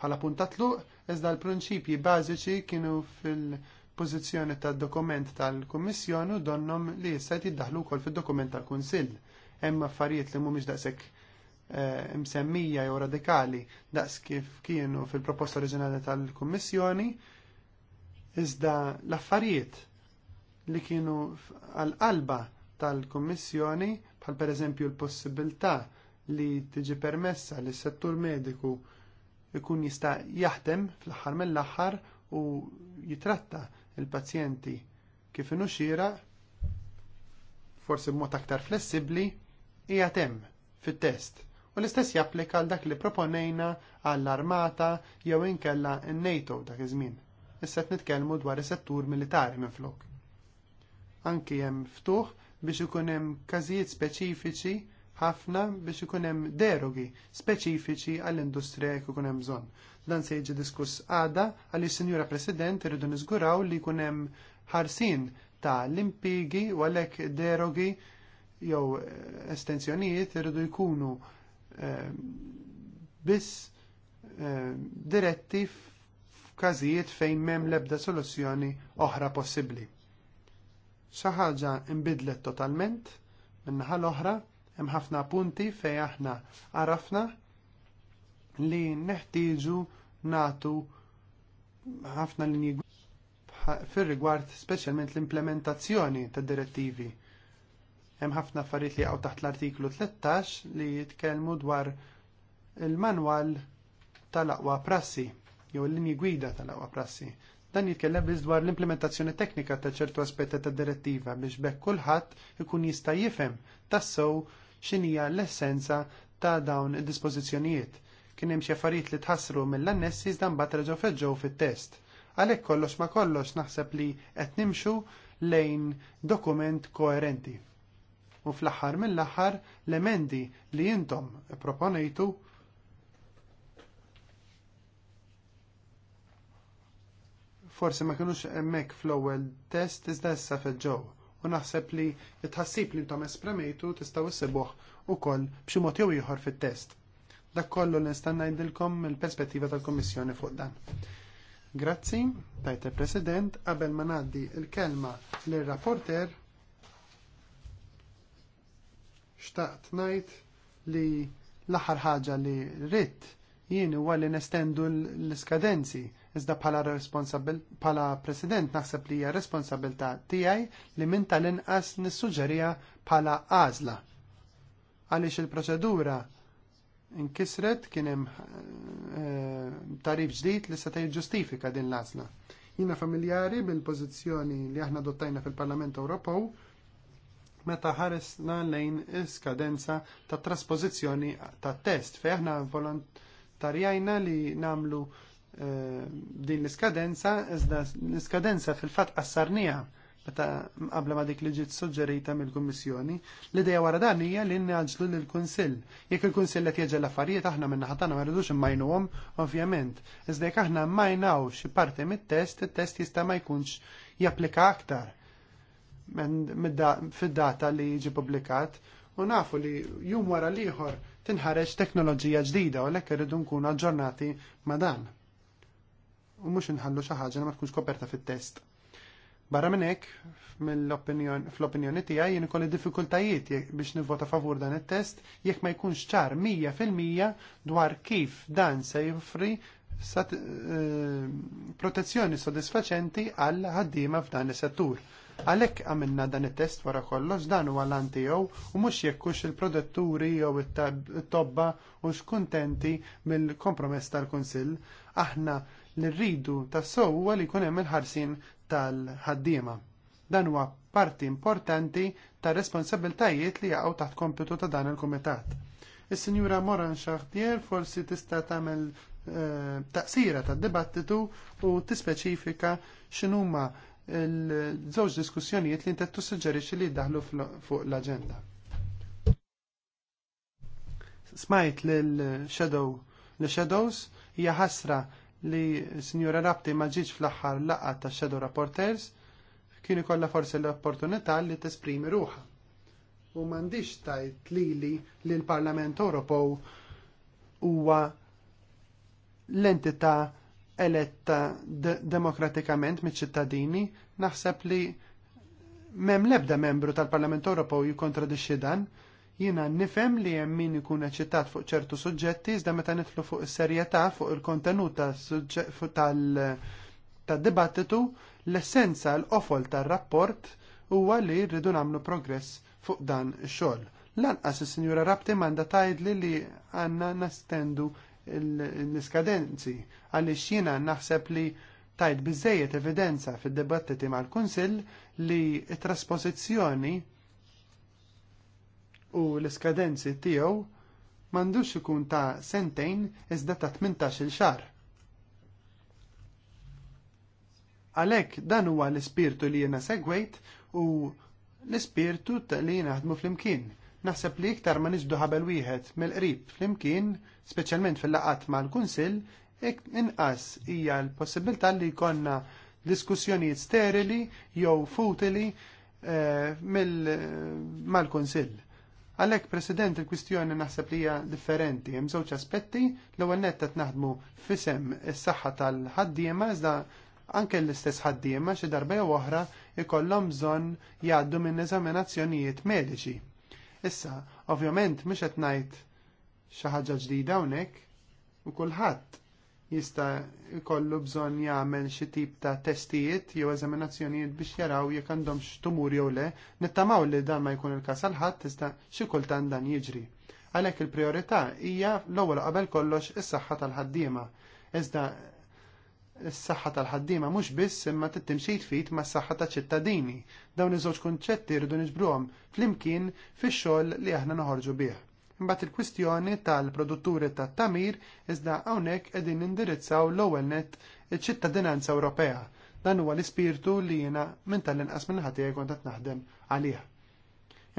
bħala puntatlu, iżda l-prinċipji bażiċi kienu fil-pożizzjoni tad-dokument tal-Kummissjoni donnom li issa jiddaħlu wkoll fid-dokument tal-Kunsill. Hemm affarijiet li mhumiex daqshekk eh, msemmija jew radikali daqs kif kienu fil-proposta oriġinali tal-Kummissjoni, iżda l-affarijiet li kienu għal-qalba tal-Kummissjoni, bħal pereżempju l-possibilità li tiġi permessa li settur mediku ikun jista' jaħdem fl-aħħar mill-aħħar u jitratta il-pazjenti kif inhu forsi b'mod aktar flessibbli hija hemm fit-test. U l-istess japplika għal dak li proponejna għall-armata jew inkella n-NATO dak iż-żmien. Issa qed nitkellmu dwar is-settur militari minflok. Anki hemm ftuħ biex ikun hemm każijiet speċifiċi ħafna biex ikun hemm derogi speċifiċi għall-industrija jekk ikun hemm bżonn. Dan se jiġi diskuss għada għaliex Sinjura President irridu niżguraw li jkun hemm ħarsin ta' l-impigi u għalhekk derogi jew eh, estensjonijiet irridu jkunu eh, biss eh, diretti f'każijiet fejn m'hemm l-ebda soluzzjoni oħra possibbli. Xi ħaġa inbidlet totalment min-naħa l-oħra Hemm ħafna punti fejn aħna arafna li neħtieġu natu ħafna linji fir-rigward speċjalment l-implementazzjoni tad direttivi. Hemm ħafna affarijiet li jaqgħu taħt l-artiklu 13 li jitkellmu dwar il-manwal tal-aqwa prassi jew l-linji gwida tal-aqwa prassi. Dan jitkellem biss dwar l-implementazzjoni teknika ta' ċertu aspetti tad direttiva biex bekk kulħadd ikun jista' jifhem tassew x'inhija l-essenza ta' dawn id-dispożizzjonijiet. Kien hemm xi affarijiet li tħassru mill-annessi iżda mbagħad reġgħu feġġew fit-test. Għalhekk kollox ma kollox naħseb li qed nimxu lejn dokument koerenti. U fl-aħħar mill-aħħar l-emendi li intom proponejtu forsi ma kinux hemmhekk fl-ewwel test iżda issa feġġew u naħseb li tħassib li intom tistaw s issibuh ukoll b'xi mod jew ieħor fit-test. Dak kollu li nista' ngħidilkom perspettiva tal-Kummissjoni fuq dan. Grazzi, tajt il-President, qabel ma ngħaddi l kelma lir rapporter xtaqt ngħid li l-aħħar ħaġa li rrit jien huwa li nestendu l-iskadenzi iżda bħala bħala president naħseb li hija responsabilità tiegħi li min tal-inqas nissuġġerija bħala għażla. Għaliex il-proċedura inkisret kien hemm eh, tarif ġdid li seta' jiġġustifika din l-għażla. Jiena familjari bil-pożizzjoni li aħna adottajna fil-Parlament Ewropew meta ħaresna lejn iskadenza tat traspożizzjoni tat test fejn aħna volontarjajna li nagħmlu din l-iskadenza, iżda l-iskadenza fil-fat qassarnija meta qabla ma dik li ġiet suġġerita mill-Kummissjoni. L-idea wara dan hija li nnaġlu lill kunsill Jekk il-Kunsill qed jeġel affarijiet aħna minn ħatana ma rridux immajnuhom, ovvjament. Iżda jekk aħna mmajnaw xi parti mit-test, it-test jista' ma jkunx japplika aktar fid-data li jiġi publikat u nafu li jum wara l-ieħor tinħareġ teknoloġija ġdida u lekk irridu nkunu aġġornati ma' dan u mhux nħallu xi ħaġa li ma tkunx koperta fit-test. Barra minn hekk fl-opinjoni tiegħi jien ikolli diffikultajiet biex nivvota favur dan it-test jekk ma jkunx ċar mija fil-mija dwar kif dan se joffri eh, protezzjoni sodisfaċenti għal ħaddiema f'dan is-settur. Għalhekk għamilna dan it-test wara kollox dan huwa lan tiegħu u mhux jekkux il-produtturi jew it-tobba hux kuntenti mill-kompromess tal-Kunsill. Aħna l rridu tassow huwa li jkun hemm il-ħarsien tal-ħaddiema. Dan huwa parti importanti ta' responsabiltajiet li jaqgħu taħt kompitu ta' dan il-kumitat. Is-Sinjura Moran Xaħtier forsi tista' tagħmel eh, taqsira tad-dibattitu u tispeċifika x'inhuma l-żewġ diskussjonijiet li intet tissuġġerixxi li jiddaħlu fuq l-aġenda. Smajt lil shadow l shadows hija ħasra li Signora Rapti ma ġiġ fl-aħħar laqgħa ta' Shadow Rapporters kien kolla forsi l-opportunità li tesprimi ruħa. U m'għandix tajt lili li l-Parlament Ewropew huwa l-entità eletta demokratikament miċ-ċittadini, naħseb li mem lebda membru tal-Parlament Ewropew jikontradixxi dan, Jiena nifhem li hemm min ikun eċitat fuq ċertu suġġetti iżda meta nitlu fuq is-serjetà fuq il-kontenut tad-dibattitu l-essenza l-qofol tar-rapport huwa li rridu nagħmlu progress fuq dan ix-xogħol. Lanqas is-Sinjura Rabti manda tgħidli li għandna nastendu l-iskadenzi għaliex jiena naħseb li tajt biżejjed evidenza fid-dibattiti mal-Kunsill li t trasposizzjoni u l-iskadenzi tiegħu m'għandux ikun ta' sentejn iżda ta' 18-il xahar. Għalhekk dan huwa l-ispirtu li jiena segwejt u l-ispirtu li jiena ħadmu flimkien. Naħseb li iktar ma niġdu ħabel wieħed mill-qrib flimkien, speċjalment fil-laqat mal-Kunsill, inqas hija l-possibilità li jkollna diskussjonijiet sterili jew futili eh, eh, mal-Kunsill. Għalhekk, President, il-kwistjoni naħseb li hija differenti. Hemm żewġ aspetti l-ewwel nett qed naħdmu f'isem is-saħħa tal-ħaddiema iżda anke l-istess ħaddiema xi darba jew oħra ikollhom bżonn jgħaddu minn eżaminazzjonijiet mediċi. Issa, ovvjament mhux qed ngħid xi ħaġa ġdida hawnhekk u kulħadd jista' jkollu bżonn jagħmel xi tip ta' testijiet jew eżaminazzjonijiet biex jaraw jekk għandhomx tumur jew le, nittamaw li dan ma jkun il-każ għal ħadd iżda xi kultant dan jiġri. Għalhekk il-priorità hija l-ewwel qabel kollox is-saħħa tal-ħaddiema. Iżda s-saħħa tal-ħaddiema mhux biss imma tittimxi tfit ma' s-saħħa ta' ċittadini. Dawn iż-żewġ kunċetti rridu niġbruhom flimkien fix-xogħol li aħna noħorġu bih. Mbagħad il-kwistjoni tal-produtturi tat-tamir iżda hawnhekk qegħdin indirizzaw l-ewwel nett iċ-ċittadinanza Ewropea. Dan huwa l-ispirtu li jiena minn tal-inqas minn ħadd kont qed naħdem għalih.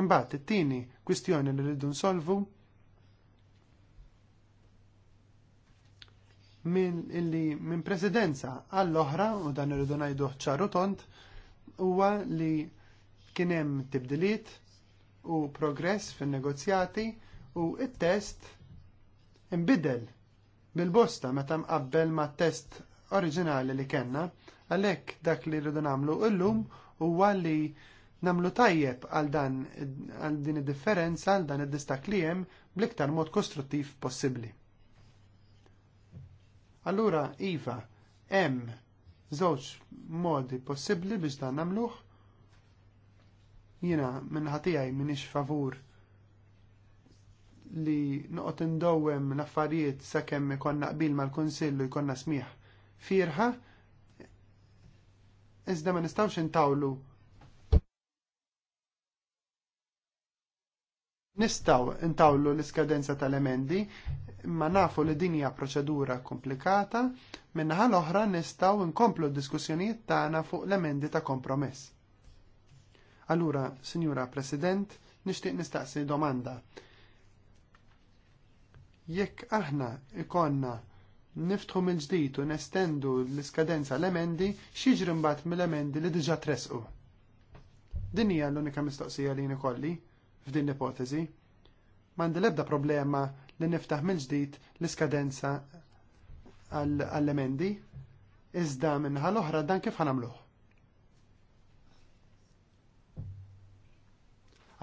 Imbagħad it-tieni kwistjoni li rridu nsolvu Min illi minn presidenza għall-oħra u dan irridu ngħidu ċaru tont huwa li kien hemm tibdiliet u progress fin-negozjati u il test imbidel bil-bosta meta mqabbel ma' test oriġinali li kellna, għalhekk dak li rridu nagħmlu illum huwa li nagħmlu tajjeb għal dan għal din id-differenza għal dan id-distak li hemm bl-iktar mod kostruttiv possibbli. Allura, iva, hemm żewġ modi possibbli biex dan nagħmluh. Jiena minn ħatijaj minix favur li noqgħod indowwem l-affarijiet sakemm ikonna qbil mal-Kunsill u jkollna smigħ firħa, iżda ma nistgħux intawlu Nistaw intawlu l-iskadenza tal-emendi, ma nafu li dinja proċedura komplikata, minnaħa l-oħra nistaw nkomplu d-diskussjonijiet tagħna fuq l-emendi ta' kompromess. Allura, Sinjura President, nixtieq nistaqsi domanda. Jekk aħna ikonna niftħu mill-ġdid u nestendu l-iskadenza l-emendi, xiġri mbagħad mill-emendi li diġà tresqu. Din hija l-unika mistoqsija li nikolli f'din l-ipotezi. M'għandi l-ebda problema li niftaħ mill-ġdid l-iskadenza għall-emendi, iżda minħa l-oħra dan kif ħanamluħ.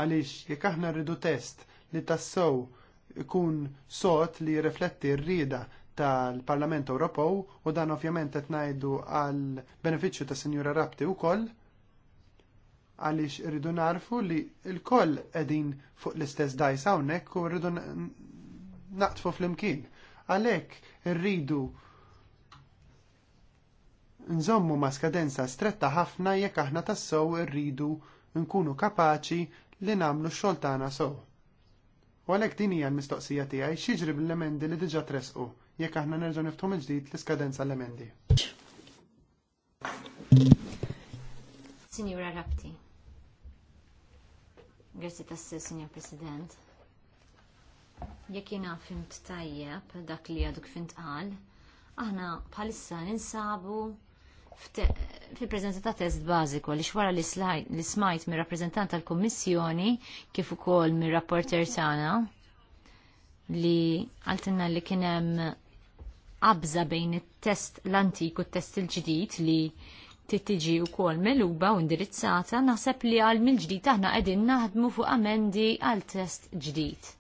Għaliex jekk aħna rridu test li tassew ikun sot li rifletti r tal-Parlament Ewropew u dan ovvjament qed ngħidu għal benefiċċju ta' Sinjura Rabti wkoll għaliex irridu narfu li l-koll qegħdin fuq l-istess dajs hawnhekk u rridu naqtfu flimkien. Għalhekk irridu nżommu ma' skadenza stretta ħafna jekk aħna tassew irridu nkunu kapaċi li nagħmlu x-xogħol tagħna sew. U għalhekk din hija l-mistoqsija tiegħi x'jiġri bil-emendi li diġà tresqu jekk aħna nerġgħu niftħu minn ġdid l-iskadenza l-emendi. Signora Rapti. Grazie tas signor President. Jekk jiena fimt tajjeb dak li għaduk fint qal, aħna bħalissa ninsabu Fi prezenza ta' test bażiku li xwara li smajt mir rappreżentant tal-Kummissjoni kif ukoll mir rapporter tagħna li għaltinna li kien hemm qabża bejn it-test l-antik u t-test il-ġdid li tittiġi wkoll meluba u indirizzata naħseb li għal mill-ġdid aħna qegħdin naħdmu fuq amendi għal test ġdid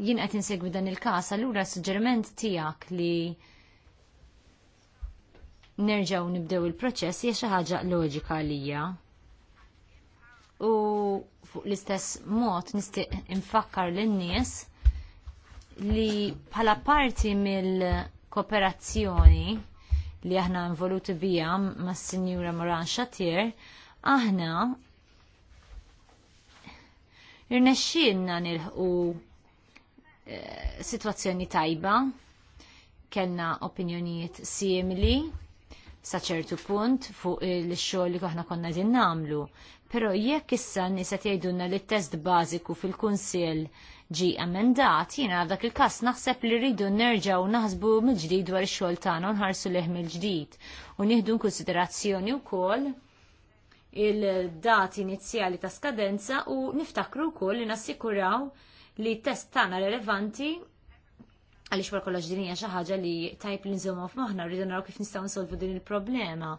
jien qed insegwi dan il-każ, allura suġġeriment tiegħek li nerġgħu nibdew il-proċess hija xi ħaġa loġika għalija. U fuq l-istess mod nistieq infakkar lin-nies li bħala parti mill-kooperazzjoni li aħna involuti bija mas-Sinjura Moran Xatier, aħna irnexxielna nilħqu Eh, situazzjoni tajba, kellna opinjonijiet simili sa ċertu punt fuq il-xogħol li aħna konna din nagħmlu. Però jekk issa nisa jgħidulna li t-test bażiku fil-kunsill ġi emendat, jiena dak il-każ naħseb li rridu nerġgħu naħsbu mill-ġdid dwar ix-xogħol tagħna nħarsu leħ mill-ġdid u nieħdu konsiderazzjoni wkoll il-dati inizjali ta' skadenza u niftakru wkoll li nassikuraw li test tagħna relevanti għaliex bar kollox din hija xi ħaġa li tajb f nżommu rridu naraw kif nistgħu nsolvu din il-problema,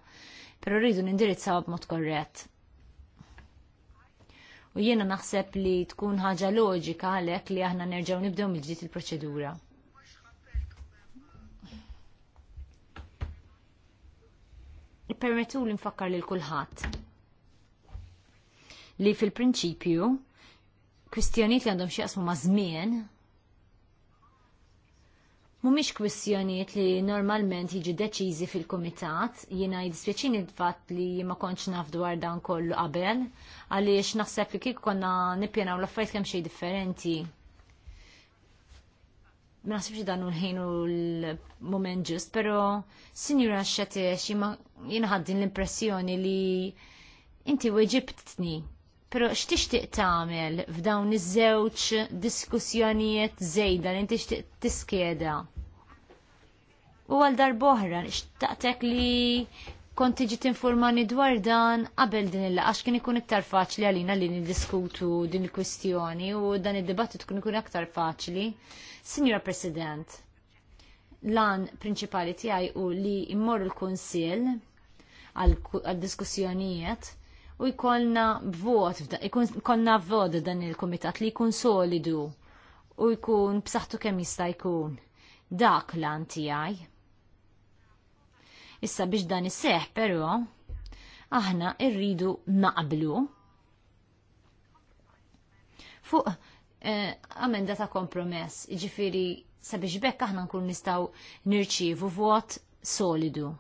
però rridu nindirizzaw b'mod korrett. U jiena naħseb li tkun ħaġa loġika għalhekk li aħna nerġgħu nibdew mill-ġdid il-proċedura. Permettu li nfakkar lil kulħadd li fil-prinċipju kwistjonijiet li għandhom xi jaqsmu ma' żmien mhumiex kwistjonijiet li normalment jiġu deċiżi fil-kumitat, jiena jdispjaċini fatt li ma kontx naf dwar dan kollu qabel, għaliex naħseb li kieku konna nippjanaw l-affarijiet kemm xejn differenti. Ma naħsibx dan l-ħin u l-moment ġust, però Sinjura Xatiex jina ħaddin l-impressjoni li inti weġibtni Pero x'tixtieq tagħmel f'dawn iż-żewġ diskussjonijiet żejda li tixtieq tiskeda? U għal darboħra, xtaqtek li kont tiġi tinformani dwar dan qabel din il għax kien ikun iktar faċli għalina li niddiskutu din il-kwistjoni u dan id-dibattit tkun ikun iktar faċli. Signora President, lan prinċipali tiegħi u li immorru l-Kunsill għal diskussjonijiet u jkollna vot, konna vot dan il-komitat li jkun solidu u jkun b'saħħtu kemm jista' jkun. Dak lan tiegħi. Issa biex dan iseħ però aħna rridu naqblu fuq eh, amenda ta' kompromess, ġifiri sabiex bekk aħna nkun nistaw nirċivu vot solidu.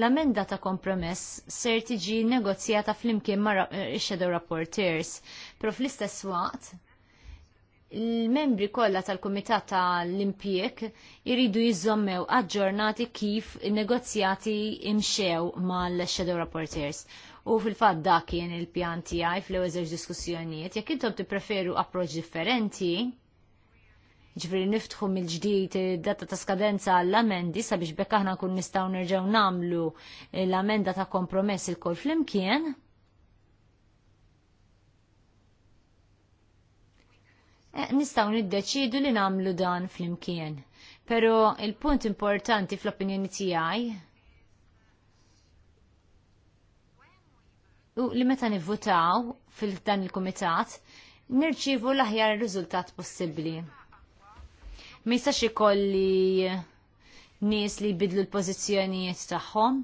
L-amenda ta' kompromess ser tiġi negozjata flimkien ma' eh, shadow rapporteurs, pero fl-istess waqt il-membri kollha tal-Kumitat tal-Impjek iridu jiżommew aġġornati kif negozjati imxew mal-Shadow Rapporteurs. U fil-fatt dak kien il-pjan tiegħi fl-ewwel diskussjonijiet, jekk intom tippreferu approċċ differenti, ġifiri niftħu mill-ġdijt data ta' skadenza għall-amendi sabiex bekk aħna kun nistaw nerġaw namlu l-amenda ta' kompromess il-kol flimkien. Eh, nistaw niddeċidu li namlu dan flimkien. Pero il-punt importanti fl-opinjoni tiegħi u li meta nivvutaw fil-dan il-komitat nirċivu l-aħjar riżultat possibbli Misa xie ikolli nies li jbidlu l-pożizzjonijiet tagħhom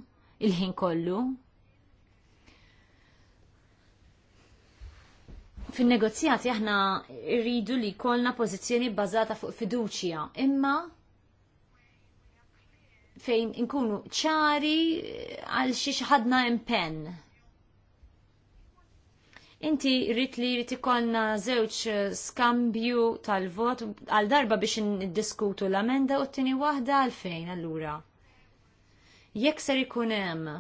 il-ħin kollu. Fin-negozjati aħna rridu li jkollna pożizzjoni bbażata fuq fiduċja, imma fejn inkunu ċari għal xi ħadna impenn Inti rrit li rrit ikonna zewċ eh, skambju tal-vot għal darba biex n-diskutu l-amenda u t-tini wahda għalfejn allura. Jekk ser ikun hemm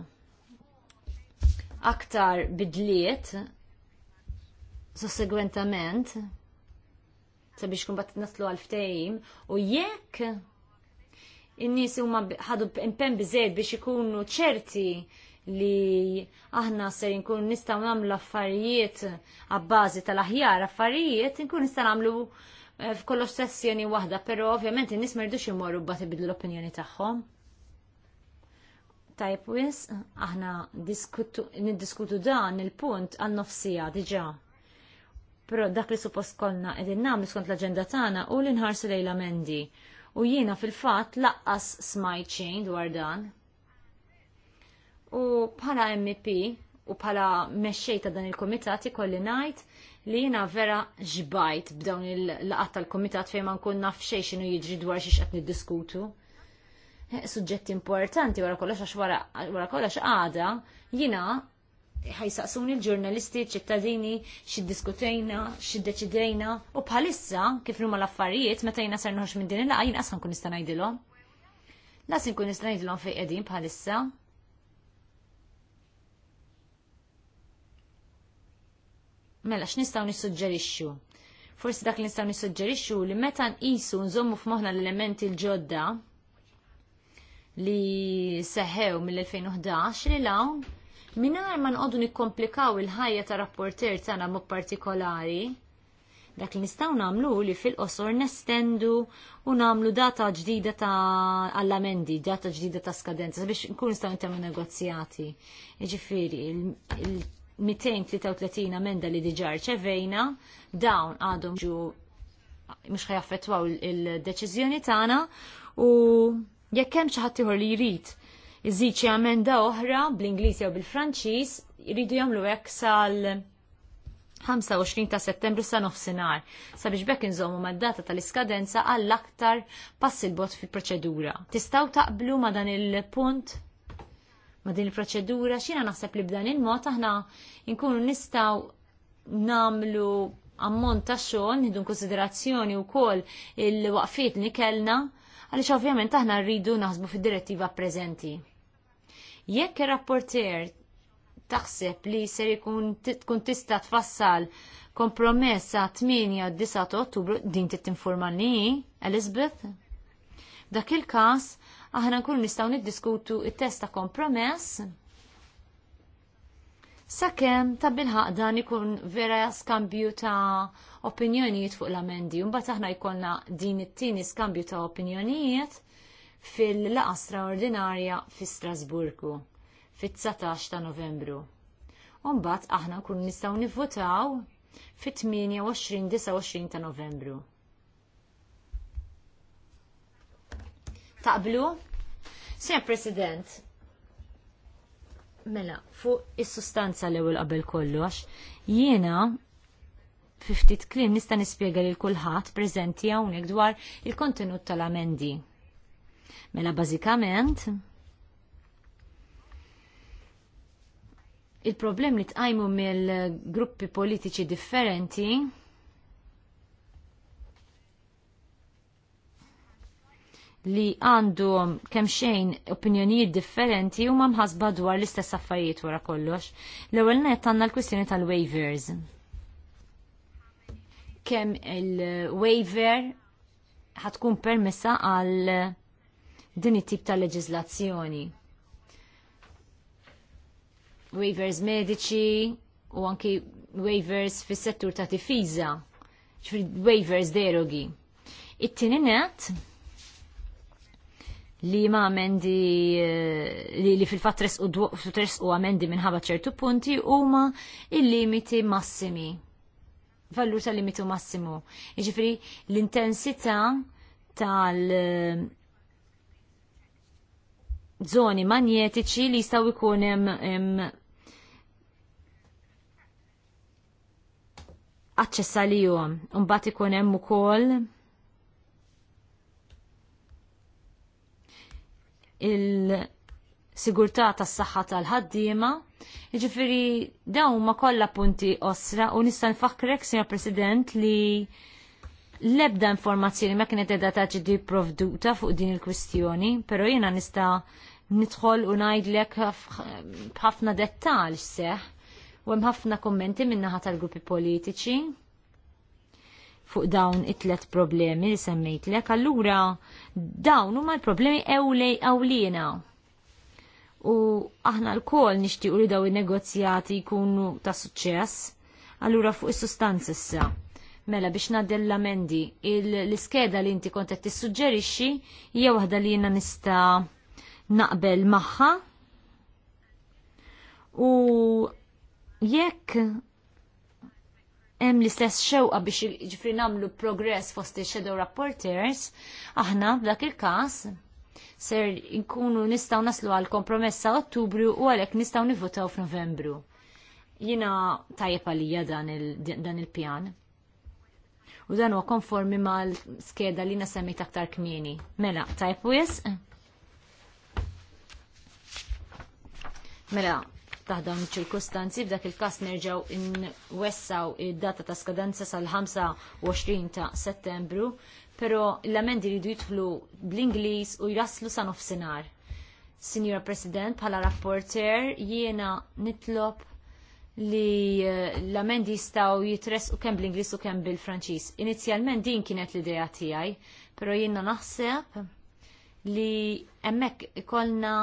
aktar bidliet sossegwentament sabiex kun bat naslu għal-ftejim u jekk in-nies huma ħadu impen biżejjed biex ikunu ċerti li aħna se nkun nistgħu nagħmlu affarijiet għabbażi tal-aħjar affarijiet nkun nistgħu nagħmlu eh, f'kollox sessjoni waħda, però ovvjament in-nies ma jridux imorru b'għad ibidlu l-opinjoni tagħhom. Tajb wis, aħna niddiskutu dan il-punt għal nofsija diġà. Però dak li suppost kollna qegħdin nagħmlu skont l-aġenda tagħna u li nħarsu lejla mendi. U jiena fil-fatt laqqas smajċin dwar dan, U bħala MP u bħala meċċej ta' dan il-komitat ikolli ngħid li jina vera ġbajt b'dawn il-laqat tal-komitat fejn ma nkun naf xejn x'inhu jiġri dwar xi qed niddiskutu. Eh, suġġetti importanti wara kollox għax wara kollox għada jiena ħajsaqsuni l-ġurnalisti, ċittadini, xid diskutejna, xi deċidejna, u bħalissa kif huma l-affarijiet meta jina ser noħroġ minn din il-laqgħa jina qasam kun nista' ngħidilhom. Las inkun fej ngħidilhom qegħdin bħalissa. Mela, x'nistgħu nissuġġerixxu? Forsi dak li nistgħu nissuġġerixxu li meta nqisu nżommu f'moħħna l-elementi l-ġodda li seħew mill-2011 li lawn mingħajr ma nqogħdu nikkomplikaw il-ħajja ta' rapporter tagħna mod partikolari dak li nistgħu nagħmlu li fil-qosor nestendu u nagħmlu data ġdida ta' allamendi, data ġdida ta' skadenza biex nkun nistgħu nitemmu negozjati. Jiġifieri, 233 amenda li diġà ċevejna, dawn għadhom ġu mhux ħajaffetwaw il-deċiżjoni tagħna u jekk hemm xi ħadd li jrid iżid xi amenda oħra bl-Ingliż jew bil-Franċiż jridu jagħmlu hekk sal 25 ta' settembru sa' nofsinhar sabiex bekk inżommu mad-data tal-iskadenza għall aktar passi l-bot fil-proċedura. Tistgħu taqblu ma' dan il-punt ma' din il-proċedura xina naħseb li b'dan il-mod aħna nkunu nistaw namlu ammont ta' xogħol nieħdu konsiderazzjoni wkoll il-waqfiet li kellna għaliex ovvjament aħna rridu naħsbu fid-direttiva preżenti. Jekk ir-rapporter taħseb li ser ikun tkun tista' tfassal kompromess sa' 8 9 Ottubru din tittinformani, Elizabeth? Dak il-każ aħna nkunu nistgħu niddiskutu it-test ta' kompromess sakemm ta' bilħaq dan ikun vera skambju ta' opinjonijiet fuq l-amendi. Mbagħad aħna jkollna din it-tieni skambju ta' opinjonijiet fil-laqa straordinarja fi Strasburgu fit-19 ta' Novembru. Mbagħad aħna nkunu nistgħu nivvotaw fit-28-29 ta' Novembru. Taqblu? Sir President, mela, fuq is-sustanza l-ewwel qabel kollox, jiena ftit klim nista' nispjega lil kulħadd preżenti hawnhekk dwar il-kontenut tal-amendi. Mela bażikament il-problem li tqajmu mill-gruppi politiċi differenti li għandhom kemm xejn opinjonijiet differenti huma mħasba dwar l-istess affarijiet wara kollox. L-ewwel net għandna l-kwistjoni tal-waivers. Kemm il-waiver ħatkun permessa għal din it-tip ta' leġiżlazzjoni. Waivers mediċi u anki waivers fis-settur ta' tifiża, waivers derogi. It-tieni net li ma amendi eh, li, li fil-fat tres u amendi minħabba ċertu punti huma il-limiti massimi. Valur ta' limitu massimu. Iġifri l-intensità tal- eh, zoni manjetiċi li jistaw ikun aċċessa li jom. bat ikun hemm ukoll il-sigurtà tas-saħħa tal-ħaddiema. Jiġifieri dawn ma kollha punti osra u nista' nfakkrek, Sinja President, li l-ebda informazzjoni ma kienet edha ta' ġiddi provduta fuq din il-kwistjoni, pero jena nista nidħol u najdlek bħafna dettal seħ u hemm ħafna kommenti minnaħa tal-gruppi politiċi fuq dawn it-tlet problemi li semmejtlek, allura dawn huma l-problemi ewlej ewliena. U aħna l-kol nixtiequ li daw in-negozjati jkunu ta' suċċess. Allura fuq is sustanzi issa. Mela biex nadell l-amendi, l-iskeda li inti kontet tissuġġerixxi hija waħda li jiena nista' naqbel magħha. U jekk hemm l-istess xewqa biex ġifri namlu progress fost il-shadow rapporters, aħna b'dak il-każ ser inkunu nistaw naslu għal kompromessa ottubru u għalek nistaw nivvotaw f'Novembru. Jina tajjeb għalija dan il-pjan. u dan huwa konformi mal-skeda li nasemmejt aktar kmieni. Mela, tajjeb wisq? Mela, taħdem ċirkustanzi f'dak il-kas nerġaw in-wessaw id-data ta' skadenza sal-25 ta' settembru, pero l-amendi rridu jidħlu bl-Inglis u jraslu sa' nofsinar. Signora President, bħala rapporter, jiena nitlob li eh, l-amendi jistaw jitres u kem bl-Inglis u kem bil-Franċis. Inizjalment din kienet l-ideja tijaj, pero jiena naħseb li emmek ikolna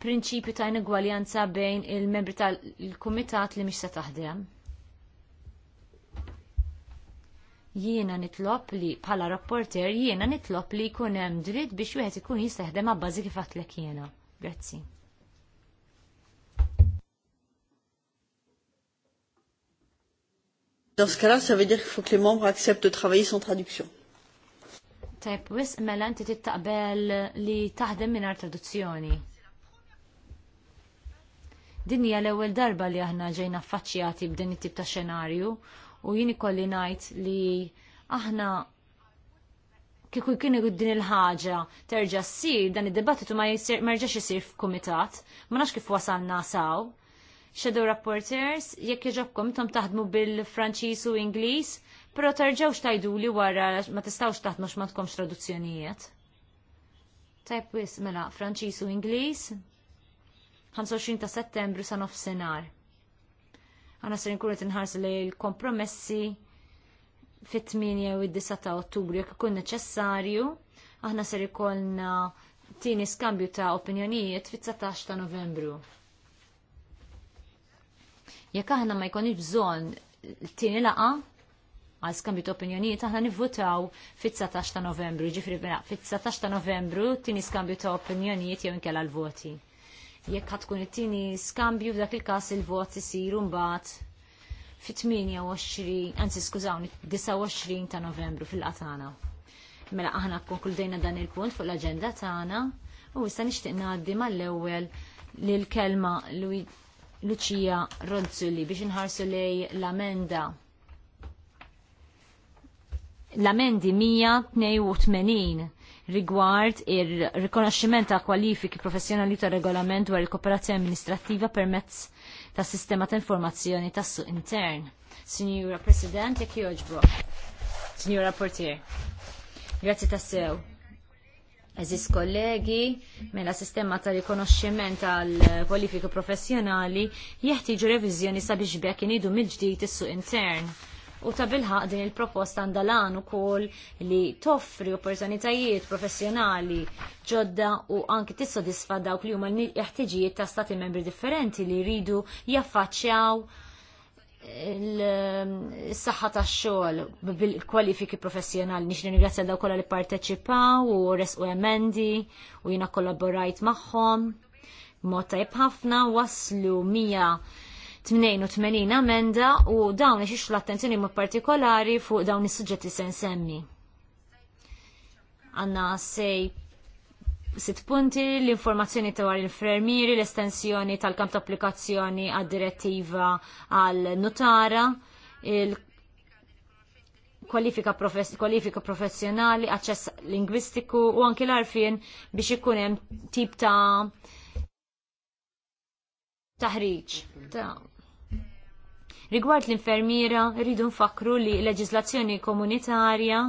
prinċipju ta' inegwaljanza bejn il-membri tal-kumitat li mhix se taħdem. Jiena nitlob li bħala rapporter jiena nitlob li jkun hemm dritt biex wieħed ikun jistaħdem bażi kif għatlek jiena. Grazzi. Dans ce cas-là, ça veut dire qu'il faut que les membres acceptent de travailler sans traduction. Tajb, wis mela inti tittaqbel li taħdem mingħajr traduzzjoni. Din hija l-ewwel darba li aħna ġejna affaċċjati b'din it-tip ta' xenarju u jien ikolli ngħid li aħna kieku kien din il-ħaġa terġa' ssir dan id-dibattitu ma jerġax isir f'kumitat, ma nafx kif wasalna saw. Shadow rapporteurs jekk jġobkom tom taħdmu bil franċiż u Ingliż, pero terġawx tajdu li wara ma tistawx taħdmu x'ma tkomx traduzzjonijiet. Tajb wis mela Franċiż u Ingliż, 25 ta' settembru sa' senar. Għana ser nkunu tinħarsu li l-kompromessi fit-8 u 9 ta' ottubru jekk ikun neċessarju, aħna ser ikollna tieni skambju ta' opinjonijiet fit-19 ta' novembru. Jekk aħna ma jkunx bżonn tini laqa, għal skambju ta' opinjonijiet aħna nivvutaw fit-19 ta' novembru, ġifri fit-19 ta' novembru tieni skambju ta' opinjonijiet jew inkella l-voti jekk ħatkun it-tieni skambju f'dak il-każ il-vot isir mbagħad fit-28, anzi skużawni, 29 ta' Novembru fil-qatana. Mela aħna konkludejna dan il-punt fuq l-aġenda tagħna u issa nixtieq ngħaddi mal-ewwel lil kelma Lucia Ronzulli biex inħarsu lej l-amenda l-amendi 182 rigward ir-rikonoxximent ta' kwalifiki professjonali ta' regolament dwar il-kooperazzjoni amministrattiva permezz ta' sistema ta' informazzjoni tas suq intern. Signora President, jekk joġbok. Signora Portier. ta' tassew. Eżis kollegi, mela sistema ta' rikonoxximent tal kwalifiki professjonali jeħtieġu reviżjoni sabiex bekk inidu mill-ġdid is-suq intern u ta' bilħaq din il-proposta għandalan u kol li toffri opportunitajiet professjonali ġodda u anki tissodisfa dawk li huma l ta' stati membri differenti li jridu jaffaċċjaw il-saħħa tax xogħol bil-kwalifiki professjonali nix ringrazzja daw kollha li parteċipaw u resqu emendi u jiena kollaborajt magħhom. Mod tajb ħafna waslu mija 88 amenda u dawn ixixu l-attenzjoni mod partikolari fuq dawn is-suġġetti se nsemmi. Għanna sej sit punti l-informazzjoni dwar il-fermieri, l-estensjoni tal-kamp ta' applikazzjoni għad-direttiva għal-notara, il kwalifika, kwalifika professjonali, aċċess lingwistiku u anki l-arfien biex ikun hemm tip ta' taħriġ. Ta Rigward l-infermiera, rridu nfakru li leġislazzjoni komunitarja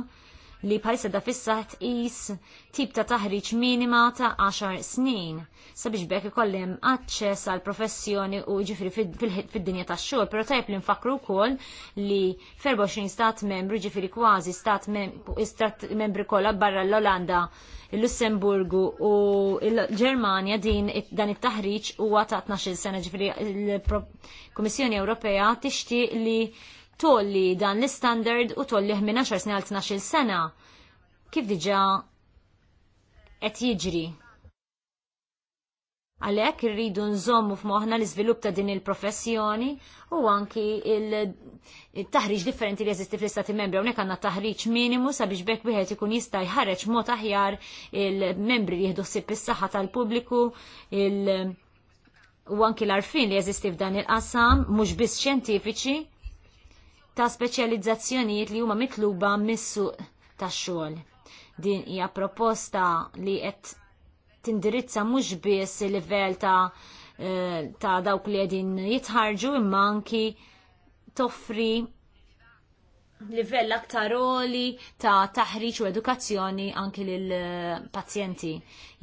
li bħalissa da fissaħt is tip ta' taħriġ minima ta' 10 snin sabiex bekk ikollem aċċess għal professjoni u ġifri fid-dinja tax-xogħol, però tajb li nfakru wkoll li 24 stat membri ġifri kważi stat, membri kollha barra l-Olanda il-Lussemburgu u il-Germania din dan it-taħriġ huwa ta' 12 sena ġifri l kummissjoni Ewropea tixtieq li tolli dan l-standard u tolli minn 10 sena għal 12 sena. Kif diġa qed jiġri? Għalhekk irridu nżommu f'moħħna l-iżvilupp ta' din il-professjoni u anki il-taħriġ differenti li jeżisti fl-istati membri. Hawnhekk għandna taħriġ minimu sabiex bekk wieħed ikun jista' jħareġ mod aħjar il-membri li jieħdu ħsieb is-saħħa tal-pubbliku, il- u anki l-arfin li jeżisti f'dan il-qasam, mhux biss xjentifiċi, ta' speċjalizzazzjonijiet li huma mitluba mis-suq tax-xogħol. Din hija proposta li qed tindirizza mhux biss il-livell ta' eh, ta' dawk li qegħdin jitħarġu imma anki toffri livell aktar oli ta' taħriġ u edukazzjoni anki lil pazjenti.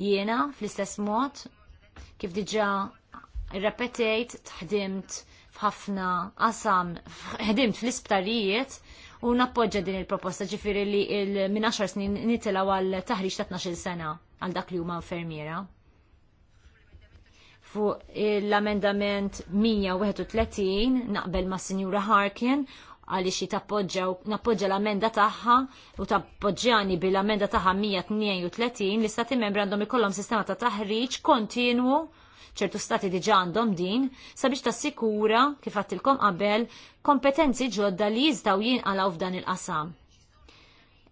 Jiena fl-istess mod kif diġà irrepetejt taħdimt f'ħafna qasam ħdimt fl-isptarijiet u nappoġġa din il-proposta ġifiri li minn 10 snin nitilaw għal taħriġ ta' 12 sena għal dak li huma infermiera. Fuq l-amendament 131 naqbel ma' Sinjura Harkin għaliex nappoġġa l-amenda tagħha u tappoġġjani bil-amenda tagħha 132 li stati membri għandhom ikollhom sistema ta' taħriġ kontinwu ċertu stati diġa għandhom din, sabiex sikura kif għattilkom qabel kompetenzi ġodda li jistaw jinqalaw f'dan il-qasam.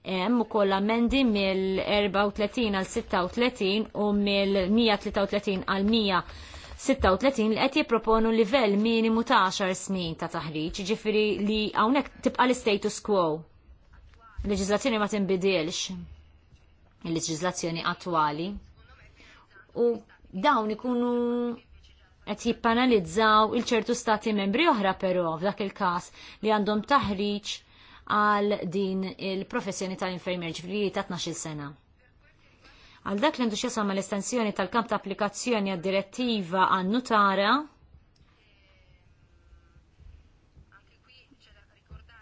Hemm ukoll mendi mill-34 għal 36 u mill-133 għal 136 li qed jipproponu livell minimu ta' 10 snin ta' taħriġ, ġifiri li hawnhekk tibqa' l-status quo. Leġiżlazzjoni ma tinbidilx il-leġiżlazzjoni attwali. U dawn ikunu qed jippanalizzaw il-ċertu stati membri oħra però f'dak il-każ li għandhom taħriġ għal din il-professjoni tal-infermier ġifiri ta' 12 sena. Għal dak li għandu xesam l-estensjoni tal-kamp ta' applikazzjoni għad-direttiva għannu tara,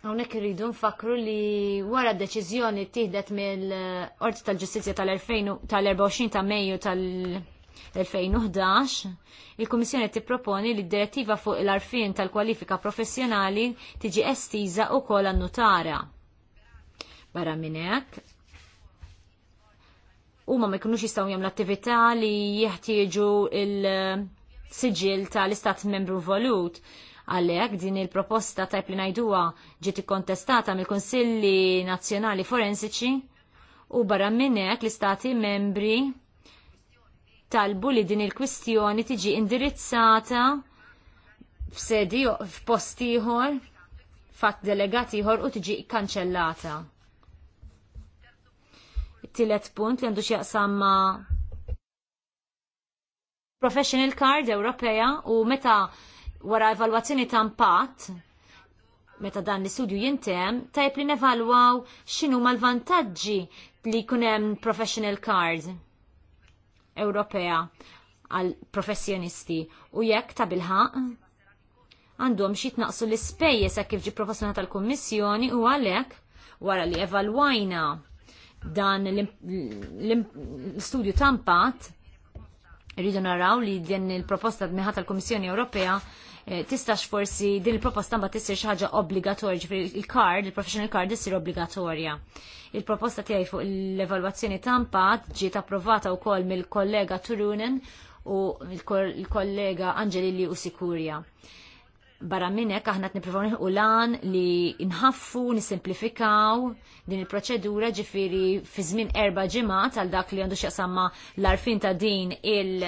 Għonek rridu nfakru li wara deċizjoni tiħdet mill-Orti tal-Ġustizja tal tal-tal-24 ta' Mejju tal-2024 l-2011, il-Kummissjoni tipproponi li d-direttiva fuq l-arfin tal-kwalifika professjonali tiġi estiża u kol annutara. Barra minnek, u ma jkunux jistaw jam l-attività li jieħtieġu il-sigil tal-istat membru volut. Għalek din il-proposta tajp li najduwa ġiet kontestata mill-Konsilli Nazzjonali Forensiċi u barra minnek l-istati membri talbu li din il-kwistjoni tiġi indirizzata f'sedi f'post ieħor fatt delegat ieħor u tiġi kkanċellata. Tielet punt li għandu x'jaqsam professional card Ewropea u meta wara evalwazzjoni ta' impatt meta dan l-istudju jintem, tajb li nevalwaw x'inhuma l vantaġġi li jkun hemm professional card. Ewropea għal professjonisti u jekk ta' bilħaq għandhom xi tnaqsu l-ispejjeż hekk kif ġi proporzjonata tal-Kummissjoni u għalhekk wara li evalwajna dan l-studju tampat rridu naraw li din il-proposta d tal kummissjoni Ewropea Eh, tistax forsi din il-proposta ma tissir xaġa ħaġa obbligatorja, ġifieri il-card, il-professional card issir obbligatorja. Il-proposta tiegħi fuq l-evalwazzjoni ta' ġiet approvata wkoll mill-kollega Turunen u il-kollega Angelilli u Sikurja. Barra minnek aħna t-niprofoni u lan li nħaffu, nisimplifikaw din il-proċedura ġifiri fi żmien erba ġimgħat għal dak li għandu x'jaqsamma l-arfin ta' din il-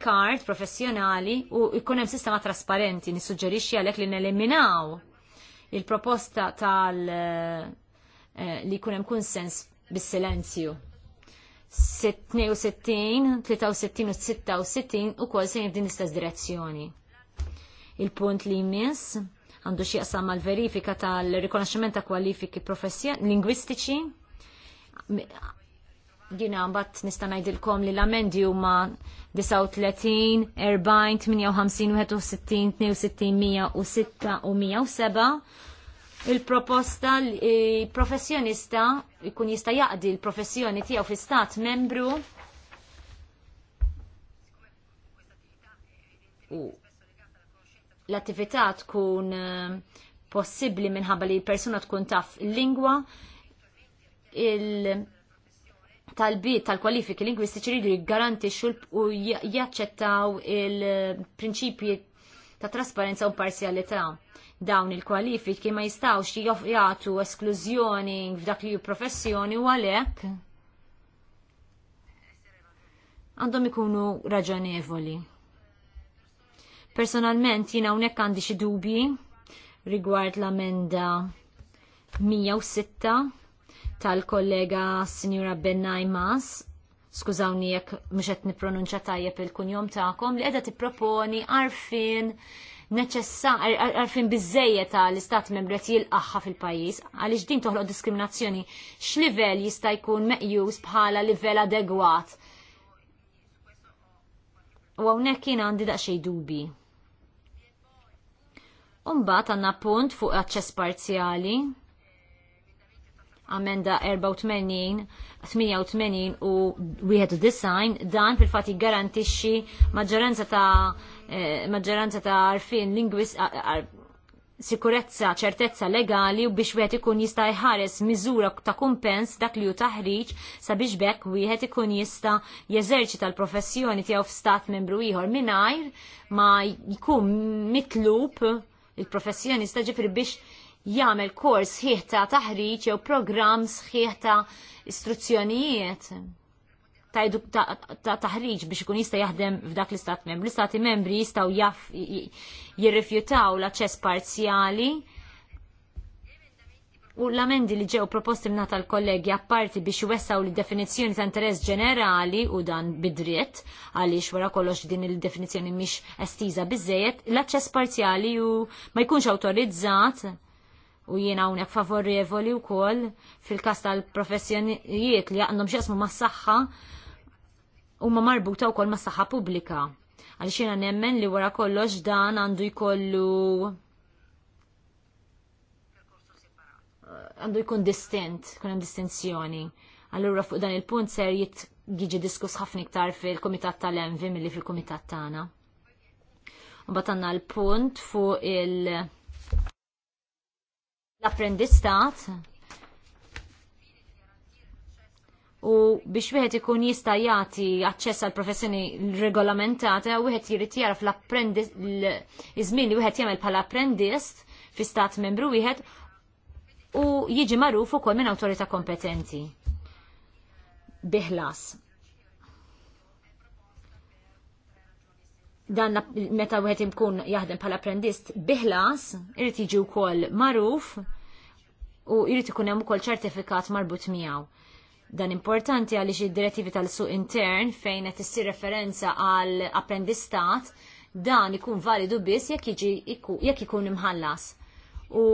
kart professjonali u jkun hemm sistema trasparenti nissuġġerixxi għalhekk li neliminaw il-proposta tal eh, eh, li jkun hemm kunsens bis-silenzju. 62, 63 u 66 u kol sejn l istess direzzjoni. Il-punt li jmiss għandu xieqsam mal verifika tal-rikonoxximent ta' kwalifiki lingwistiċi Jina mbagħad nista' ngħidilkom li l-amendi huma 39, 40, 58, 62, 106 u 107. Il-proposta li professjonista jkun jista' jaqdi l-professjoni tiegħu fi stat membru l-attività tkun eh, possibbli minħabba li persuna tkun taf il-lingwa il, -lingwa, il tal-bit tal-kwalifiki lingwistiċi ridu jgarantixxu u jaċċettaw il-prinċipji ta' trasparenza u parzjalità. Dawn il-kwalifiki ma jistawx jagħtu esklużjoni f'dak li professjoni u għalhekk għandhom ikunu raġonevoli. Personalment jina hawnhekk għandi xi dubji rigward l-amenda 106 tal-kollega Sinjura Bennaj Mas, skużawni jekk mhux qed nippronunċja tajjeb il-kunjom tagħkom li qiegħda tipproponi għarfien neċessar, għarfin bizzeje l-istat membret jilqaħħa fil-pajis, għalix din toħloq diskriminazzjoni, x'livell jista' jkun meqjus bħala livell adegwat. U hawnhekk jien għandi daqsxej dubi. Umbat għandna punt fuq aċċess parzjali amenda 84, 88 u wieħed design, dan fil fatt jiggarantixxi maġġoranza ta' eh, maġġoranza ta' arfin lingwis sikurezza, ċertezza legali u biex wieħed ikun jista' jħares miżura ta' kumpens dak li hu taħriġ sabiex bekk wieħed ikun jista' jeżerċita l-professjoni tiegħu f'stat membru ieħor mingħajr ma jkun mitlub il-professjonista ġifri biex jagħmel kors sħiħ ta' taħriġ jew programm sħiħ ta' istruzzjonijiet ta' taħriġ biex ikun jista' jaħdem f'dak l-istat membru. L-istati membri jistgħu jaff jirrifjutaw l-aċċess parzjali u l-amendi li ġew proposti minna tal-kollegi apparti biex jwessaw li definizzjoni ta' interess ġenerali u dan bidriet, għaliex wara kollox din il-definizzjoni mhix estiża biżejjed, l-aċċess parzjali u ma jkunx awtorizzat u jiena hawnhekk favorevoli wkoll fil-każ tal-professjonijiet li għandhom x'jasmu mas-saħħa huma marbuta wkoll mas-saħħa pubblika. Għaliex jiena nemmen li wara kollox dan għandu jkollu għandu jkun distint, kun distinzjoni. Allura fuq dan il-punt ser jit jiġi diskuss ħafna iktar fil-Kumitat tal-Envi milli fil-Kumitat tagħna. U batanna l-punt fuq il- l-apprendistat u biex wieħed ikun jista' jagħti aċċess għal professjoni regolamentata wieħed jrid jaraf l-apprendist iż-żmien li wieħed jagħmel bħala apprendist fi stat membru wieħed u jiġi magħruf ukoll minn awtorità kompetenti. Biħlas. dan meta wieħed imkun jaħdem bħala apprendist biħlas, irid jiġi wkoll magħruf u jrid ikun hemm ukoll ċertifikat marbut miegħu. Dan importanti għaliex id-direttivi tal-suq intern fejn qed issir referenza għal apprendistat dan ikun validu biss jekk jiġi jekk ikun imħallas. U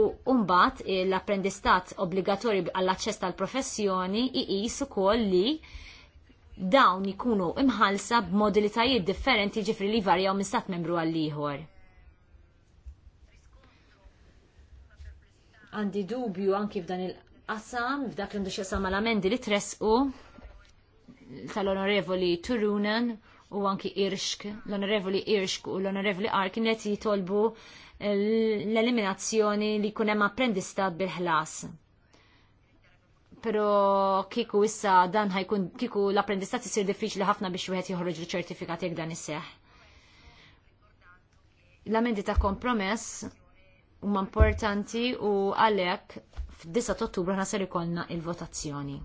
mbagħad l-apprendistat obbligatorju għall-aċċess tal-professjoni iqis ukoll li dawn ikunu imħalsa b'modalitajiet differenti ġifri li varjaw minn stat membru għal ieħor. Għandi dubju anki f'dan il-qasam, f'dak li xaqsam għal amendi li tresqu tal-onorevoli Turunen u anki Irxk, l-onorevoli Irxk u l-onorevoli Arkinet jitolbu l-eliminazzjoni li kunem apprendistat bil-ħlas pero kiku issa dan ħajkun kiku l-apprendistat isir diffiċli ħafna biex wieħed joħroġ l-ċertifikat jekk dan isseħ. L-amendi ta' kompromess huma importanti u għalhekk f'9 Ottubru ħna ser ikollna il-votazzjoni.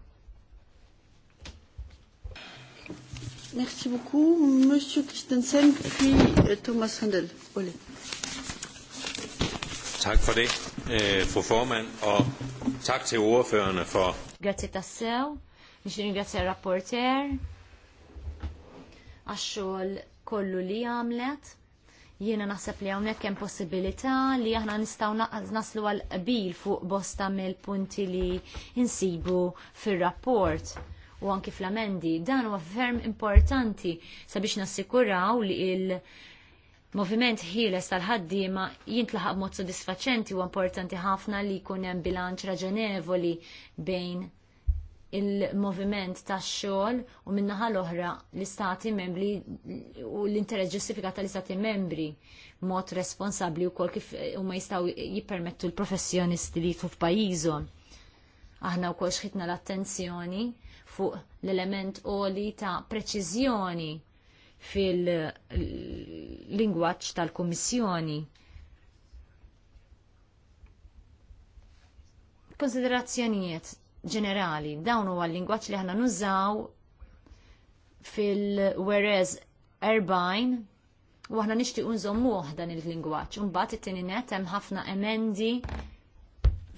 Merci beaucoup, Monsieur Christensen, puis euh, Thomas Handel. Ole. Tak for det, øh, fru formand, og tak til ordførerne for Grazzi tassew, nix ringrazzja rapporter għax-xogħol kollu li għamlet. Jiena naħseb li hawnhekk hemm possibilità li aħna nistgħu naslu għal qbil fuq bosta mill-punti li insibu fir-rapport u anki fl-amendi. Dan huwa ferm importanti sabiex nassikuraw li il- moviment ħieles tal-ħaddiema jintlaħaq mod sodisfaċenti u importanti ħafna li jkun hemm bilanċ raġonevoli bejn il-moviment tax xogħol u min-naħa l-oħra l-istati membri u l-interess ġustifikat tal-istati membri mod responsabbli wkoll kif huma jistgħu jippermettu l-professjonisti li jitfu f'pajjiżhom. Aħna wkoll xħitna l-attenzjoni fuq l-element oli ta' preċiżjoni fil-lingwaġġ tal-Kummissjoni. Konsiderazzjonijiet ġenerali, dawn huwa l-lingwaġġ li aħna nużaw fil-whereas 40 u aħna unżom muħ dan il-lingwaġġ. Imbagħad it-tieni hemm ħafna emendi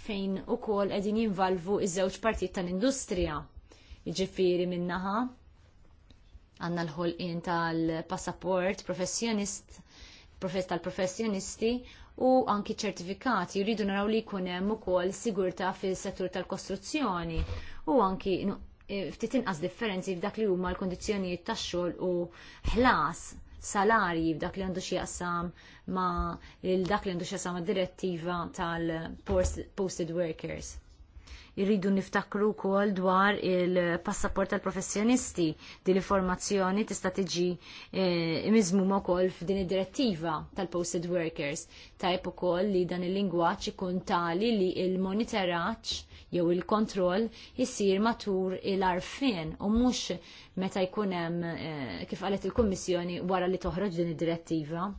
fejn ukoll qegħdin jinvalvu iż-żewġ partijiet tal-industrija. Jiġifieri min-naħa għanna l-ħolqin tal-passaport professjonist, profess tal-professjonisti u anki ċertifikati jridu naraw li jkun hemm ukoll sigurtà fis-settur tal-kostruzzjoni u anki e, ftit inqas differenzi f'dak li huma l-kondizzjonijiet tax-xogħol u ħlas salarji f'dak li għandu xi jaqsam ma' dak li għandu xi jaqsam direttiva tal-posted workers. Irridu niftakru wkoll dwar il-passaport tal-professjonisti din l-informazzjoni tista' tiġi eh, miżmuma wkoll f'din id-direttiva tal-posted workers. Tajb ukoll li dan il-lingwaġġ ikun tali li il monitoraċ jew il-kontroll jisir matur il-arfin u mhux meta jkun hemm eh, kif qalet il-Kummissjoni wara li toħroġ din id-direttiva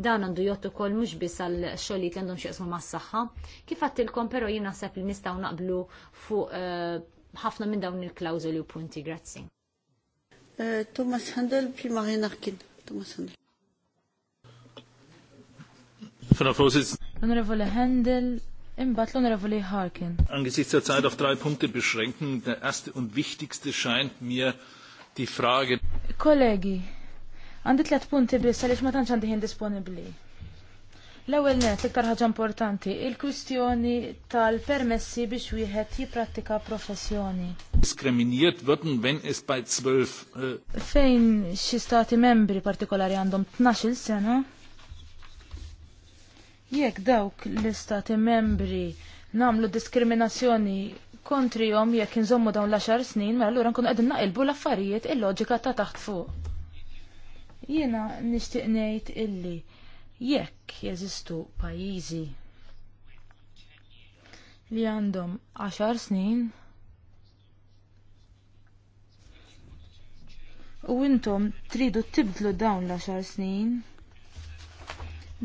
Dan għandu jottu kol mux bis għal xolli li għandhom xieqsmu ma' s-saxħa. Kif għattilkom pero jina sepp li nistaw naqblu fuq eh, ħafna minn dawn il-klawżoli u punti, grazzi. Eh, Thomas Handel, prima Marie Narkin. Thomas Handel. Fina fosis. Onorevole Handel, Imbat l-Onorevoli Harkin. Angesichts der Zeit auf drei Punkte beschränken, der erste und wichtigste scheint mir die Frage. Kollegi, Għandi tlet punti biss għaliex ma tantx għandi ħin disponibbli. L-ewwel net iktar ħaġa importanti, il-kwistjoni tal-permessi biex wieħed jipprattika professjoni. Diskriminiert werden wenn es bei 12 äh, Fejn xi stati membri partikolari għandhom 12 sena? Jekk dawk l-istati membri nagħmlu diskriminazzjoni kontrihom jekk inżommu dawn l-10 snin, ma mela allura nkunu qegħdin naqilbu l-affarijiet il-loġika ta' taħt fuq. Jiena nixtieq ngħid illi jekk jeżistu pajjiżi li għandhom 10 snin u intom tridu tibdlu dawn l-10 snin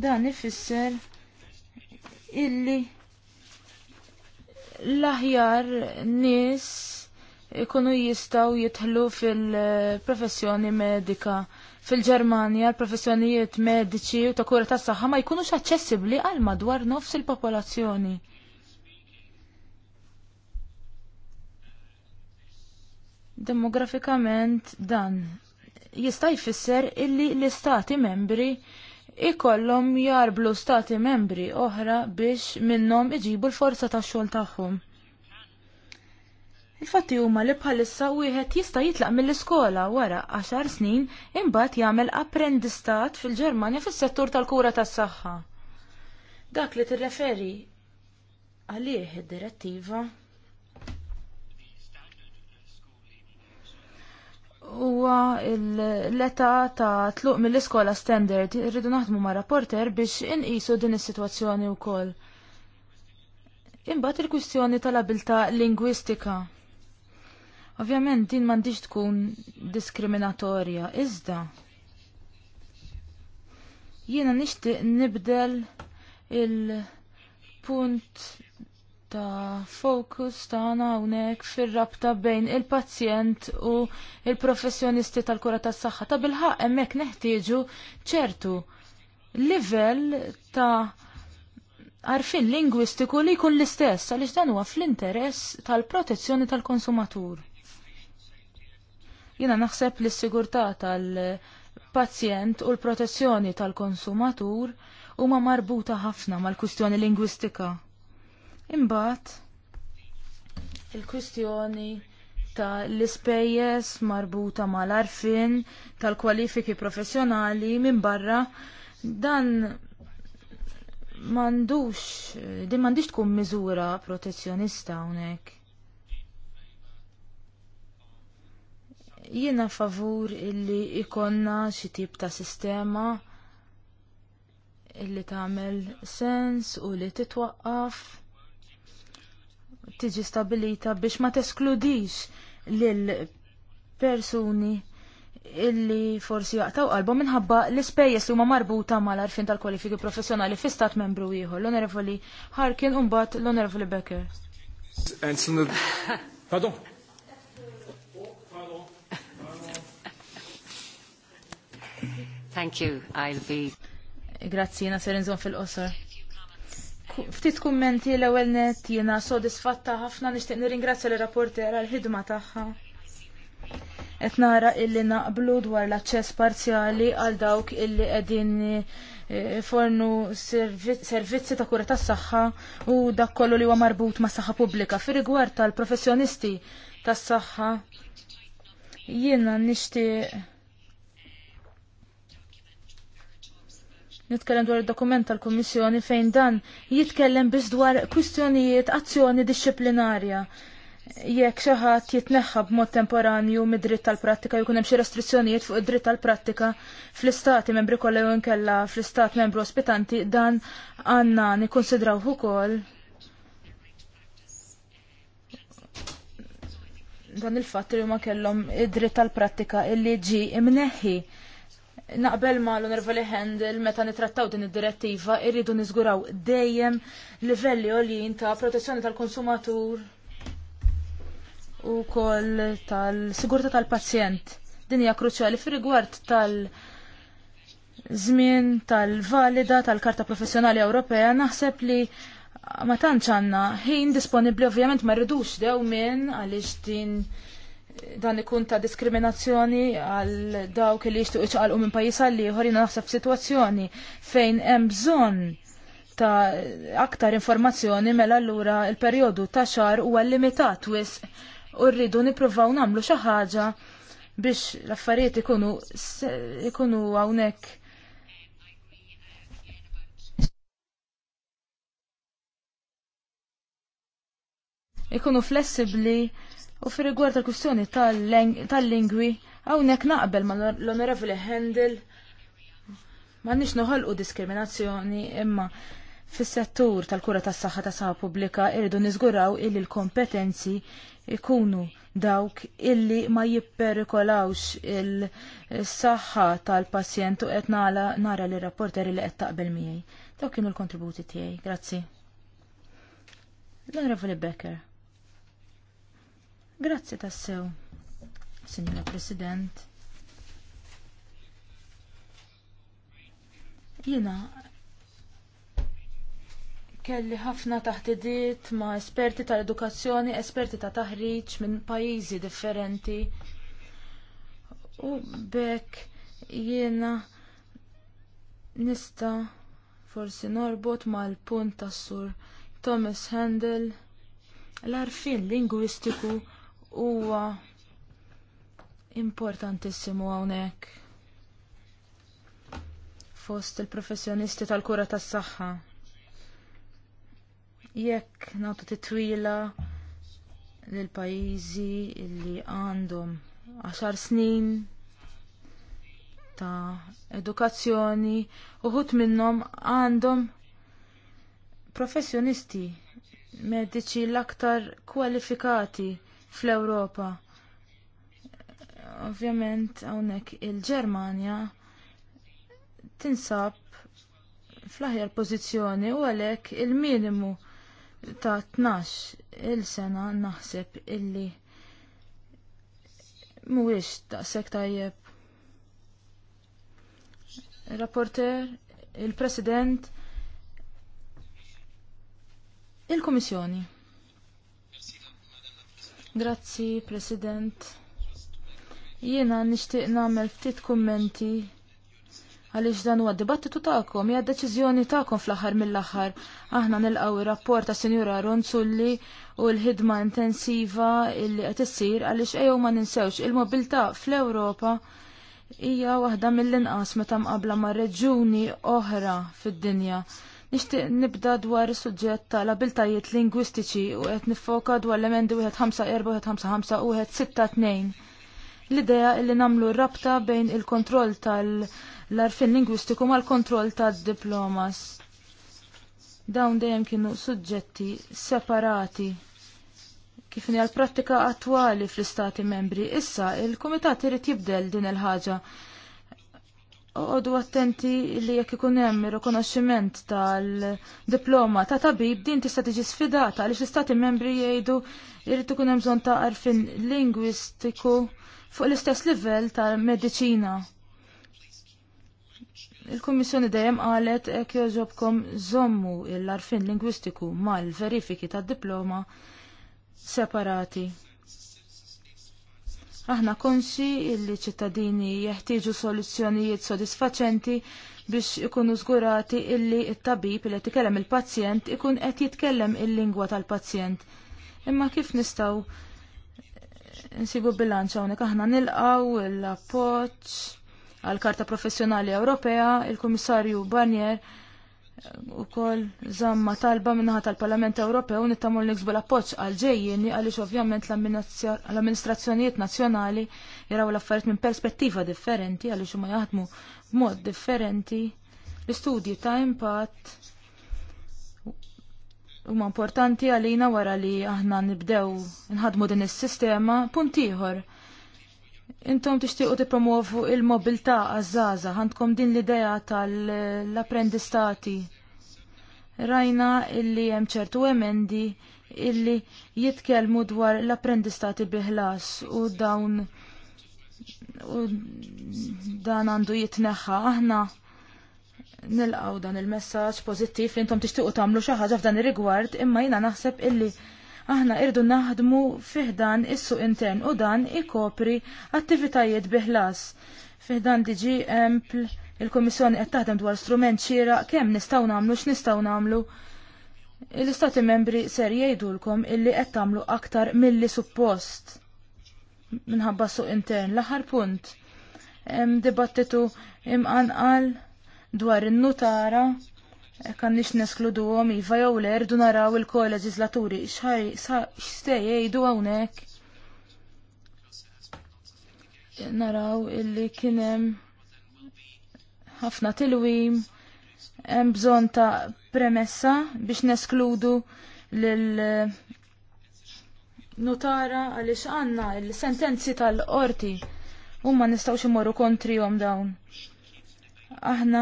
dan ifisser illi l-aħjar nies ikunu jistgħu jidħlu fil-professjoni medika Fil-Ġermanja l-professjonijiet mediċi u ta' kura tas saħħa ma jkunux aċċessibbli għal madwar nofs il-popolazzjoni. Demografikament dan jista' jfisser illi l-istati membri ikollhom jarblu stati membri oħra biex minnhom iġibu l-forza tax-xogħol tagħhom. Il-fatti huma li bħalissa wieħed jista' jitlaq mill-iskola wara 10 snin imbagħad jagħmel apprendistat fil-Ġermanja fis-settur tal-kura tas-saħħa. Dak li tirreferi għalih id-direttiva huwa l-età ta' tluq mill-iskola standard irridu naħdmu ma' rapporter biex inqisu din is-sitwazzjoni wkoll. Imbagħad il-kwistjoni tal-abilità lingwistika. Ovvjament din m'għandix tkun diskriminatorja, iżda jiena nixtieq nibdel il-punt ta' focus tagħna hawnhekk fir-rabta bejn il-pazjent u il-professjonisti tal-kura tas-saħħa ta' bilħaq hemmhekk neħtieġu ċertu livell ta' arfin lingwistiku li jkun l-istess għaliex dan huwa fl-interess tal-protezzjoni tal-konsumatur. Jiena naħseb li s-sigurtà tal-pazjent u l-protezzjoni tal-konsumatur huma marbuta ħafna mal-kwistjoni lingwistika. Imbagħad il-kwistjoni ta' l-ispejjeż marbuta mal-arfin tal-kwalifiki professjonali minn barra dan m'għandux din m'għandix tkun miżura protezzjonista hawnhekk. Jiena favur illi ikonna xi tip ta' sistema illi tagħmel sens u li titwaqqaf tiġi stabilita biex ma teskludix lil persuni illi forsi jaqtaw qalbu minħabba l-ispejjeż li huma marbuta mal-arfin tal-kwalifiki professjonali fi stat membru ieħor, l-Onorevoli Harkin u mbagħad l-Onorevoli Becker. Pardon. Thank you, I'll be. Grazzi, jena ser fil-qosor. Ftit kummenti l ewwel net jena sodisfatta ħafna nishtiq nirringrazzja l-rapporter għal-ħidma tagħha. Qed nara illi naqblu dwar l-aċċess parzjali għal dawk illi qegħdin eh, fornu servizzi ta' kura tas saħħa u dak kollu li huwa marbut ma' saħħa pubblika. Fi tal-professjonisti tas saħħa jiena nixtieq nitkellem dwar id-dokument tal-Kummissjoni fejn dan jitkellem biss dwar kwistjonijiet azzjoni disċiplinarja. Jekk xi ħadd jitneħħa b'mod temporanju mid-dritt tal-prattika jkun hemm xi restrizzjonijiet fuq id-dritt tal-prattika fl-istati membri kollha jew inkella fl-istat membru ospitanti dan għandna nikkonsidrawh ukoll dan il-fatt li huma kellhom id-dritt tal-prattika illi ġi imneħħi naqbel ma l-onorvoli Handel meta nitrattaw din id-direttiva irridu niżguraw dejjem livelli għoljin ta' protezzjoni tal-konsumatur u koll tal-sigurta tal-pazjent. Din hija kruċjali fir-rigward tal- żmien tal-valida tal-Karta Professjonali Ewropea naħseb li ma tantx għandna ħin disponibbli ovvjament ma rridux dew minn għaliex din dan ikun ta' diskriminazzjoni għal dawk li jixtuq iċaqalqu minn pajjiż għalli ieħor naħseb situazzjoni fejn hemm bżonn ta' aktar informazzjoni mela allura il-perjodu ta' xar huwa limitat wisq u rridu nippruvaw nagħmlu xi ħaġa biex l-affarijiet ikunu ikunu hawnhekk ikunu flessibli U fi rigward tal-kustjoni tal-lingwi, hawnhekk naqbel ma l-Onorevoli Handel m'għandniex noħolqu diskriminazzjoni imma fis-settur tal-kura tas-saħħa ta' saħħa pubblika irridu niżguraw illi l-kompetenzi ikunu dawk illi ma jipperikolawx il-saħħa tal-pazjent u qed nara li rapporteri li qed taqbel miegħi. Dawk kienu l-kontributi tiegħi. Grazzi. L-Onorevoli Becker. Grazzi tassew, Signora President. Jena, kelli ħafna taħtidiet ma' esperti tal-edukazzjoni, esperti ta' taħriġ minn pajjiżi differenti. U bekk jiena nista forsi norbot mal-punt tas-sur Thomas Handel l-arfin lingwistiku huwa importantissimu hawnhekk fost il-professjonisti tal-kura tas-saħħa. Jekk nagħtu titwila lill pajjiżi li għandhom għaxar snin ta' edukazzjoni, uħut minnhom għandhom professjonisti mediċi l-aktar kwalifikati fl-Ewropa. Ovvjament hawnhekk il-Ġermanja tinsab fl-aħjar pożizzjoni u għalhekk il-minimu ta' 12 il-sena naħseb illi mhuwiex daqshekk tajjeb. Rapporter, il-President, il-Kummissjoni. Grazzi, President. Jiena nixtieq nagħmel ftit kummenti għaliex dan huwa dibattitu tagħkom, hija deċiżjoni tagħkom fl-aħħar mill-aħħar. Aħna nilqgħu rapport ta' Sinjura Ronzulli u l-ħidma intensiva li qed issir għaliex ejjew ma ninsewx il-mobilità fl-Ewropa hija waħda mill-inqas meta mqabbla ma' reġuni oħra fid-dinja. Nixtieq nibda dwar is-suġġett tal-abiltajiet lingwistiċi u qed nifoka dwar l-emendi wieħed 54 u wieħed L-idea li nagħmlu rabta bejn il-kontroll tal-arfin lingwistiku mal-kontroll tad-diplomas. Dawn dejjem kienu suġġetti separati kif hija l-prattika attwali fl-istati membri. Issa il-kumitat irid jibdel din il-ħaġa Odu attenti li jekk ikun hemm ir-rikonoxximent tal-diploma ta' tabib din tista' tiġi sfidata għaliex l-istati membri jgħidu jrid ikun hemm bżonn ta' arfin lingwistiku fuq l-istess livell tal-mediċina. Il-Kummissjoni dejjem qalet hekk jogħġobkom żommu l-arfin lingwistiku mal-verifiki tad-diploma separati. Aħna konxi illi ċittadini jeħtieġu soluzzjonijiet sodisfaċenti biex ikunu żgurati illi it-tabib li qed il-pazjent ikun qed jitkellem il-lingwa tal-pazjent. Imma kif nistgħu nsibu bilanċ hawnhekk aħna nilqgħu l-appoġġ għal Karta Professjonali Ewropea, il-Kummissarju Barnier u kol zamma talba minnaħat tal-Parlament Ewropew nittamur l-iksbu l-appoċ għal-ġejjini għalix ovvjament l amministrazzjoniet nazjonali jiraw l-affarijiet minn perspettiva differenti għalix ma jaħdmu mod differenti l-istudji ta' impatt huma importanti għalina wara li aħna nibdew nħadmu din is-sistema punt ieħor Intom tixtiequ tippromovu il-mobilità għaż-żaża, għandkom din l-idea tal-apprendistati. Rajna illi hemm ċertu emendi illi jitkellmu dwar l-apprendistati biħlas u dawn u dan għandu jitneħħa aħna nilqaw dan il-messaġġ pożittiv li intom tixtiequ tagħmlu xi ħaġa f'dan ir-rigward imma jiena naħseb illi Aħna irdu naħdmu fiħdan is-suq intern u dan ikopri attivitajiet biħlas. Fiħdan diġi empl il-Komissjoni qed taħdem dwar strument xira kemm nistgħu nagħmlu x'nistgħu nagħmlu. Il-Istati membri ser jgħidulkom illi qed tagħmlu aktar milli suppost minħabba suq intern. L-aħħar punt. Hemm dibattitu imqanqal dwar in-nutara nix neskludu għom iva jew l rdu naraw il-koleġislaturi xħaj xtej jgħidu hawnhekk. Naraw illi kien hemm ħafna tilwim, hemm bżonn ta' premessa biex neskludu l notara għaliex għandna il-sentenzi tal-qorti huma ma nistgħux imorru kontrihom dawn. Aħna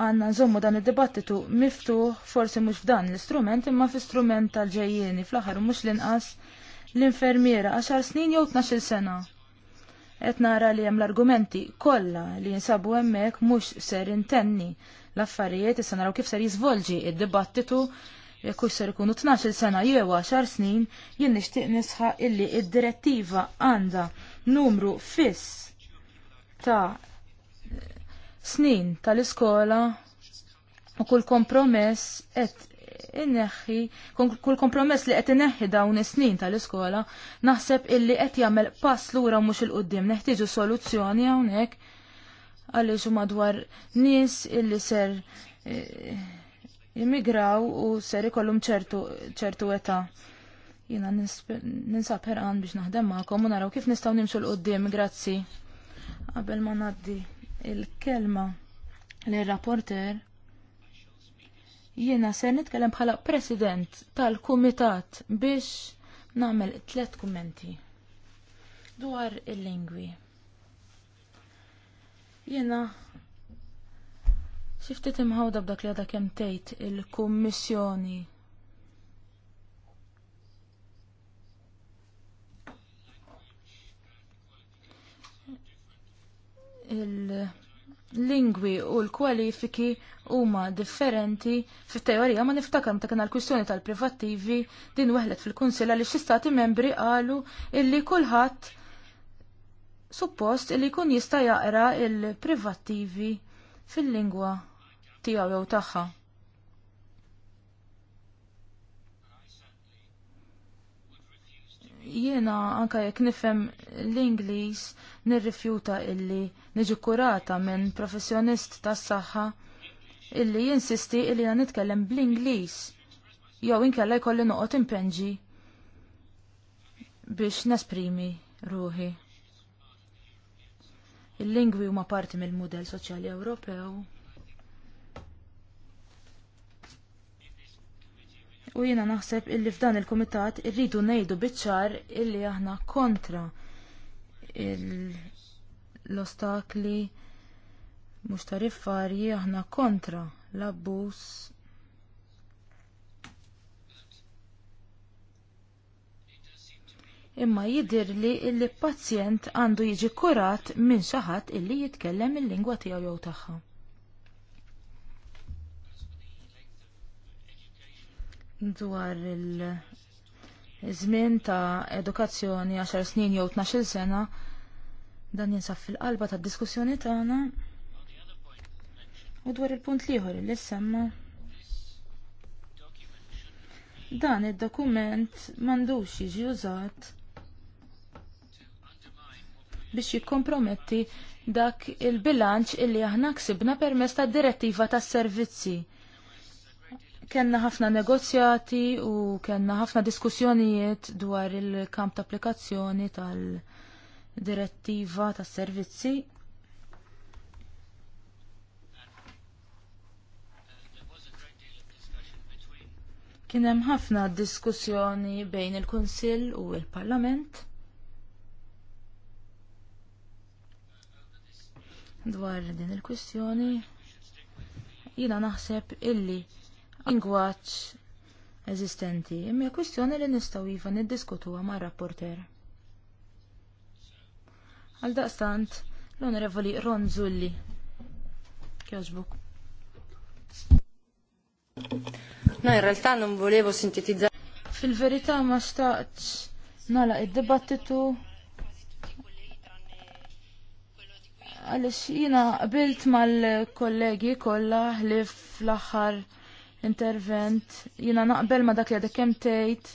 għanna nżommu dan id-dibattitu miftuħ forsi mhux f'dan l-istrument imma f'istrument tal-ġejjieni fl-aħħar mhux l-inqas l-infermiera 10 snin jew 12 sena. Qed nara li hemm l-argumenti kollha li jinsabu hemmhekk mhux ser intenni l-affarijiet issa naraw kif ser jiżvolġi id-dibattitu jekk hux ser ikunu 12 sena jew 10 snin jien nixtieq nisħaq illi id-direttiva għandha numru fiss ta' snin tal-iskola u kull kompromess qed inneħħi, kull kompromess li qed inneħħi dawn is-snin tal-iskola, naħseb illi qed jagħmel pass lura mhux il-qudiem, neħtieġu soluzzjoni hawnhekk għaliex madwar nies illi ser e, immigraw u ser ikollhom ċertu ċertu età. Jiena ninsab ħerqan biex naħdem magħkom u naraw kif nistgħu nimxu l-qudiem, grazzi. Qabel ma ngħaddi il-kelma l-rapporter jiena se nitkellem bħala president tal-kumitat biex nagħmel tliet kummenti dwar il-lingwi. Jiena xi ftit imħawda b'dak li għadha kemm tgħid il-kummissjoni il-lingwi u l-kwalifiki huma differenti fit-teorija ma niftakar meta kien l-kwistjoni tal-privattivi din weħlet fil-Kunsilla li xi membri qalu illi kulħadd suppost illi jkun jista' jaqra il-privattivi fil-lingwa tiegħu jew tagħha. jiena anka jekk nifhem l-Ingliż nirrifjuta illi niġi kurata minn professjonist tas saħħa illi jinsisti illi na nitkellem bl-Ingliż jew inkella jkolli noqgħod impenġi biex nesprimi ruħi. Il-lingwi huma parti mill-mudell soċjali Ewropew. U jiena naħseb illi f'dan il-kumitat irridu ngħidu biċ-ċar illi aħna kontra l-ostakli mhux tariffarji aħna kontra l-abbuż imma jidhirli li l-pazjent għandu jiġi kurat minn xi ħadd illi jitkellem il-lingwa tiegħu jew tagħha. Dwar il- żmien ta' edukazzjoni 10 snin jew 12 sena dan jinsab fil-qalba tad diskussjoni tagħna. U dwar il-punt liħor li semma. Dan id-dokument m'għandux jiġi użat biex jikkomprometti dak il-bilanċ illi aħna ksibna permezz tad direttiva tas servizzi Kenna ħafna negozjati u kenna ħafna diskussjonijiet dwar il-kamp ta' applikazzjoni tal-direttiva tas servizzi. Kien hemm ħafna diskussjoni bejn il-Kunsill u l parlament dwar din il-kwistjoni jina naħseb illi ingwaċ eżistenti, imma kwistjoni li nistaw iva niddiskutuha mar rapporter. Għal daqstant, l-onorevoli Ron Zulli. Kjoġbuk. No, in realtà non volevo sintetizzare. Fil-verità ma xtaqx nala id-dibattitu għalix jina qbilt mal-kollegi kollha li fl-aħħar intervent. Jina naqbel ma dak li għadek kem tgħid,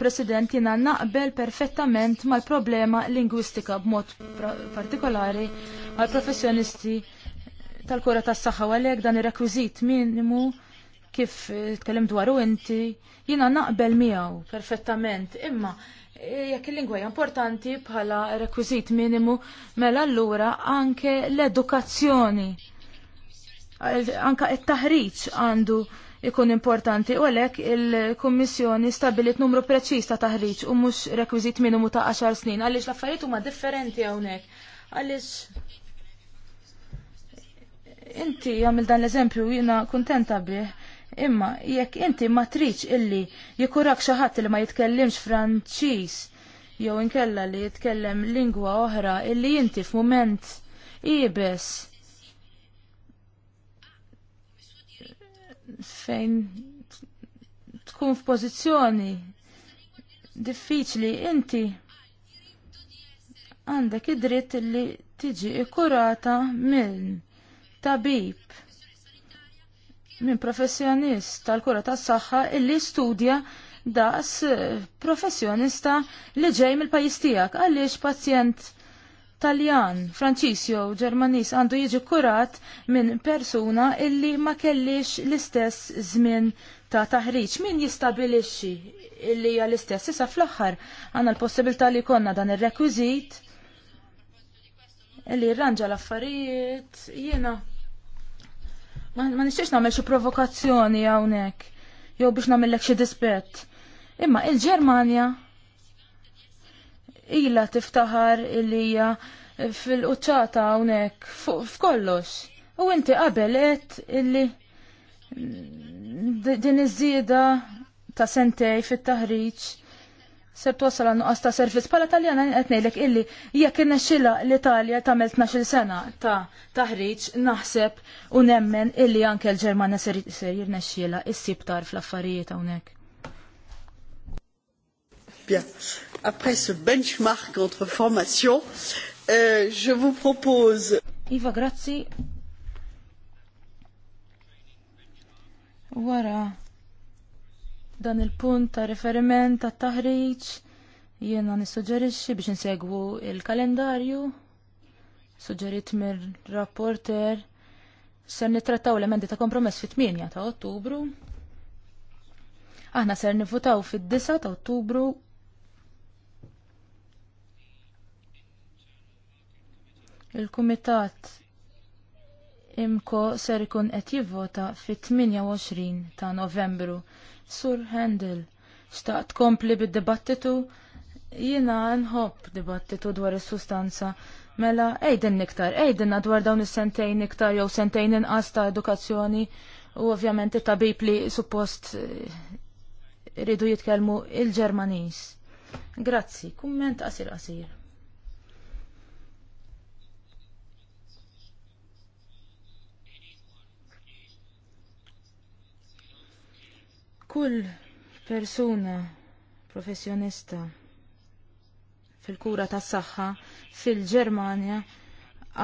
President, jina naqbel perfettament mal-problema lingwistika b'mod partikolari għal professjonisti tal-kura tas-saħħa għalhekk dan ir-rekwiżit minimu kif tkellem dwaru inti, jina naqbel miegħu perfettament, imma e, jekk il-lingwa importanti bħala rekwiżit minimu, mela allura anke l-edukazzjoni anka il taħriġ għandu ikun importanti u għalek il-Kummissjoni stabilit numru preċiż ta' taħriġ u mhux rekwiżit minimu ta' 10 snin għaliex l-affarijiet huma differenti hawnhekk għaliex inti għamil dan l-eżempju jina kontenta bih, imma jekk inti ma triċ illi jikurrak xaħat li ma jitkellimx franċis, jew inkella li jitkellem lingwa oħra illi inti f'mument ibes fejn tkun f'pożizzjoni diffiċli inti għandek id-dritt li tiġi ikkurata minn tabib minn professjonist tal-kura tas-saħħa illi studja daqs professjonista li ġej mill-pajjiż tiegħek għaliex pazjent Taljan, Franċis jew Ġermanis għandu jiġi kurat minn persuna illi ma kellix l-istess żmien ta' taħriġ. Min jistabilixxi illi hija l-istess? Issa fl-aħħar għandna l-possibilità li konna dan ir-rekwiżit illi rranġa l-affarijiet jiena. Ma, ma nixtiex nagħmel xi provokazzjoni hawnhekk jew biex nagħmellek xi dispett. Imma il-Ġermanja ila tiftaħar li hija fil-quċċata hawnhekk f'kollox. U inti qabel qed illi din iż-żieda ta' sentej fit-taħriġ ser twassal għan ta' servizz pala taljana qed ngħidlek illi jekk innexxilha l-Italja tagħmel 12 sena ta' taħriġ naħseb u nemmen illi anke l-Ġermanja ser jirnexxilha issib tar fl-affarijiet hawnhekk après ce benchmark entre formations, euh, je vous propose. Iva, grazi. Wara dan il-punt ta' riferiment ta' taħriġ jiena nissuġġerixxi biex insegwu il-kalendarju suġġerit mir-rapporter ser nittrattaw l-emendi ta' kompromess fit-8 ta' Ottubru. Aħna ser nivutaw fid-9 ta' Ottubru Il-Kumitat imko ser ikun qed jivvota fit-28 ta' Novembru. Sur Handel, xtaqt kompli bid-dibattitu? Jiena nħobb dibattitu dwar is-sustanza. Mela, ejden iktar, ejden dwar dawn is-sentejn iktar jew sentejn inqas ta' edukazzjoni u ovvjament it-tabib li suppost rridu eh, jitkellmu il-Ġermaniż. Grazzi, kumment qasir qasir. Kull persuna professjonista fil-kura tas saħħa fil-Ġermanja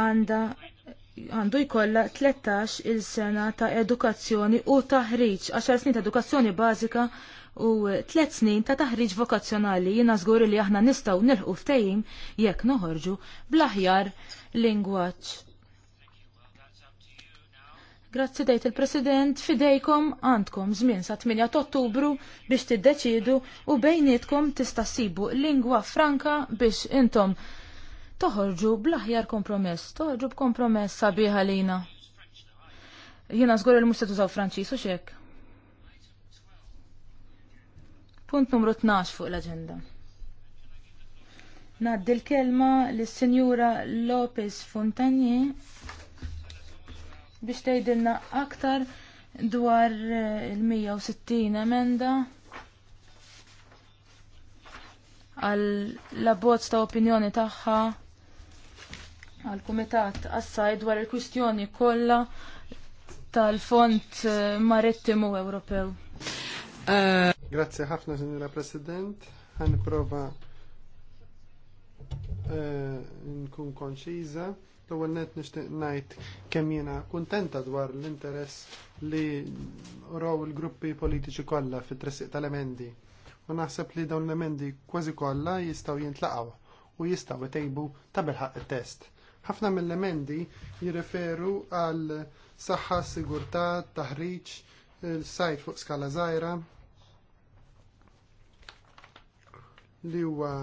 għanda għandu jkollha 13 il-sena ta' edukazzjoni u taħriġ, 10 snin ta' edukazzjoni bażika u 3 snin ta' taħriġ vokazzjonali. Jiena żgur li aħna nistgħu nilħu ftehim jekk noħorġu bl-aħjar lingwaġġ Grazzi dejt il-President, fidejkom għandkom żmien sa 8 Ottubru biex tiddeċidu u bejnietkom tista' ssibu lingwa franka biex intom toħorġu bl-aħjar kompromess, toħorġu b'kompromess sabiħa lina. Jiena żgur il se tużaw Franċis u xek. Punt numru 12 fuq l-aġenda. Naddi l-kelma lis-Sinjura Lopez Fontanier biex tgħidilna aktar dwar eh, il-160 emenda għal abbozz ta' opinjoni tagħha għal kumitat assaj dwar il-kwistjoni kollha tal-Fond eh, Marittimu Ewropew. Eh. Grazie Grazzi ħafna, Signora President. Ħanprova uh, nkun konċiża. L-ewwel net nixtieq ngħid kemm jiena kuntenta dwar l-interess li raw il-gruppi politiċi kollha fit-tressiq tal-emendi. U naħseb li dawn l-emendi kważi kollha jistgħu jintlaqgħu u jistgħu jtejbu ta' bilħaq it-test. Ħafna mill-emendi jirreferu għal saħħa, sigurtà, taħriġ, il sajf fuq skala żgħira, li huwa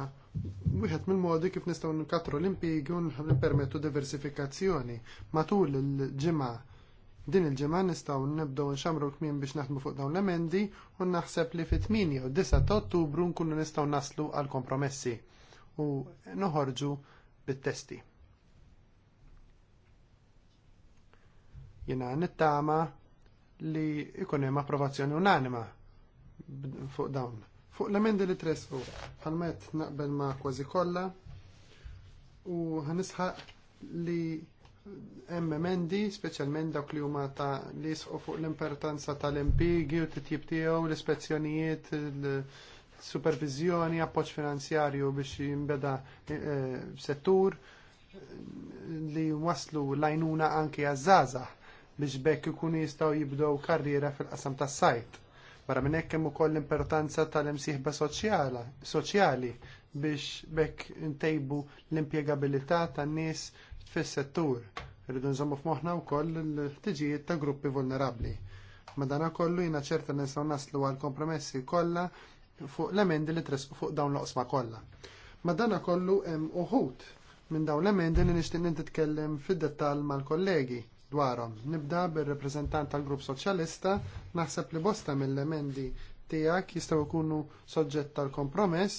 wieħed mill-modi kif nistgħu nkatru l-impjiegi u nippermettu diversifikazzjoni. Matul il-ġimgħa din il-ġimgħa nistgħu nibdew nxamru kmien biex naħdmu fuq dawn l-emendi u naħseb li fit-8 u 9 ta' Ottubru nkunu nistgħu naslu għal kompromessi u noħorġu bit-testi. Jiena nittama li ikun hemm approvazzjoni unanima fuq dawn Fuq l-emendi li tresfu, għalmet naqbel ma' kważi kollha u ħanisħaq li hemm emendi, speċjalment dawk li huma ta' li jisqu fuq l-importanza tal-impigi u titjib tiegħu, l-ispezzjonijiet, l-supervizjoni, appoġġ finanzjarju biex jinbeda eh, settur li waslu lajnuna anki għazzaza biex bekk ikunu jistgħu jibdew karriera fil-qasam tas-sajt Barra minn hekk hemm ukoll l-importanza tal-imsieħba soċjali biex bekk ntejbu l-impjegabilità tan-nies fis-settur. Irridu nżommu f'moħħna wkoll l-ħtiġijiet ta' gruppi vulnerabbli. Madana kollu jina ċerta nistgħu naslu għal kompromessi kollha fuq l-emendi li tresqu fuq dawn l-oqsma kollha. Madana kollu hemm uħud minn dawn l-emendi li nixtieq nitkellem fid-dettall mal-kollegi dwarhom. Nibda bir-reprezentant tal-Grupp Soċjalista, naħseb li bosta mill-emendi tiegħek jistgħu jkunu soġġett tal-kompromess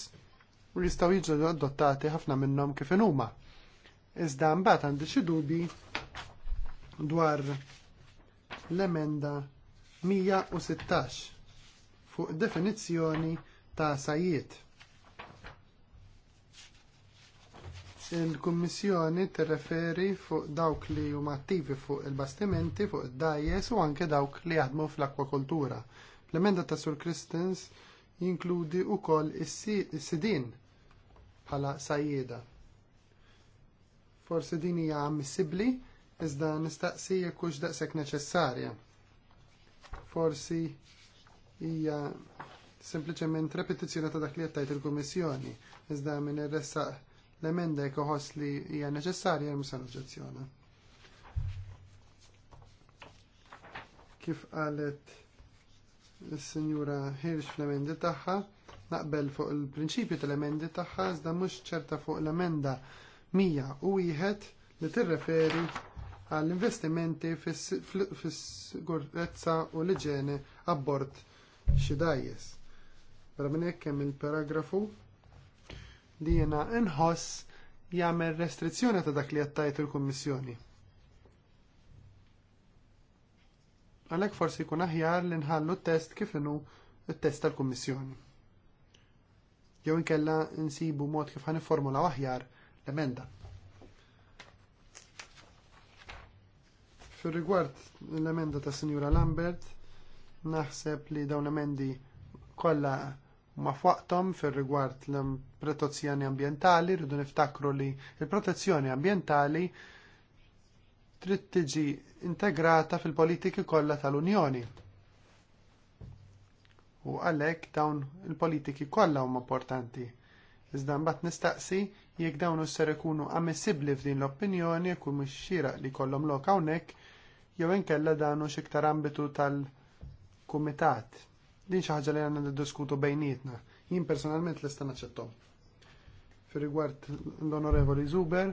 u jistgħu jiġu adottati ħafna minnhom kif huma. Iżda mbagħad għandi xi dubi dwar l-emenda 116 fuq definizzjoni ta' sajiet Il-Kummissjoni tirreferi fuq dawk li huma attivi fuq il-bastimenti, fuq id-dajjes u anke dawk li jaħdmu fl-akwakultura. L-emenda ta' Sur Kristens jinkludi wkoll is-sidin bħala sajjieda. Forsi din hija ammissibbli iżda nistaqsi jekk hux daqshekk neċessarja. Forsi hija sempliċement repetizzjoni ta' dak li qed tajt il-Kummissjoni iżda min irressaq l-emenda jek uħoss li hija neċessarja musan oġġezzjona. Kif qalet il-Sinjura Hirsch fl-emendi tagħha, naqbel fuq il-prinċipju tal-emendi tagħha, iżda mhux ċerta fuq l-emenda mija u wieħed li tirreferi għall-investimenti fis-sigurezza u l ġene abbord xi dajjes. Però minn hemm il-paragrafu li jena nħoss jagħmel restrizzjoni ta' dak li jattajt il-Kummissjoni. Għalhekk forsi jkun aħjar li nħallu t-test kif inhu t-test tal-Kummissjoni. Jew inkella nsibu mod kif formula aħjar l-emenda. Fil-rigward l-emenda ta' Sinjura Lambert, naħseb li dawn emendi kollha ma fwaqthom fir-rigward l-protezzjoni ambjentali, rridu niftakru li l-protezzjoni ambjentali trid tiġi integrata fil-politiki kollha tal-Unjoni. U għalhekk dawn il-politiki kollha huma importanti. Iżda mbagħad nistaqsi jekk dawn isser ikunu ammissibbli f'din l-opinjoni jekk mhux xieraq li jkollhom lok hawnhekk jew inkella dan hux iktar ambitu tal-kumitat Din xi ħaġa li għandna niddiskutu bejnietna. Jien personalment lesta naċċettom. Fi rigward l-Onorevoli Zuber,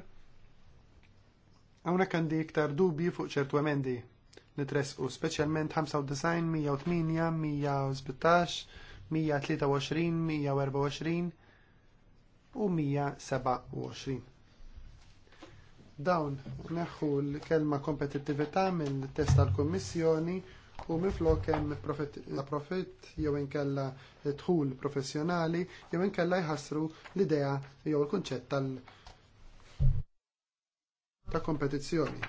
hawnhekk għandi iktar dubji fuq ċertu emendi nitresqu, speċjalment 95, 108, 117, 123, 124 u 127. Dawn neħu l-kelma kompetittività mill test tal kummissjoni u minflok hemm la profitt jew inkella dħul professjonali jew inkella jħassru l-idea jew il-kunċett tal ta' kompetizzjoni.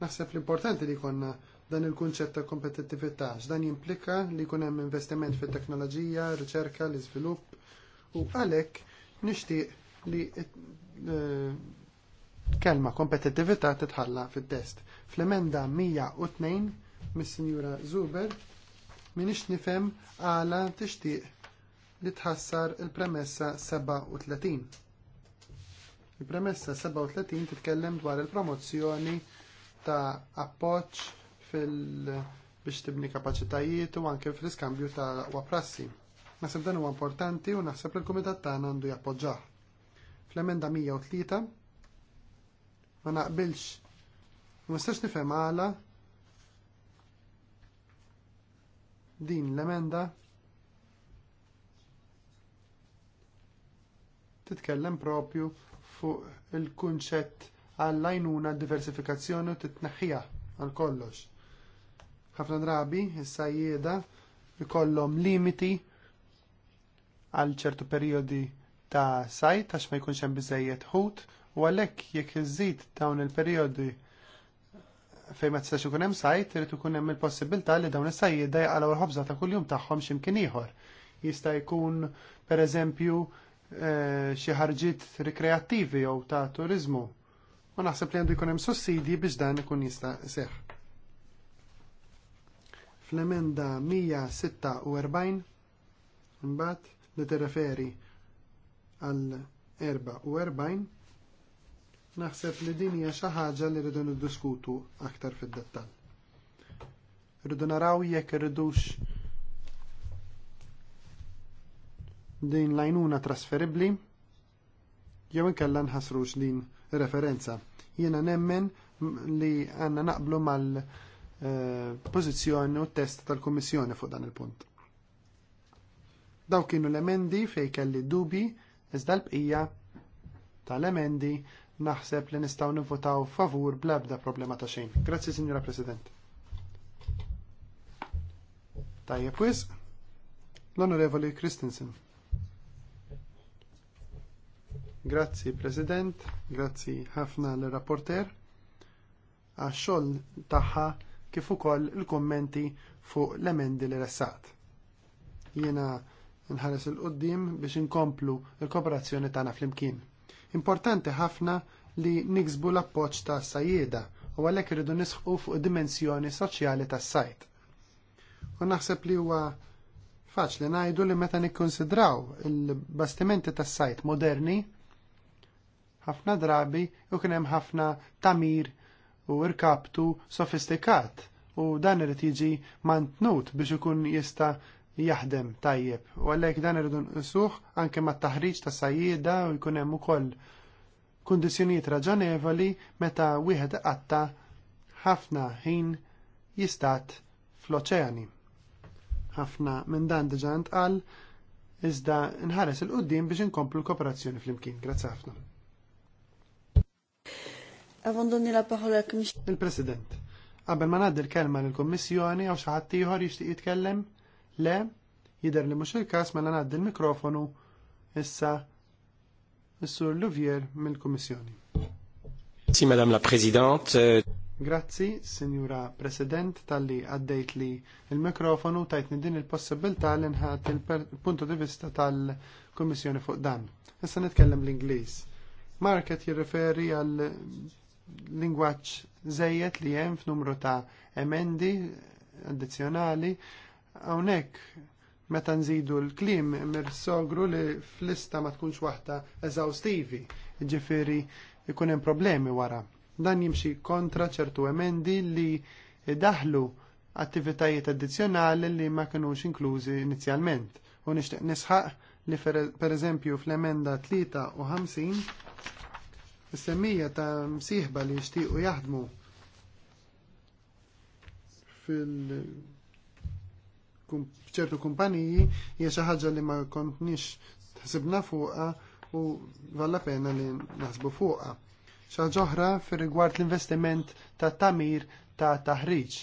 Naħseb l-importanti li jkollna dan il-kunċett ta' kompetittività x'dan jimplika li jkun hemm investiment fit-teknoloġija, riċerka, l-iżvilupp u għalhekk nixtieq li eh, kelma kompetittività titħalla fit-test. Fl-emenda 102 mis-Sinjura Zuber minix nifhem għala tixtieq li tħassar il-premessa 37. Il-premessa 37 titkellem dwar il-promozzjoni ta' appoġġ fil- biex tibni kapaċitajiet u anke fl-iskambju ta' waprassi. Naħseb dan huwa importanti u naħseb li l-kumitat tagħna għandu jappoġġah. Fl-emenda 103 ma naqbilx ma nistax nifhem għala din l-emenda titkellem propju fuq il-kunċett għall-għajnuna diversifikazzjoni u titneħħija għal kollox. ħafna drabi, issa jieda ikollhom limiti għal ċertu perjodi ta' sajt għax ma jkunx hemm biżejjed ħut u għalhekk jekk iżid dawn il-perjodi fejn ma tistax ikun hemm sajt irid ikun hemm il-possibilità li dawn is-sajjieda jaqalgħu l-ħobża ta' kuljum tagħhom x'imkien ieħor. Jista' jkun pereżempju eh, xi ħarġiet rikreattivi jew ta' turiżmu. U naħseb li għandu jkun hemm sussidji biex dan ikun jista' seħħ. Fl-emenda 146 imbagħad li tirreferi għal 44 Naħseb li din hija xi ħaġa li rridu niddiskutu aktar fid-dettall. Rridu naraw jekk irridux din lajnuna trasferibbli jew inkella nħasrux din referenza. Jiena nemmen li għanna naqblu mal eh, pożizzjoni u test tal-Kummissjoni fuq dan il-punt. Daw kienu l-emendi fej kelli dubi iżda l-bqija tal-emendi naħseb li nistgħu nivvotaw favur bl-ebda problema ta' xejn. Grazzi, Signora President. Tajjeb pwis, l-Onorevoli Christensen. Grazzi, President, grazzi ħafna l-rapporter Għaxxol xogħol tagħha kif ukoll il-kummenti fuq l-emendi li ressat. Jiena nħares il-qoddim biex inkomplu l-kooperazzjoni tagħna flimkien. Importanti ħafna li niksbu l-appoġġ ta' sajjieda u għalhekk irridu nisħu fuq dimensjoni soċjali tas-sajt. U naħseb li huwa faċli ngħidu li meta nikkonsidraw il-bastimenti tas-sajt moderni ħafna drabi u kien hemm ħafna tamir u irkaptu sofistikat u dan irid jiġi mantnut biex ikun jista' jaħdem tajjeb. U għalhekk dan irridu nsuħ anke mat-taħriġ ta' sajjida u jkun hemm ukoll kundizzjonijiet raġonevoli meta wieħed qatta ħafna ħin jistat fl-oċeani. Ħafna minn dan diġà ntqal iżda nħares il-qoddim biex inkomplu l-kooperazzjoni fl-imkien. Grazzi ħafna. Avondoni la parola Il-President, qabel ma ngħaddi l-kelma lill kummissjoni għaw xi ħadd ieħor jixtieq jitkellem? Le, jider li mhux il-każ mela ngħaddi l-mikrofonu issa is-Sur Luvier mill-Kummissjoni. Si, Madame la President. Grazzi, Signora President, tal-li għaddejt li il-mikrofonu tajtni din il-possibilità li nħat il-punto di vista tal komissjoni fuq dan. Issa nitkellem l-Ingliż. Market jirreferi għal lingwaċ zejet li hemm f'numru ta' emendi addizzjonali hawnhekk meta nżidu l-klim sogru li fl-lista ma tkunx waħda eżawstivi, ġifiri ikun hemm problemi wara. Dan jimxi kontra ċertu emendi li daħlu attivitajiet addizzjonali li ma kinux inklużi inizjalment. U nixtieq nisħaq li pereżempju fl-emenda 53 is-semmija ta' msieħba li jixtiequ jaħdmu fil ċertu kumpaniji hija xi ħaġa li ma kontniex tħsibna fuqha u valla pena li naħsbu fuqha. Xaġa oħra fir-rigward l-investiment ta' tamir ta' taħriġ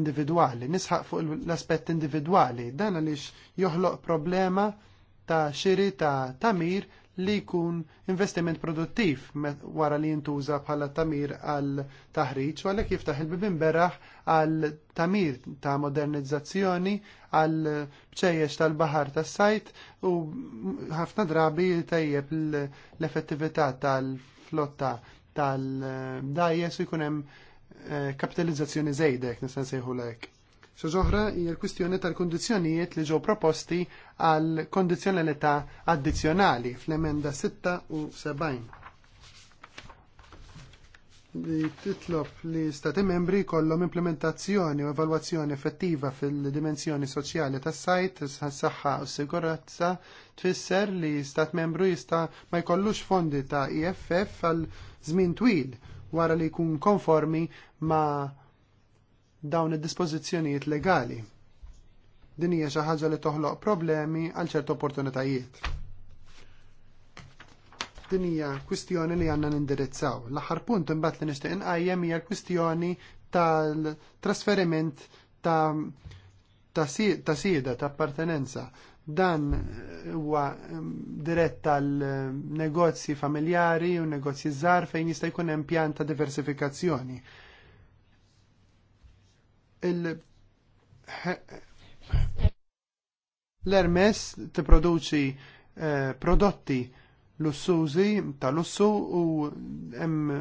individwali, nisħaq fuq l-aspett individwali, dan għaliex joħloq problema ta' xiri ta' tamir li jkun investiment produttiv wara li jintuża bħala tamir għal taħriġ u għalhekk jiftaħ il-bibin beraħ għal tamir ta' modernizzazzjoni għal bċejjex tal-baħar tas-sajt u ħafna drabi tajjeb l-effettività tal-flotta tal-dajjes u jkun hemm eh, kapitalizzazzjoni żejda jekk nista' nsejħu Xa ġoħra hija l-kwistjoni tal kundizzjonijiet li ġew proposti għal kondizzjonalità addizzjonali fl-emenda 76. Li titlob li stati membri kollhom implementazzjoni u evalwazzjoni effettiva fil-dimensjoni soċjali tas-sajt, saħħa u sigurezza tfisser li stat membru jista' ma jkollux fondi ta' EFF għal żmien twil wara li jkun konformi ma' dawn id-dispożizzjonijiet legali. Din hija xi ħaġa li toħloq problemi għal ċert opportunitajiet. Din hija kwistjoni li għandna nindirizzaw. L-aħħar punt imbagħad li nixtieq inqajjem hija kwistjoni tal-trasferiment ta' ta' sieda ta' appartenenza dan huwa mm, dirett tal negozji familjari u negozji żgħar fejn jista' jkun hemm pjan ta' diversifikazzjoni il l t tipproduċi eh, prodotti lussużi ta' lussu u hemm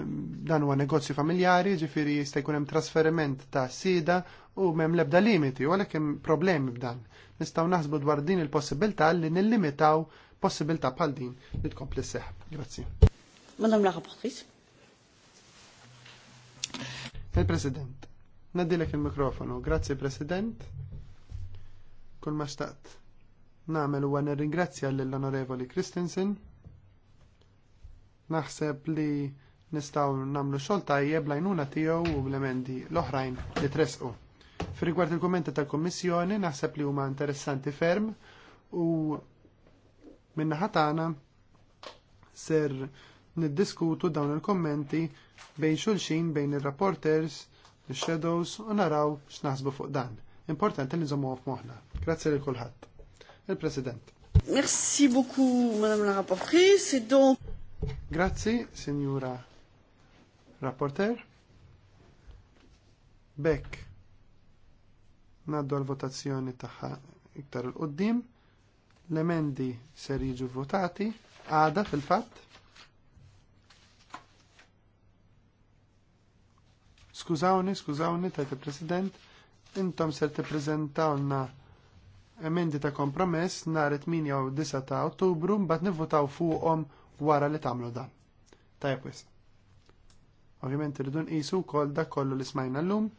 dan huwa negozju familjari, ġifieri jista' jkun hemm trasferiment ta' sida u m'hemm l-ebda limiti, u għalhekk hemm problemi b'dan. Nistgħu naħsbu dwar din il-possibilità li nillimitaw possibilità bħal din li tkompli seħ. Grazzi. Madam la Rapportrice. Il-President. Nadilek il-mikrofonu. Grazzi, President. Kull ma xtaqt. Namel u għanir ringrazzja l-Onorevoli Christensen. Naħseb li nistaw namlu xol tajjeb lajnuna tiegħu u l-emendi l-oħrajn li tresqu. Fir-rigward il-kommenti tal-Kommissjoni, naħseb li huma interessanti ferm u minna ħatana ser niddiskutu dawn il-kommenti bejn xulxin bejn il-rapporters il-shadows u naraw x'naħsbu fuq dan. Importanti li nżommu f'moħħna. Grazzi lil kulħadd. Il-President. Merci beaucoup, Madame la rapportrice. Et donc... Grazzi, Signora Rapporter. Bek. Naddu l-votazzjoni tagħha iktar il-qoddim. L-emendi ser jiġu votati għada fil-fatt Skużawni, skużawni, tajt il-President, intom ser tippreżentawna emendi ta' kompromess nhar 8 9 ta' Ottubru bat nivvotaw fuqhom wara li tagħmlu dan. Tajjeb wis. Ovvjament irridu nqisu wkoll dak kollu li smajna llum.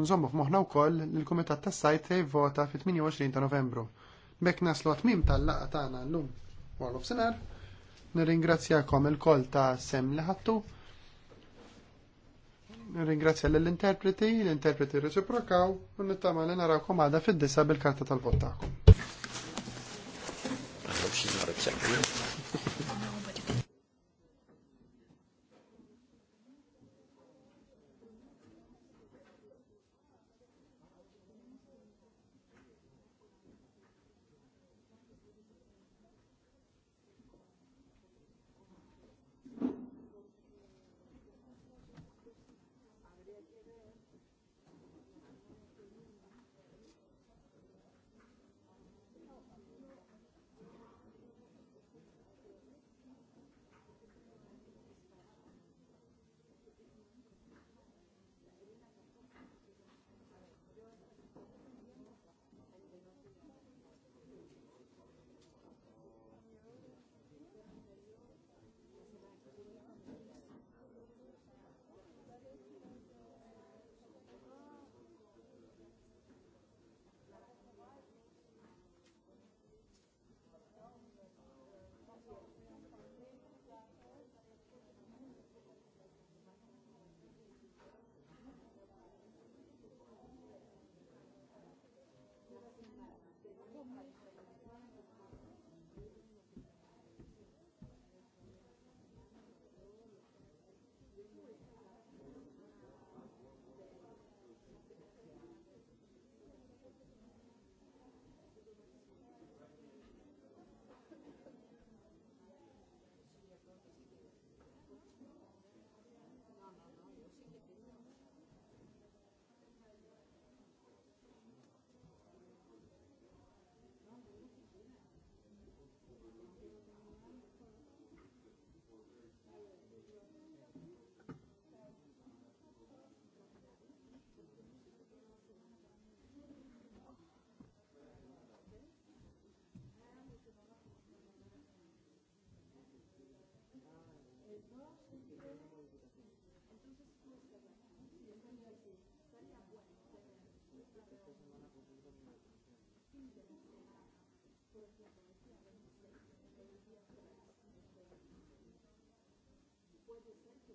Unżommu f'moħħna wkoll koll l-Kumitat tas-Sajt jivvota fit-28 ta' Novembru. Bek naslu tmim tal-laqgħa tagħna llum wara l-ofsinhar. Nirringrazzjakom il-koll ta' sem li ħattu Ringrazzja l-interpreti, l-interpreti reciprokaw u nittama li narawkom għada fid-disa bil-karta tal-vot Puede ser que